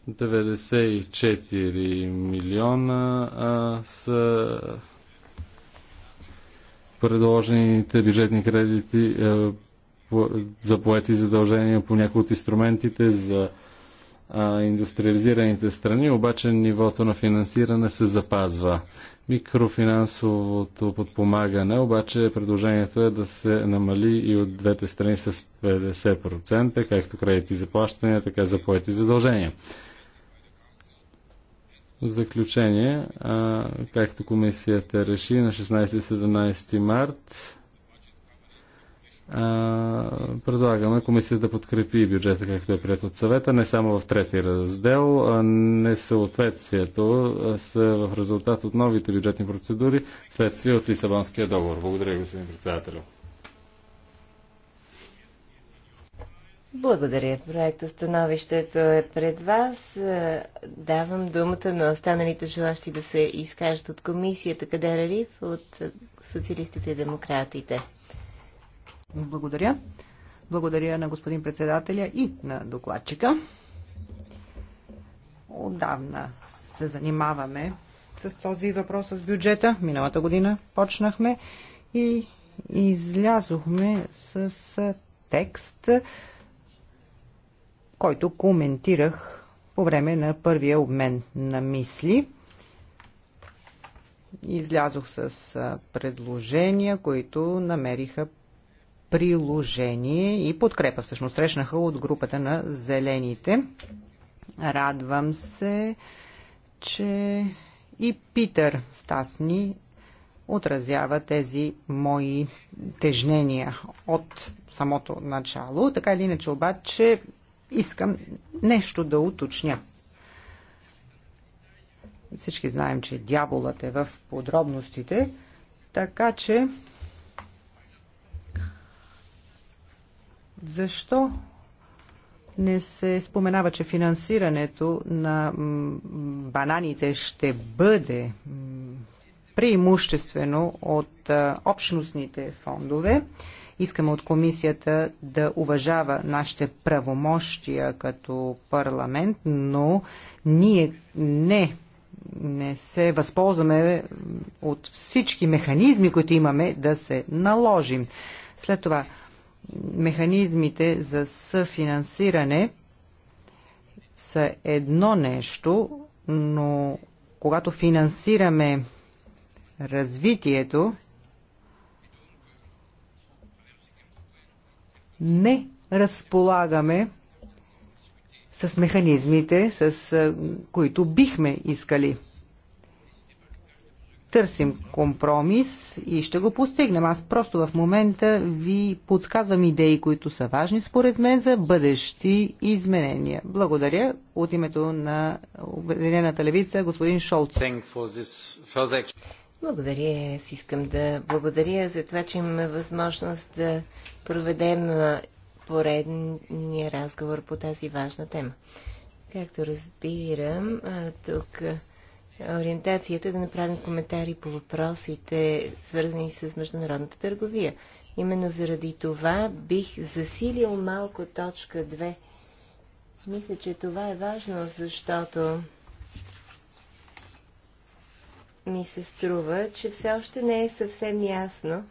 94 милиона а, са предложените бюджетни кредити а, е, за поети задължения по някои от инструментите за а, индустриализираните страни, обаче нивото на финансиране се запазва. Микрофинансовото подпомагане, обаче предложението е да се намали и от двете страни с 50%, както кредити за плащания, така за поети задължения. В заключение, а, както комисията реши на 16-17 март, предлагаме комисията да подкрепи бюджета, както е прият от съвета, не само в трети раздел. Несъответствието са в резултат от новите бюджетни процедури следствие от Лисабонския договор. Благодаря, господин председател. Благодаря. Проекта становището е пред вас. Давам думата на останалите желащи да се изкажат от комисията Кадера Риф от социалистите и демократите. Благодаря. Благодаря на господин председателя и на докладчика. Отдавна се занимаваме с този въпрос с бюджета. Миналата година почнахме и излязохме с текст, който коментирах по време на първия обмен на мисли. Излязох с предложения, които намериха приложение и подкрепа всъщност срещнаха от групата на зелените. Радвам се, че и Питър Стасни отразява тези мои тежнения от самото начало. Така или иначе обаче искам нещо да уточня. Всички знаем, че дяволът е в подробностите, така че Защо не се споменава, че финансирането на бананите ще бъде преимуществено от общностните фондове. Искаме от комисията да уважава нашите правомощия като парламент, но ние не, не се възползваме от всички механизми, които имаме да се наложим. След това механизмите за съфинансиране са едно нещо, но когато финансираме развитието, не разполагаме с механизмите, с които бихме искали търсим компромис и ще го постигнем. Аз просто в момента ви подсказвам идеи, които са важни според мен за бъдещи изменения. Благодаря от името на Обединената левица, господин Шолц. Благодаря. Аз искам да благодаря за това, че имаме възможност да проведем поредния разговор по тази важна тема. Както разбирам, тук ориентацията да направим коментари по въпросите, свързани с международната търговия. Именно заради това бих засилил малко точка 2. Мисля, че това е важно, защото ми се струва, че все още не е съвсем ясно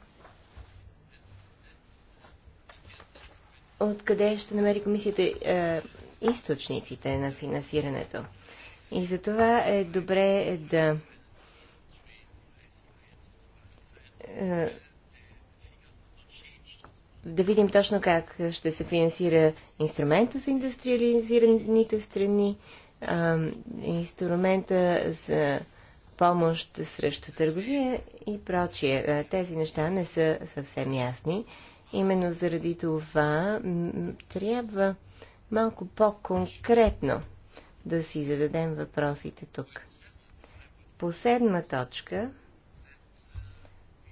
откъде ще намери комисията е, източниците на финансирането. И затова е добре да е, да видим точно как ще се финансира инструмента за индустриализираните страни, инструмента за помощ срещу търговия и прочие. Тези неща не са съвсем ясни. Именно заради това трябва малко по-конкретно да си зададем въпросите тук. По седма точка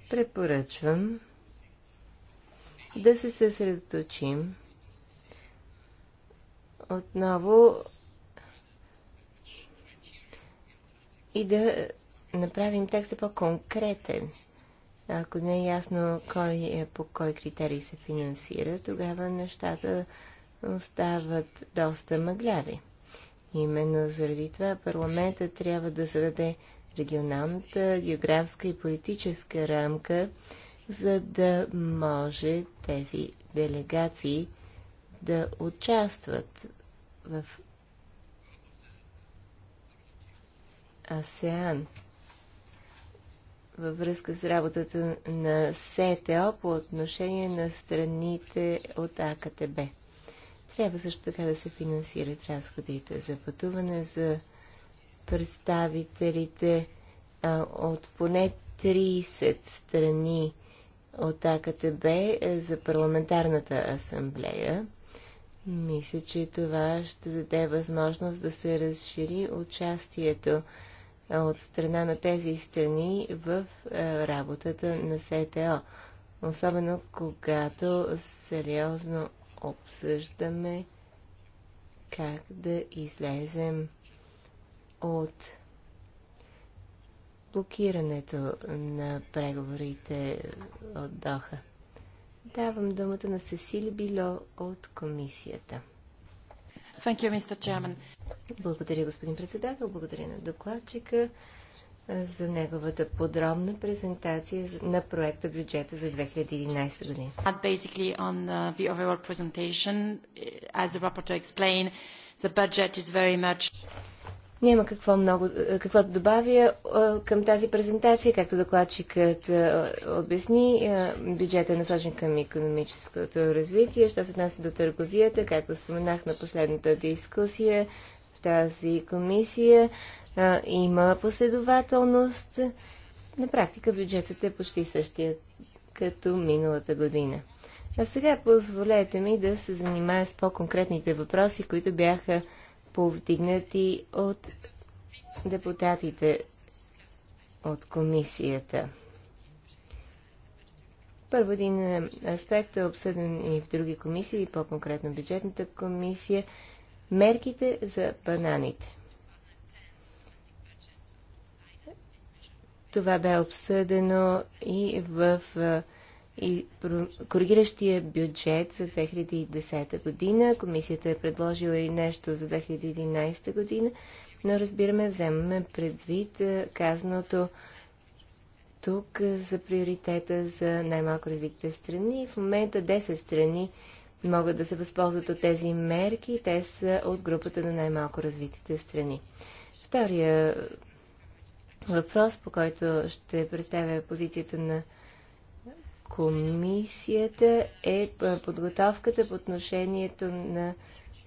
препоръчвам да се съсредоточим отново и да направим текста по-конкретен. Ако не е ясно кой е, по кой критерий се финансира, тогава нещата остават доста мъгляви. Именно заради това парламента трябва да зададе регионалната, географска и политическа рамка, за да може тези делегации да участват в АСЕАН във връзка с работата на СТО по отношение на страните от АКТБ. Трябва също така да се финансират разходите за пътуване за представителите а, от поне 30 страни от АКТБ е, за парламентарната асамблея. Мисля, че това ще даде възможност да се разшири участието от страна на тези страни в работата на СТО. Особено когато сериозно обсъждаме как да излезем от блокирането на преговорите от Доха. Давам думата на Сесили Било от комисията. Thank you, Mr. Chairman. Благодаря, господин председател. Благодаря на докладчика за неговата подробна презентация на проекта бюджета за 2011 година. Basically on uh, the overall presentation, uh, as the rapporteur explained, the budget is very much няма какво много, е, какво да добавя е, към тази презентация, както докладчикът е, обясни. Бюджетът е насочен към економическото развитие. Що се отнася до търговията, както споменах на последната дискусия в тази комисия, а, има последователност. На практика бюджетът е почти същия като миналата година. А сега позволете ми да се занимая с по-конкретните въпроси, които бяха повдигнати от депутатите от комисията. Първо един аспект е обсъден и в други комисии, по-конкретно бюджетната комисия – мерките за бананите. Това бе обсъдено и в и коригиращия бюджет за 2010 година. Комисията е предложила и нещо за 2011 година, но разбираме, вземаме предвид казаното тук за приоритета за най-малко развитите страни. В момента 10 страни могат да се възползват от тези мерки. Те са от групата на най-малко развитите страни. Втория въпрос, по който ще представя позицията на комисията е подготовката по, отношението на,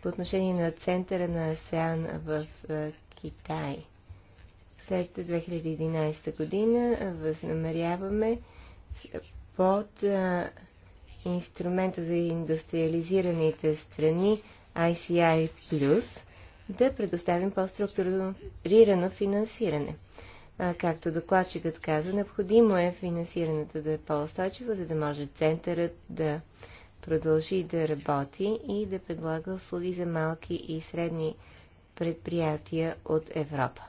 по отношение на центъра на АСЕАН в Китай. След 2011 година възнамеряваме под инструмента за индустриализираните страни ICI+, да предоставим по-структурирано финансиране както докладчикът казва, необходимо е финансирането да е по-устойчиво, за да може центърът да продължи да работи и да предлага услуги за малки и средни предприятия от Европа.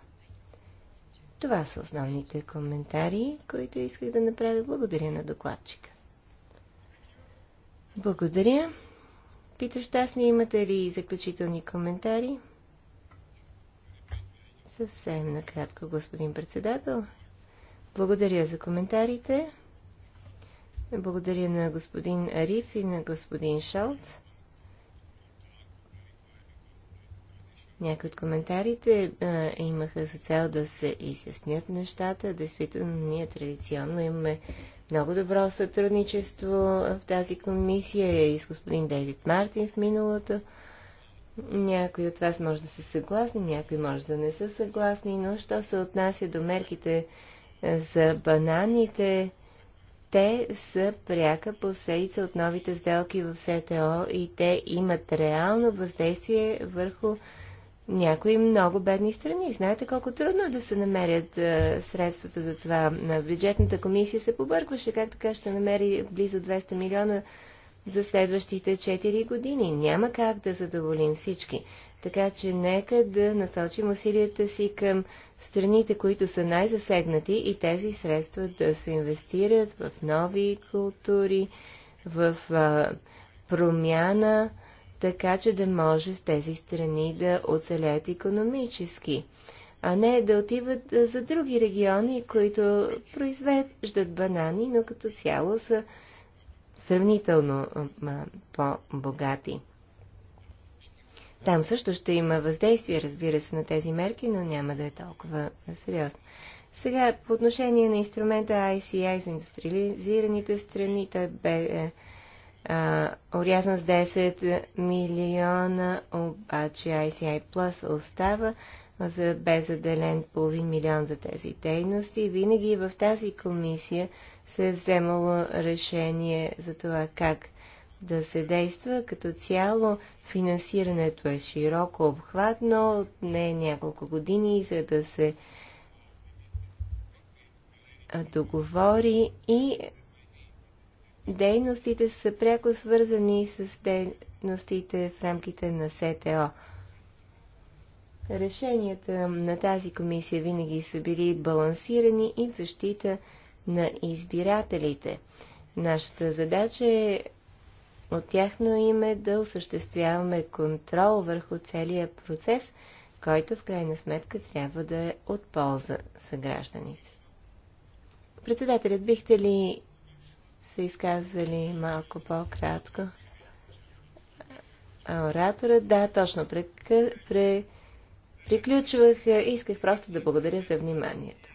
Това са основните коментари, които исках да направя. Благодаря на докладчика. Благодаря. Питаш, щастни, имате ли заключителни коментари? Съвсем накратко, господин председател. Благодаря за коментарите. Благодаря на господин Ариф и на господин Шолт. Някои от коментарите а, имаха за цел да се изяснят нещата. Действително, ние традиционно имаме много добро сътрудничество в тази комисия е и с господин Дейвид Мартин в миналото. Някои от вас може да са съгласни, някои може да не са съгласни, но що се отнася до мерките е, за бананите, те са пряка последица от новите сделки в СТО и те имат реално въздействие върху някои много бедни страни. Знаете колко трудно е да се намерят е, средствата за това. На бюджетната комисия се побъркваше как така ще намери близо 200 милиона за следващите 4 години. Няма как да задоволим всички. Така че нека да насочим усилията си към страните, които са най-засегнати и тези средства да се инвестират в нови култури, в а, промяна, така че да може с тези страни да оцелят економически, а не да отиват за други региони, които произвеждат банани, но като цяло са сравнително по-богати. Там също ще има въздействие, разбира се, на тези мерки, но няма да е толкова сериозно. Сега, по отношение на инструмента ICI за индустриализираните страни, той бе е, е, урязан с 10 милиона, обаче ICI Plus остава за бе заделен половин милион за тези дейности винаги в тази комисия се е вземало решение за това как да се действа. Като цяло финансирането е широко обхватно, не е няколко години, за да се договори и дейностите са пряко свързани с дейностите в рамките на СТО. Решенията на тази комисия винаги са били балансирани и в защита на избирателите. Нашата задача е от тяхно име да осъществяваме контрол върху целия процес, който в крайна сметка трябва да е от полза за гражданите. Председателят, бихте ли се изказали малко по-кратко? А ораторът, да, точно прекъ приключвах. Е, и Исках просто да благодаря за вниманието.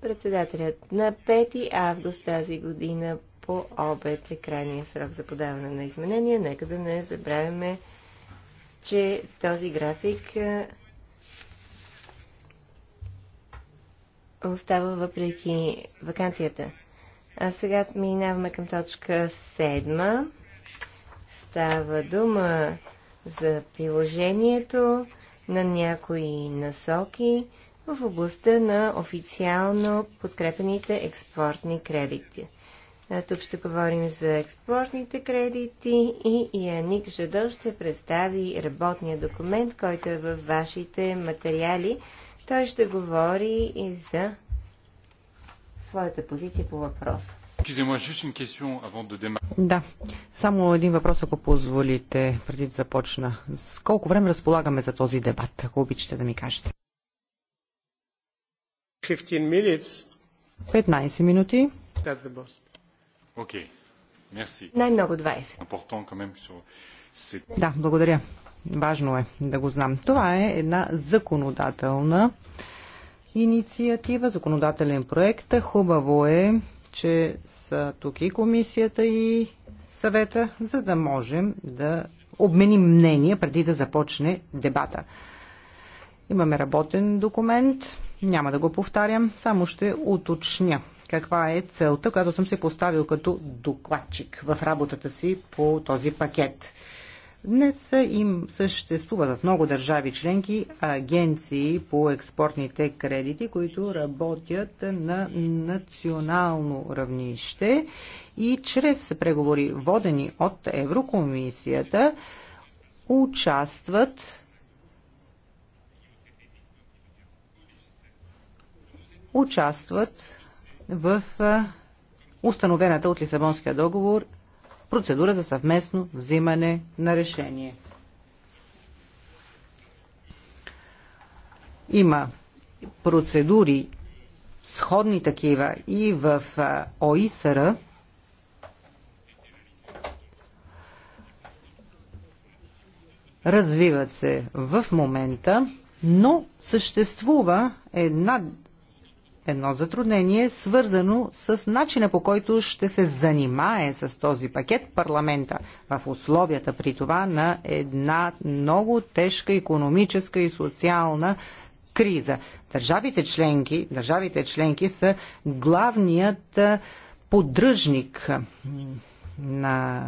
Председателят на 5 август тази година по обед е крайния срок за подаване на изменения. Нека да не забравяме, че този график е, остава въпреки вакансията. А сега минаваме към точка 7. Става дума за приложението на някои насоки в областта на официално подкрепените експортни кредити. Тук ще говорим за експортните кредити и Яник Жадо ще представи работния документ, който е във вашите материали. Той ще говори и за своята позиция по въпроса. Да, само един въпрос, ако позволите, преди да започна. С колко време разполагаме за този дебат, ако обичате да ми кажете? 15 минути. Okay. Най-много 20. Да, благодаря. Важно е да го знам. Това е една законодателна инициатива, законодателен проект. Хубаво е че са тук и комисията и съвета, за да можем да обменим мнение преди да започне дебата. Имаме работен документ, няма да го повтарям, само ще уточня каква е целта, която съм се поставил като докладчик в работата си по този пакет. Днес им съществуват в много държави членки агенции по експортните кредити, които работят на национално равнище и чрез преговори водени от Еврокомисията участват участват в установената от Лисабонския договор процедура за съвместно взимане на решение. Има процедури, сходни такива и в ОИСР, развиват се в момента, но съществува една едно затруднение, свързано с начина по който ще се занимае с този пакет парламента в условията при това на една много тежка економическа и социална криза. Държавите членки, държавите членки са главният поддръжник на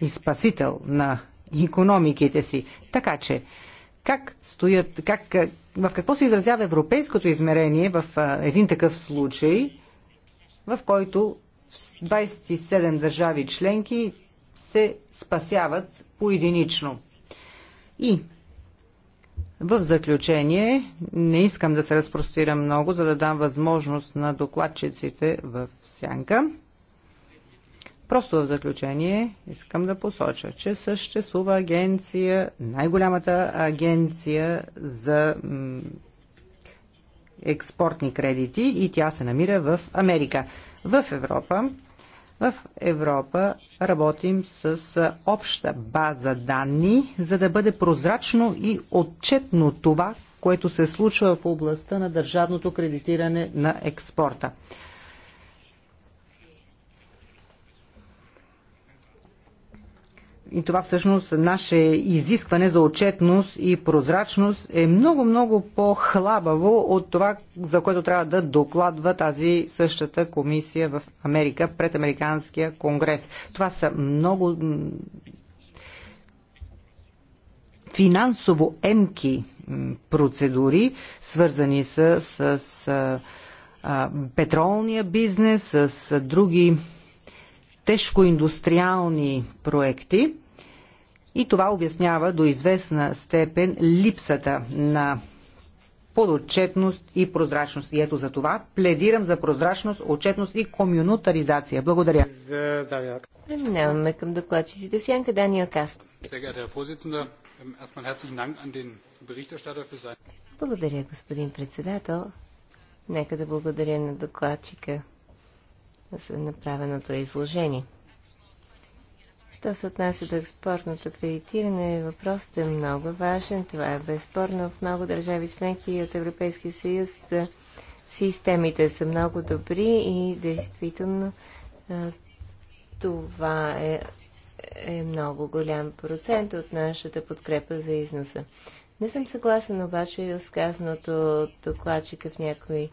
и спасител на економиките си. Така че как стоят, как, в какво се изразява европейското измерение в един такъв случай, в който 27 държави членки се спасяват поединично? И в заключение, не искам да се разпростирам много, за да дам възможност на докладчиците в сянка Просто в заключение искам да посоча, че съществува агенция, най-голямата агенция за експортни кредити и тя се намира в Америка. В Европа в Европа работим с обща база данни, за да бъде прозрачно и отчетно това, което се случва в областта на държавното кредитиране на експорта. и това всъщност наше изискване за отчетност и прозрачност е много-много по-хлабаво от това, за което трябва да докладва тази същата комисия в Америка пред Американския конгрес. Това са много финансово емки процедури, свързани с, с а, петролния бизнес, с, с други тежкоиндустриални проекти и това обяснява до известна степен липсата на подотчетност и прозрачност. И ето за това пледирам за прозрачност, отчетност и комюнутаризация. Благодаря. Преминаваме към докладчиците. Сянка Даниел Касп. Благодаря, господин председател. Нека да благодаря на докладчика за направеното изложение. Що се отнася до експортното кредитиране, въпросът е много важен. Това е безспорно. В много държави членки и от Европейския съюз системите са много добри и действително това е, е много голям процент от нашата подкрепа за износа. Не съм съгласен обаче с казаното от докладчика в някои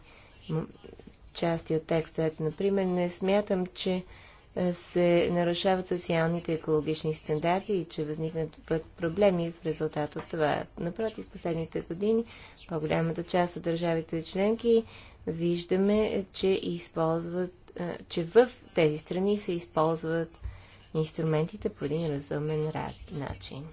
части от текста. Например, не смятам, че се нарушават социалните и екологични стандарти и че възникнат проблеми в резултат от това. Напротив, последните години по-голямата част от държавите членки виждаме, че използват, че в тези страни се използват инструментите по един разумен начин.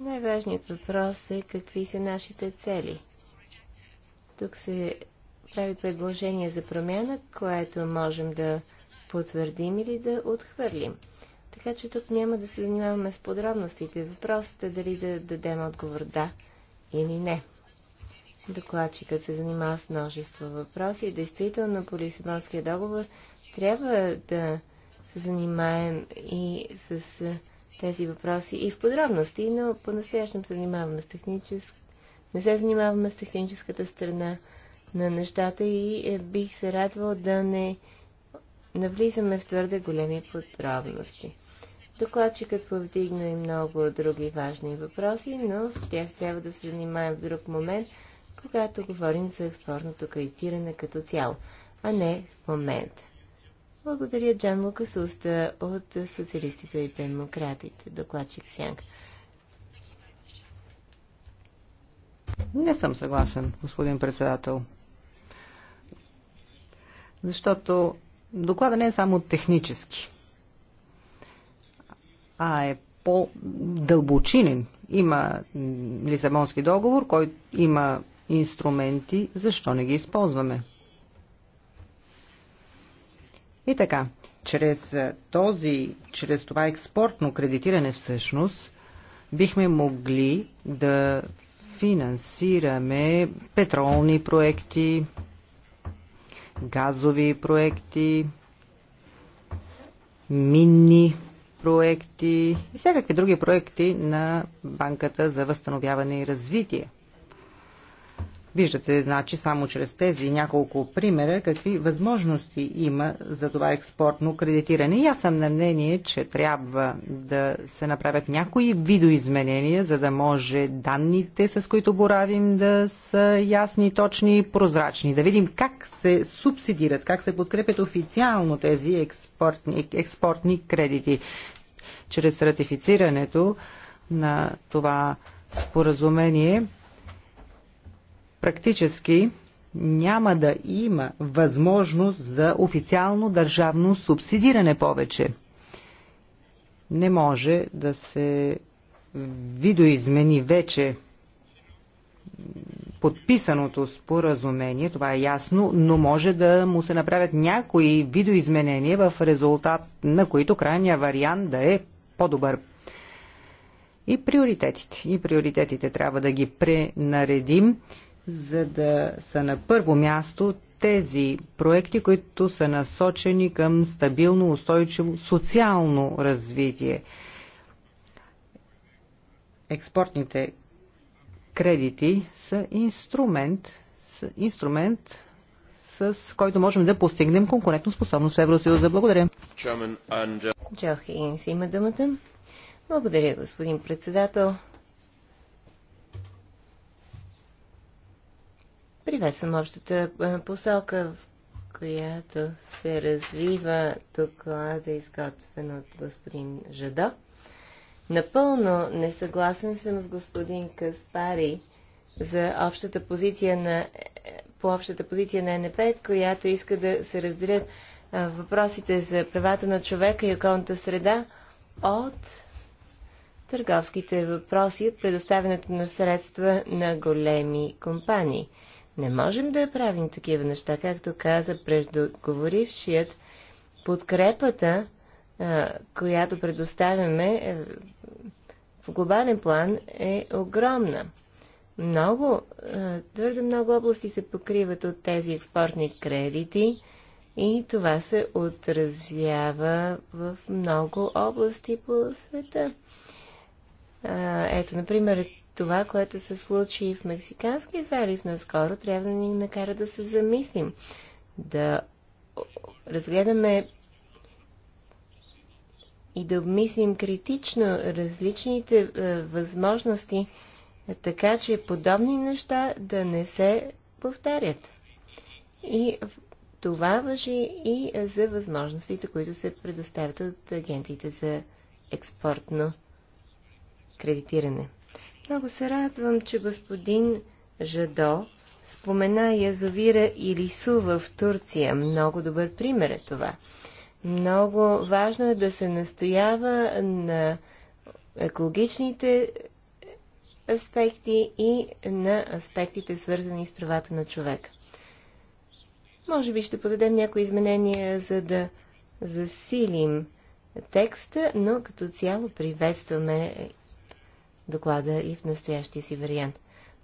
Най-важният въпрос е какви са нашите цели. Тук се прави предложение за промяна, което можем да потвърдим или да отхвърлим. Така че тук няма да се занимаваме с подробностите. Въпросът е дали да дадем отговор да или не. Докладчикът се занимава с множество въпроси действително по Лисабонския договор трябва да се занимаем и с тези въпроси и в подробности, но по-настоящем се занимаваме с техническа, Не се занимаваме с техническата страна на нещата и е, бих се радвал да не навлизаме в твърде големи подробности. Докладчикът повдигна и много други важни въпроси, но с тях трябва да се занимаем в друг момент, когато говорим за експортното кредитиране като цяло, а не в момента. Благодаря Джан Лукасуста от Социалистите и Демократите, докладчик Сянг. Не съм съгласен, господин председател. Защото доклада не е само технически, а е по-дълбочинен. Има Лисабонски договор, който има инструменти, защо не ги използваме? И така, чрез, този, чрез това експортно кредитиране всъщност бихме могли да финансираме петролни проекти, газови проекти, минни проекти и всякакви други проекти на Банката за възстановяване и развитие. Виждате, значи, само чрез тези няколко примера, какви възможности има за това експортно кредитиране. И аз съм на мнение, че трябва да се направят някои видоизменения, за да може данните, с които боравим, да са ясни, точни и прозрачни. Да видим как се субсидират, как се подкрепят официално тези експортни, експортни кредити. Чрез ратифицирането на това споразумение практически няма да има възможност за официално държавно субсидиране повече. Не може да се видоизмени вече подписаното споразумение, това е ясно, но може да му се направят някои видоизменения, в резултат на които крайния вариант да е по-добър. И приоритетите. И приоритетите трябва да ги пренаредим за да са на първо място тези проекти, които са насочени към стабилно, устойчиво социално развитие. Експортните кредити са инструмент, са инструмент с който можем да постигнем конкурентно способност в Евросъюза. Благодаря. Джохинс има думата. Благодаря, господин председател. Приветствам общата посока, в която се развива доклада, изготвен от господин Жадо. Напълно несъгласен съм с господин Каспари за общата позиция на, по общата позиция на НП, която иска да се разделят въпросите за правата на човека и околната среда от търговските въпроси от предоставянето на средства на големи компании – не можем да правим такива неща, както каза преждоговорившият. Подкрепата, която предоставяме е, в глобален план, е огромна. Много, твърде много области се покриват от тези експортни кредити и това се отразява в много области по света. Ето, например, това, което се случи в Мексиканския залив наскоро, трябва да ни накара да се замислим, да разгледаме и да обмислим критично различните е, възможности, така че подобни неща да не се повтарят. И това въжи и за възможностите, които се предоставят от агентите за експортно кредитиране. Много се радвам, че господин Жадо спомена язовира Илису в Турция. Много добър пример е това. Много важно е да се настоява на екологичните аспекти и на аспектите, свързани с правата на човека. Може би ще подадем някои изменения, за да засилим текста, но като цяло приветстваме доклада и в настоящия си вариант.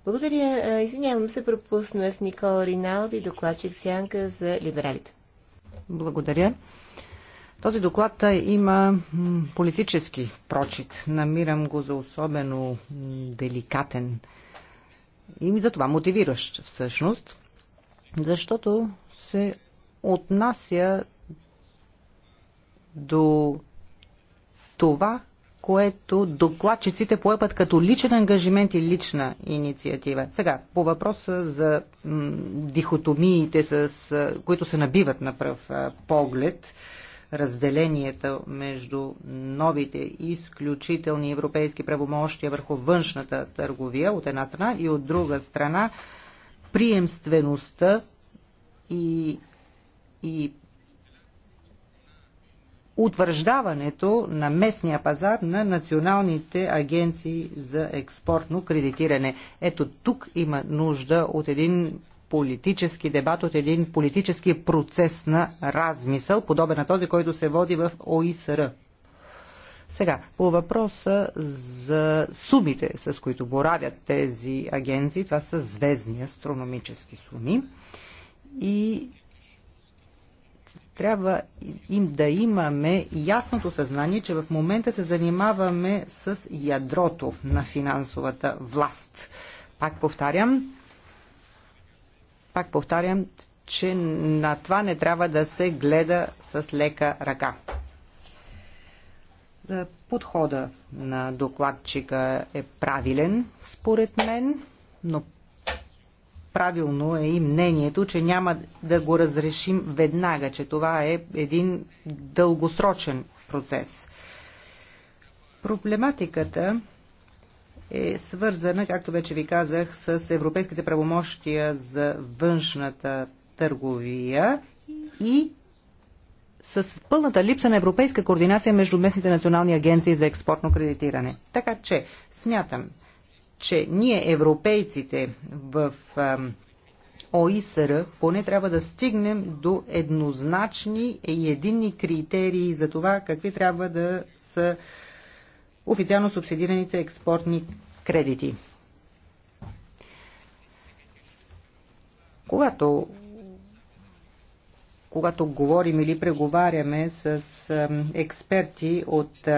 Благодаря. Извинявам се, пропуснах Никола Риналди, докладчик Сянка за либералите. Благодаря. Този доклад има политически прочит. Намирам го за особено деликатен и за това мотивиращ всъщност, защото се отнася до това, което докладчиците поепат като личен ангажимент и лична инициатива. Сега, по въпроса за дихотомиите, с, които се набиват на пръв поглед, разделенията между новите изключителни европейски правомощия върху външната търговия от една страна и от друга страна приемствеността и, и утвърждаването на местния пазар на националните агенции за експортно кредитиране. Ето тук има нужда от един политически дебат, от един политически процес на размисъл, подобен на този, който се води в ОИСР. Сега, по въпроса за сумите, с които боравят тези агенции, това са звездни астрономически суми. И трябва им да имаме ясното съзнание, че в момента се занимаваме с ядрото на финансовата власт. Пак повтарям, пак повтарям, че на това не трябва да се гледа с лека ръка. Е, подхода на докладчика е правилен, според мен, но правилно е и мнението, че няма да го разрешим веднага, че това е един дългосрочен процес. Проблематиката е свързана, както вече ви казах, с европейските правомощия за външната търговия и с пълната липса на европейска координация между местните национални агенции за експортно кредитиране. Така че, смятам, че ние, европейците, в ОИСР, поне трябва да стигнем до еднозначни и единни критерии за това какви трябва да са официално субсидираните експортни кредити. Когато когато говорим или преговаряме с експерти от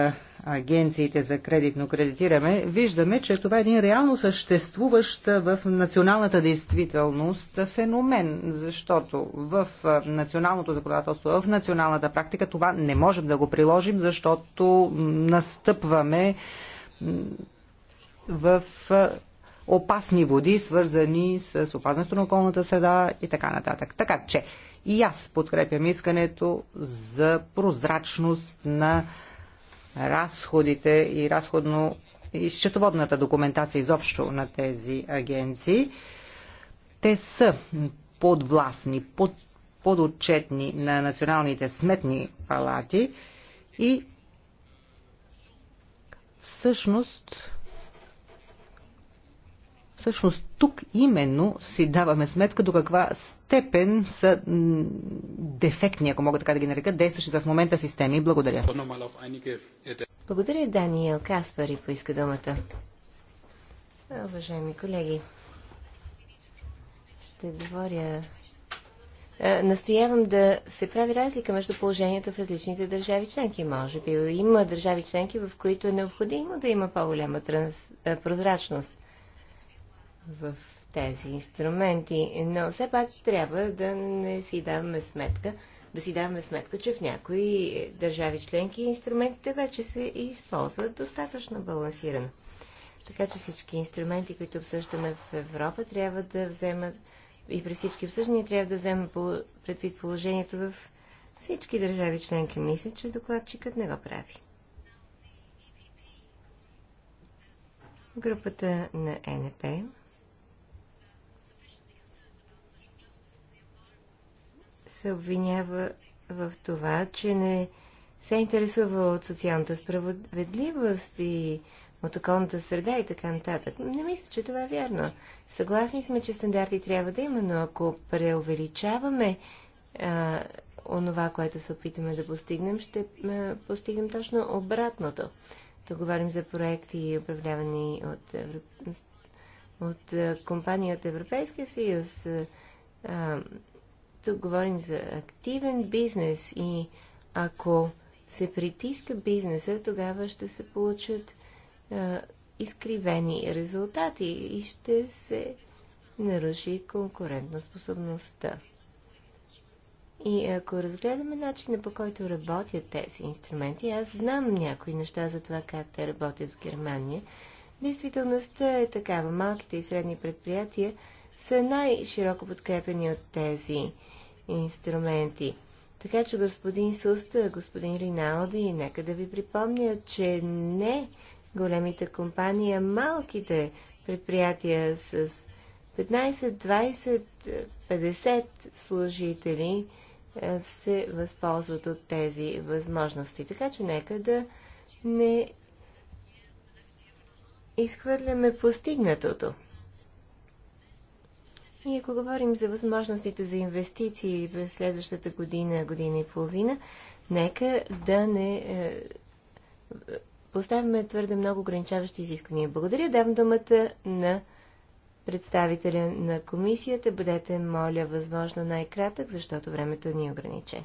агенциите за кредитно кредитиране, виждаме, че това е един реално съществуващ в националната действителност феномен, защото в националното законодателство, в националната практика това не можем да го приложим, защото настъпваме в опасни води, свързани с опазването на околната среда и така нататък. Така че и аз подкрепям искането за прозрачност на разходите и разходно и счетоводната документация изобщо на тези агенции. Те са подвластни, под, подотчетни на националните сметни палати и всъщност Всъщност тук именно си даваме сметка до каква степен са дефектни, ако мога така да ги нарека, действащите в момента системи. Благодаря. Благодаря, Даниел Каспари поиска думата. Уважаеми колеги, ще говоря настоявам да се прави разлика между положението в различните държави членки. Може би има държави членки, в които е необходимо да има по-голяма транс... прозрачност в тези инструменти, но все пак трябва да не си даваме сметка, да си даваме сметка, че в някои държави членки инструментите вече се използват достатъчно балансирано. Така че всички инструменти, които обсъждаме в Европа, трябва да вземат и при всички обсъждания трябва да вземат предвид положението в всички държави членки. Мисля, че докладчикът не го прави. Групата на НП. се обвинява в това, че не се интересува от социалната справедливост и от околната среда и така нататък. Не мисля, че това е вярно. Съгласни сме, че стандарти трябва да има, но ако преувеличаваме а, онова, което се опитаме да постигнем, ще а, постигнем точно обратното. То говорим за проекти, управлявани от, от, от компании от Европейския съюз. А, тук говорим за активен бизнес и ако се притиска бизнеса, тогава ще се получат а, изкривени резултати и ще се наруши конкурентна способността. И ако разгледаме начина по който работят тези инструменти, аз знам някои неща за това как те работят в Германия. Действителността е такава. Малките и средни предприятия са най-широко подкрепени от тези инструменти. Така че, господин Суста, господин Риналди, нека да ви припомня, че не големите компании, а малките предприятия с 15, 20, 50 служители е, се възползват от тези възможности. Така че нека да не изхвърляме постигнатото. И ако говорим за възможностите за инвестиции в следващата година, година и половина, нека да не е, поставяме твърде много ограничаващи изисквания. Благодаря. Давам думата на представителя на комисията. Бъдете, моля, възможно най-кратък, защото времето ни е ограничено.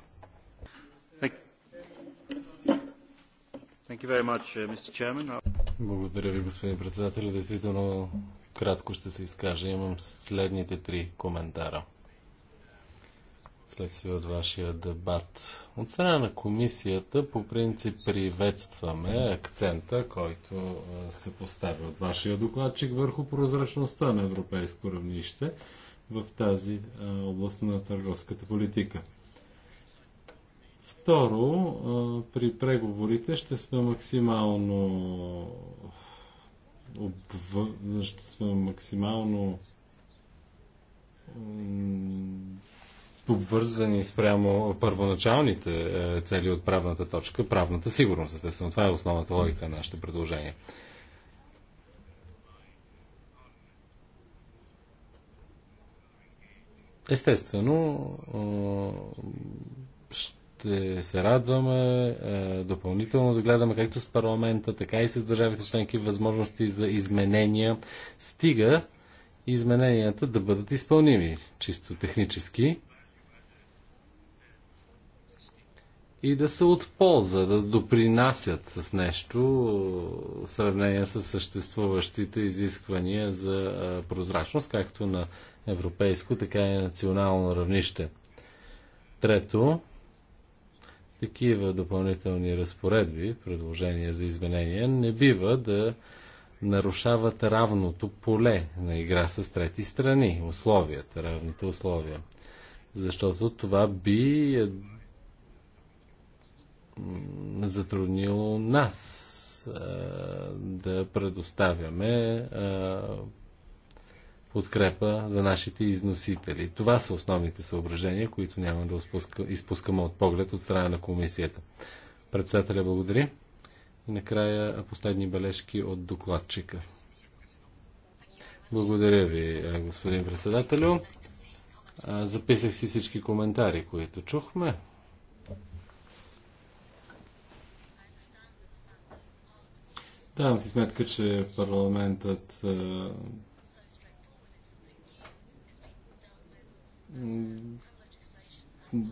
Uh, Благодаря ви, господин председател. Действително кратко ще се изкажа. Имам следните три коментара. Следствие от вашия дебат. От страна на комисията по принцип приветстваме акцента, който се поставя от вашия докладчик върху прозрачността на европейско равнище в тази област на търговската политика. Второ, при преговорите ще сме максимално обвър... ще сме максимално обвързани спрямо първоначалните е, цели от правната точка, правната сигурност, естествено. Това е основната логика на нашите предложения. Естествено, ще ще се радваме е, допълнително да гледаме както с парламента, така и с държавите членки възможности за изменения. Стига измененията да бъдат изпълними чисто технически и да се от полза, да допринасят с нещо в сравнение с съществуващите изисквания за е, прозрачност, както на европейско, така и национално равнище. Трето, такива допълнителни разпоредби, предложения за изменения, не бива да нарушават равното поле на игра с трети страни, условията, равните условия. Защото това би е, затруднило нас е, да предоставяме е, подкрепа за нашите износители. Това са основните съображения, които няма да изпускаме от поглед от страна на комисията. Председателя благодаря. И накрая последни бележки от докладчика. Благодаря ви, господин председателю. Записах си всички коментари, които чухме. Давам си сметка, че парламентът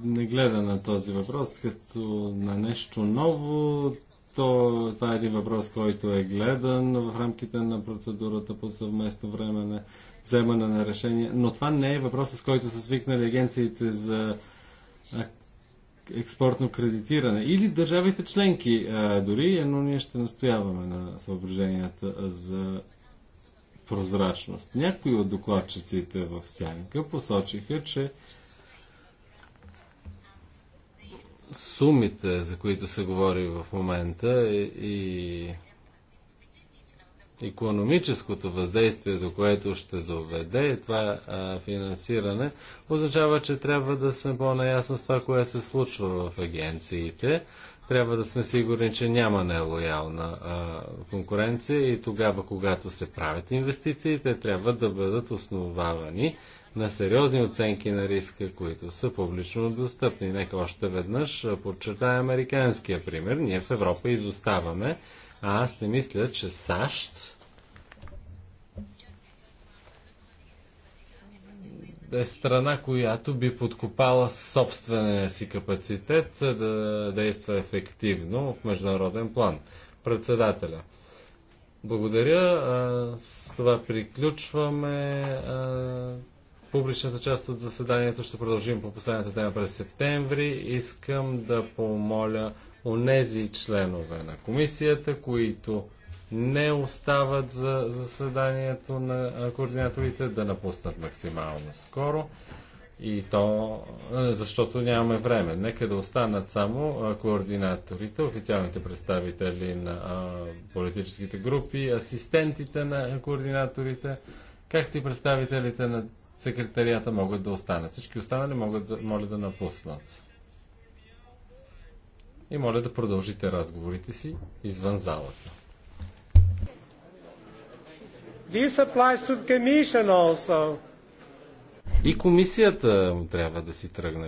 не гледа на този въпрос като на нещо ново. То, това е един въпрос, който е гледан в рамките на процедурата по съвместно време на вземане на решение. Но това не е въпросът, с който са свикнали агенциите за експортно кредитиране или държавите членки дори, е, но ние ще настояваме на съображенията за прозрачност. Някои от докладчиците в Сянка посочиха, че сумите, за които се говори в момента и економическото въздействие, до което ще доведе това а, финансиране, означава, че трябва да сме по-наясно с това, което се случва в агенциите, трябва да сме сигурни, че няма нелоялна а, конкуренция и тогава, когато се правят инвестиции, те трябва да бъдат основавани на сериозни оценки на риска, които са публично достъпни. Нека още веднъж подчертая американския пример. Ние в Европа изоставаме, а аз не мисля, че САЩ е страна, която би подкопала собствения си капацитет е, да действа ефективно в международен план. Председателя. Благодаря. С това приключваме публичната част от заседанието. Ще продължим по последната тема през септември. Искам да помоля онези членове на комисията, които не остават за заседанието на координаторите, да напуснат максимално скоро. И то, защото нямаме време. Нека да останат само координаторите, официалните представители на политическите групи, асистентите на координаторите, както и представителите на секретарията могат да останат. Всички останали могат да, моля да напуснат. И моля да продължите разговорите си извън залата. This applies to the commission also. И комисията трябва да си тръгне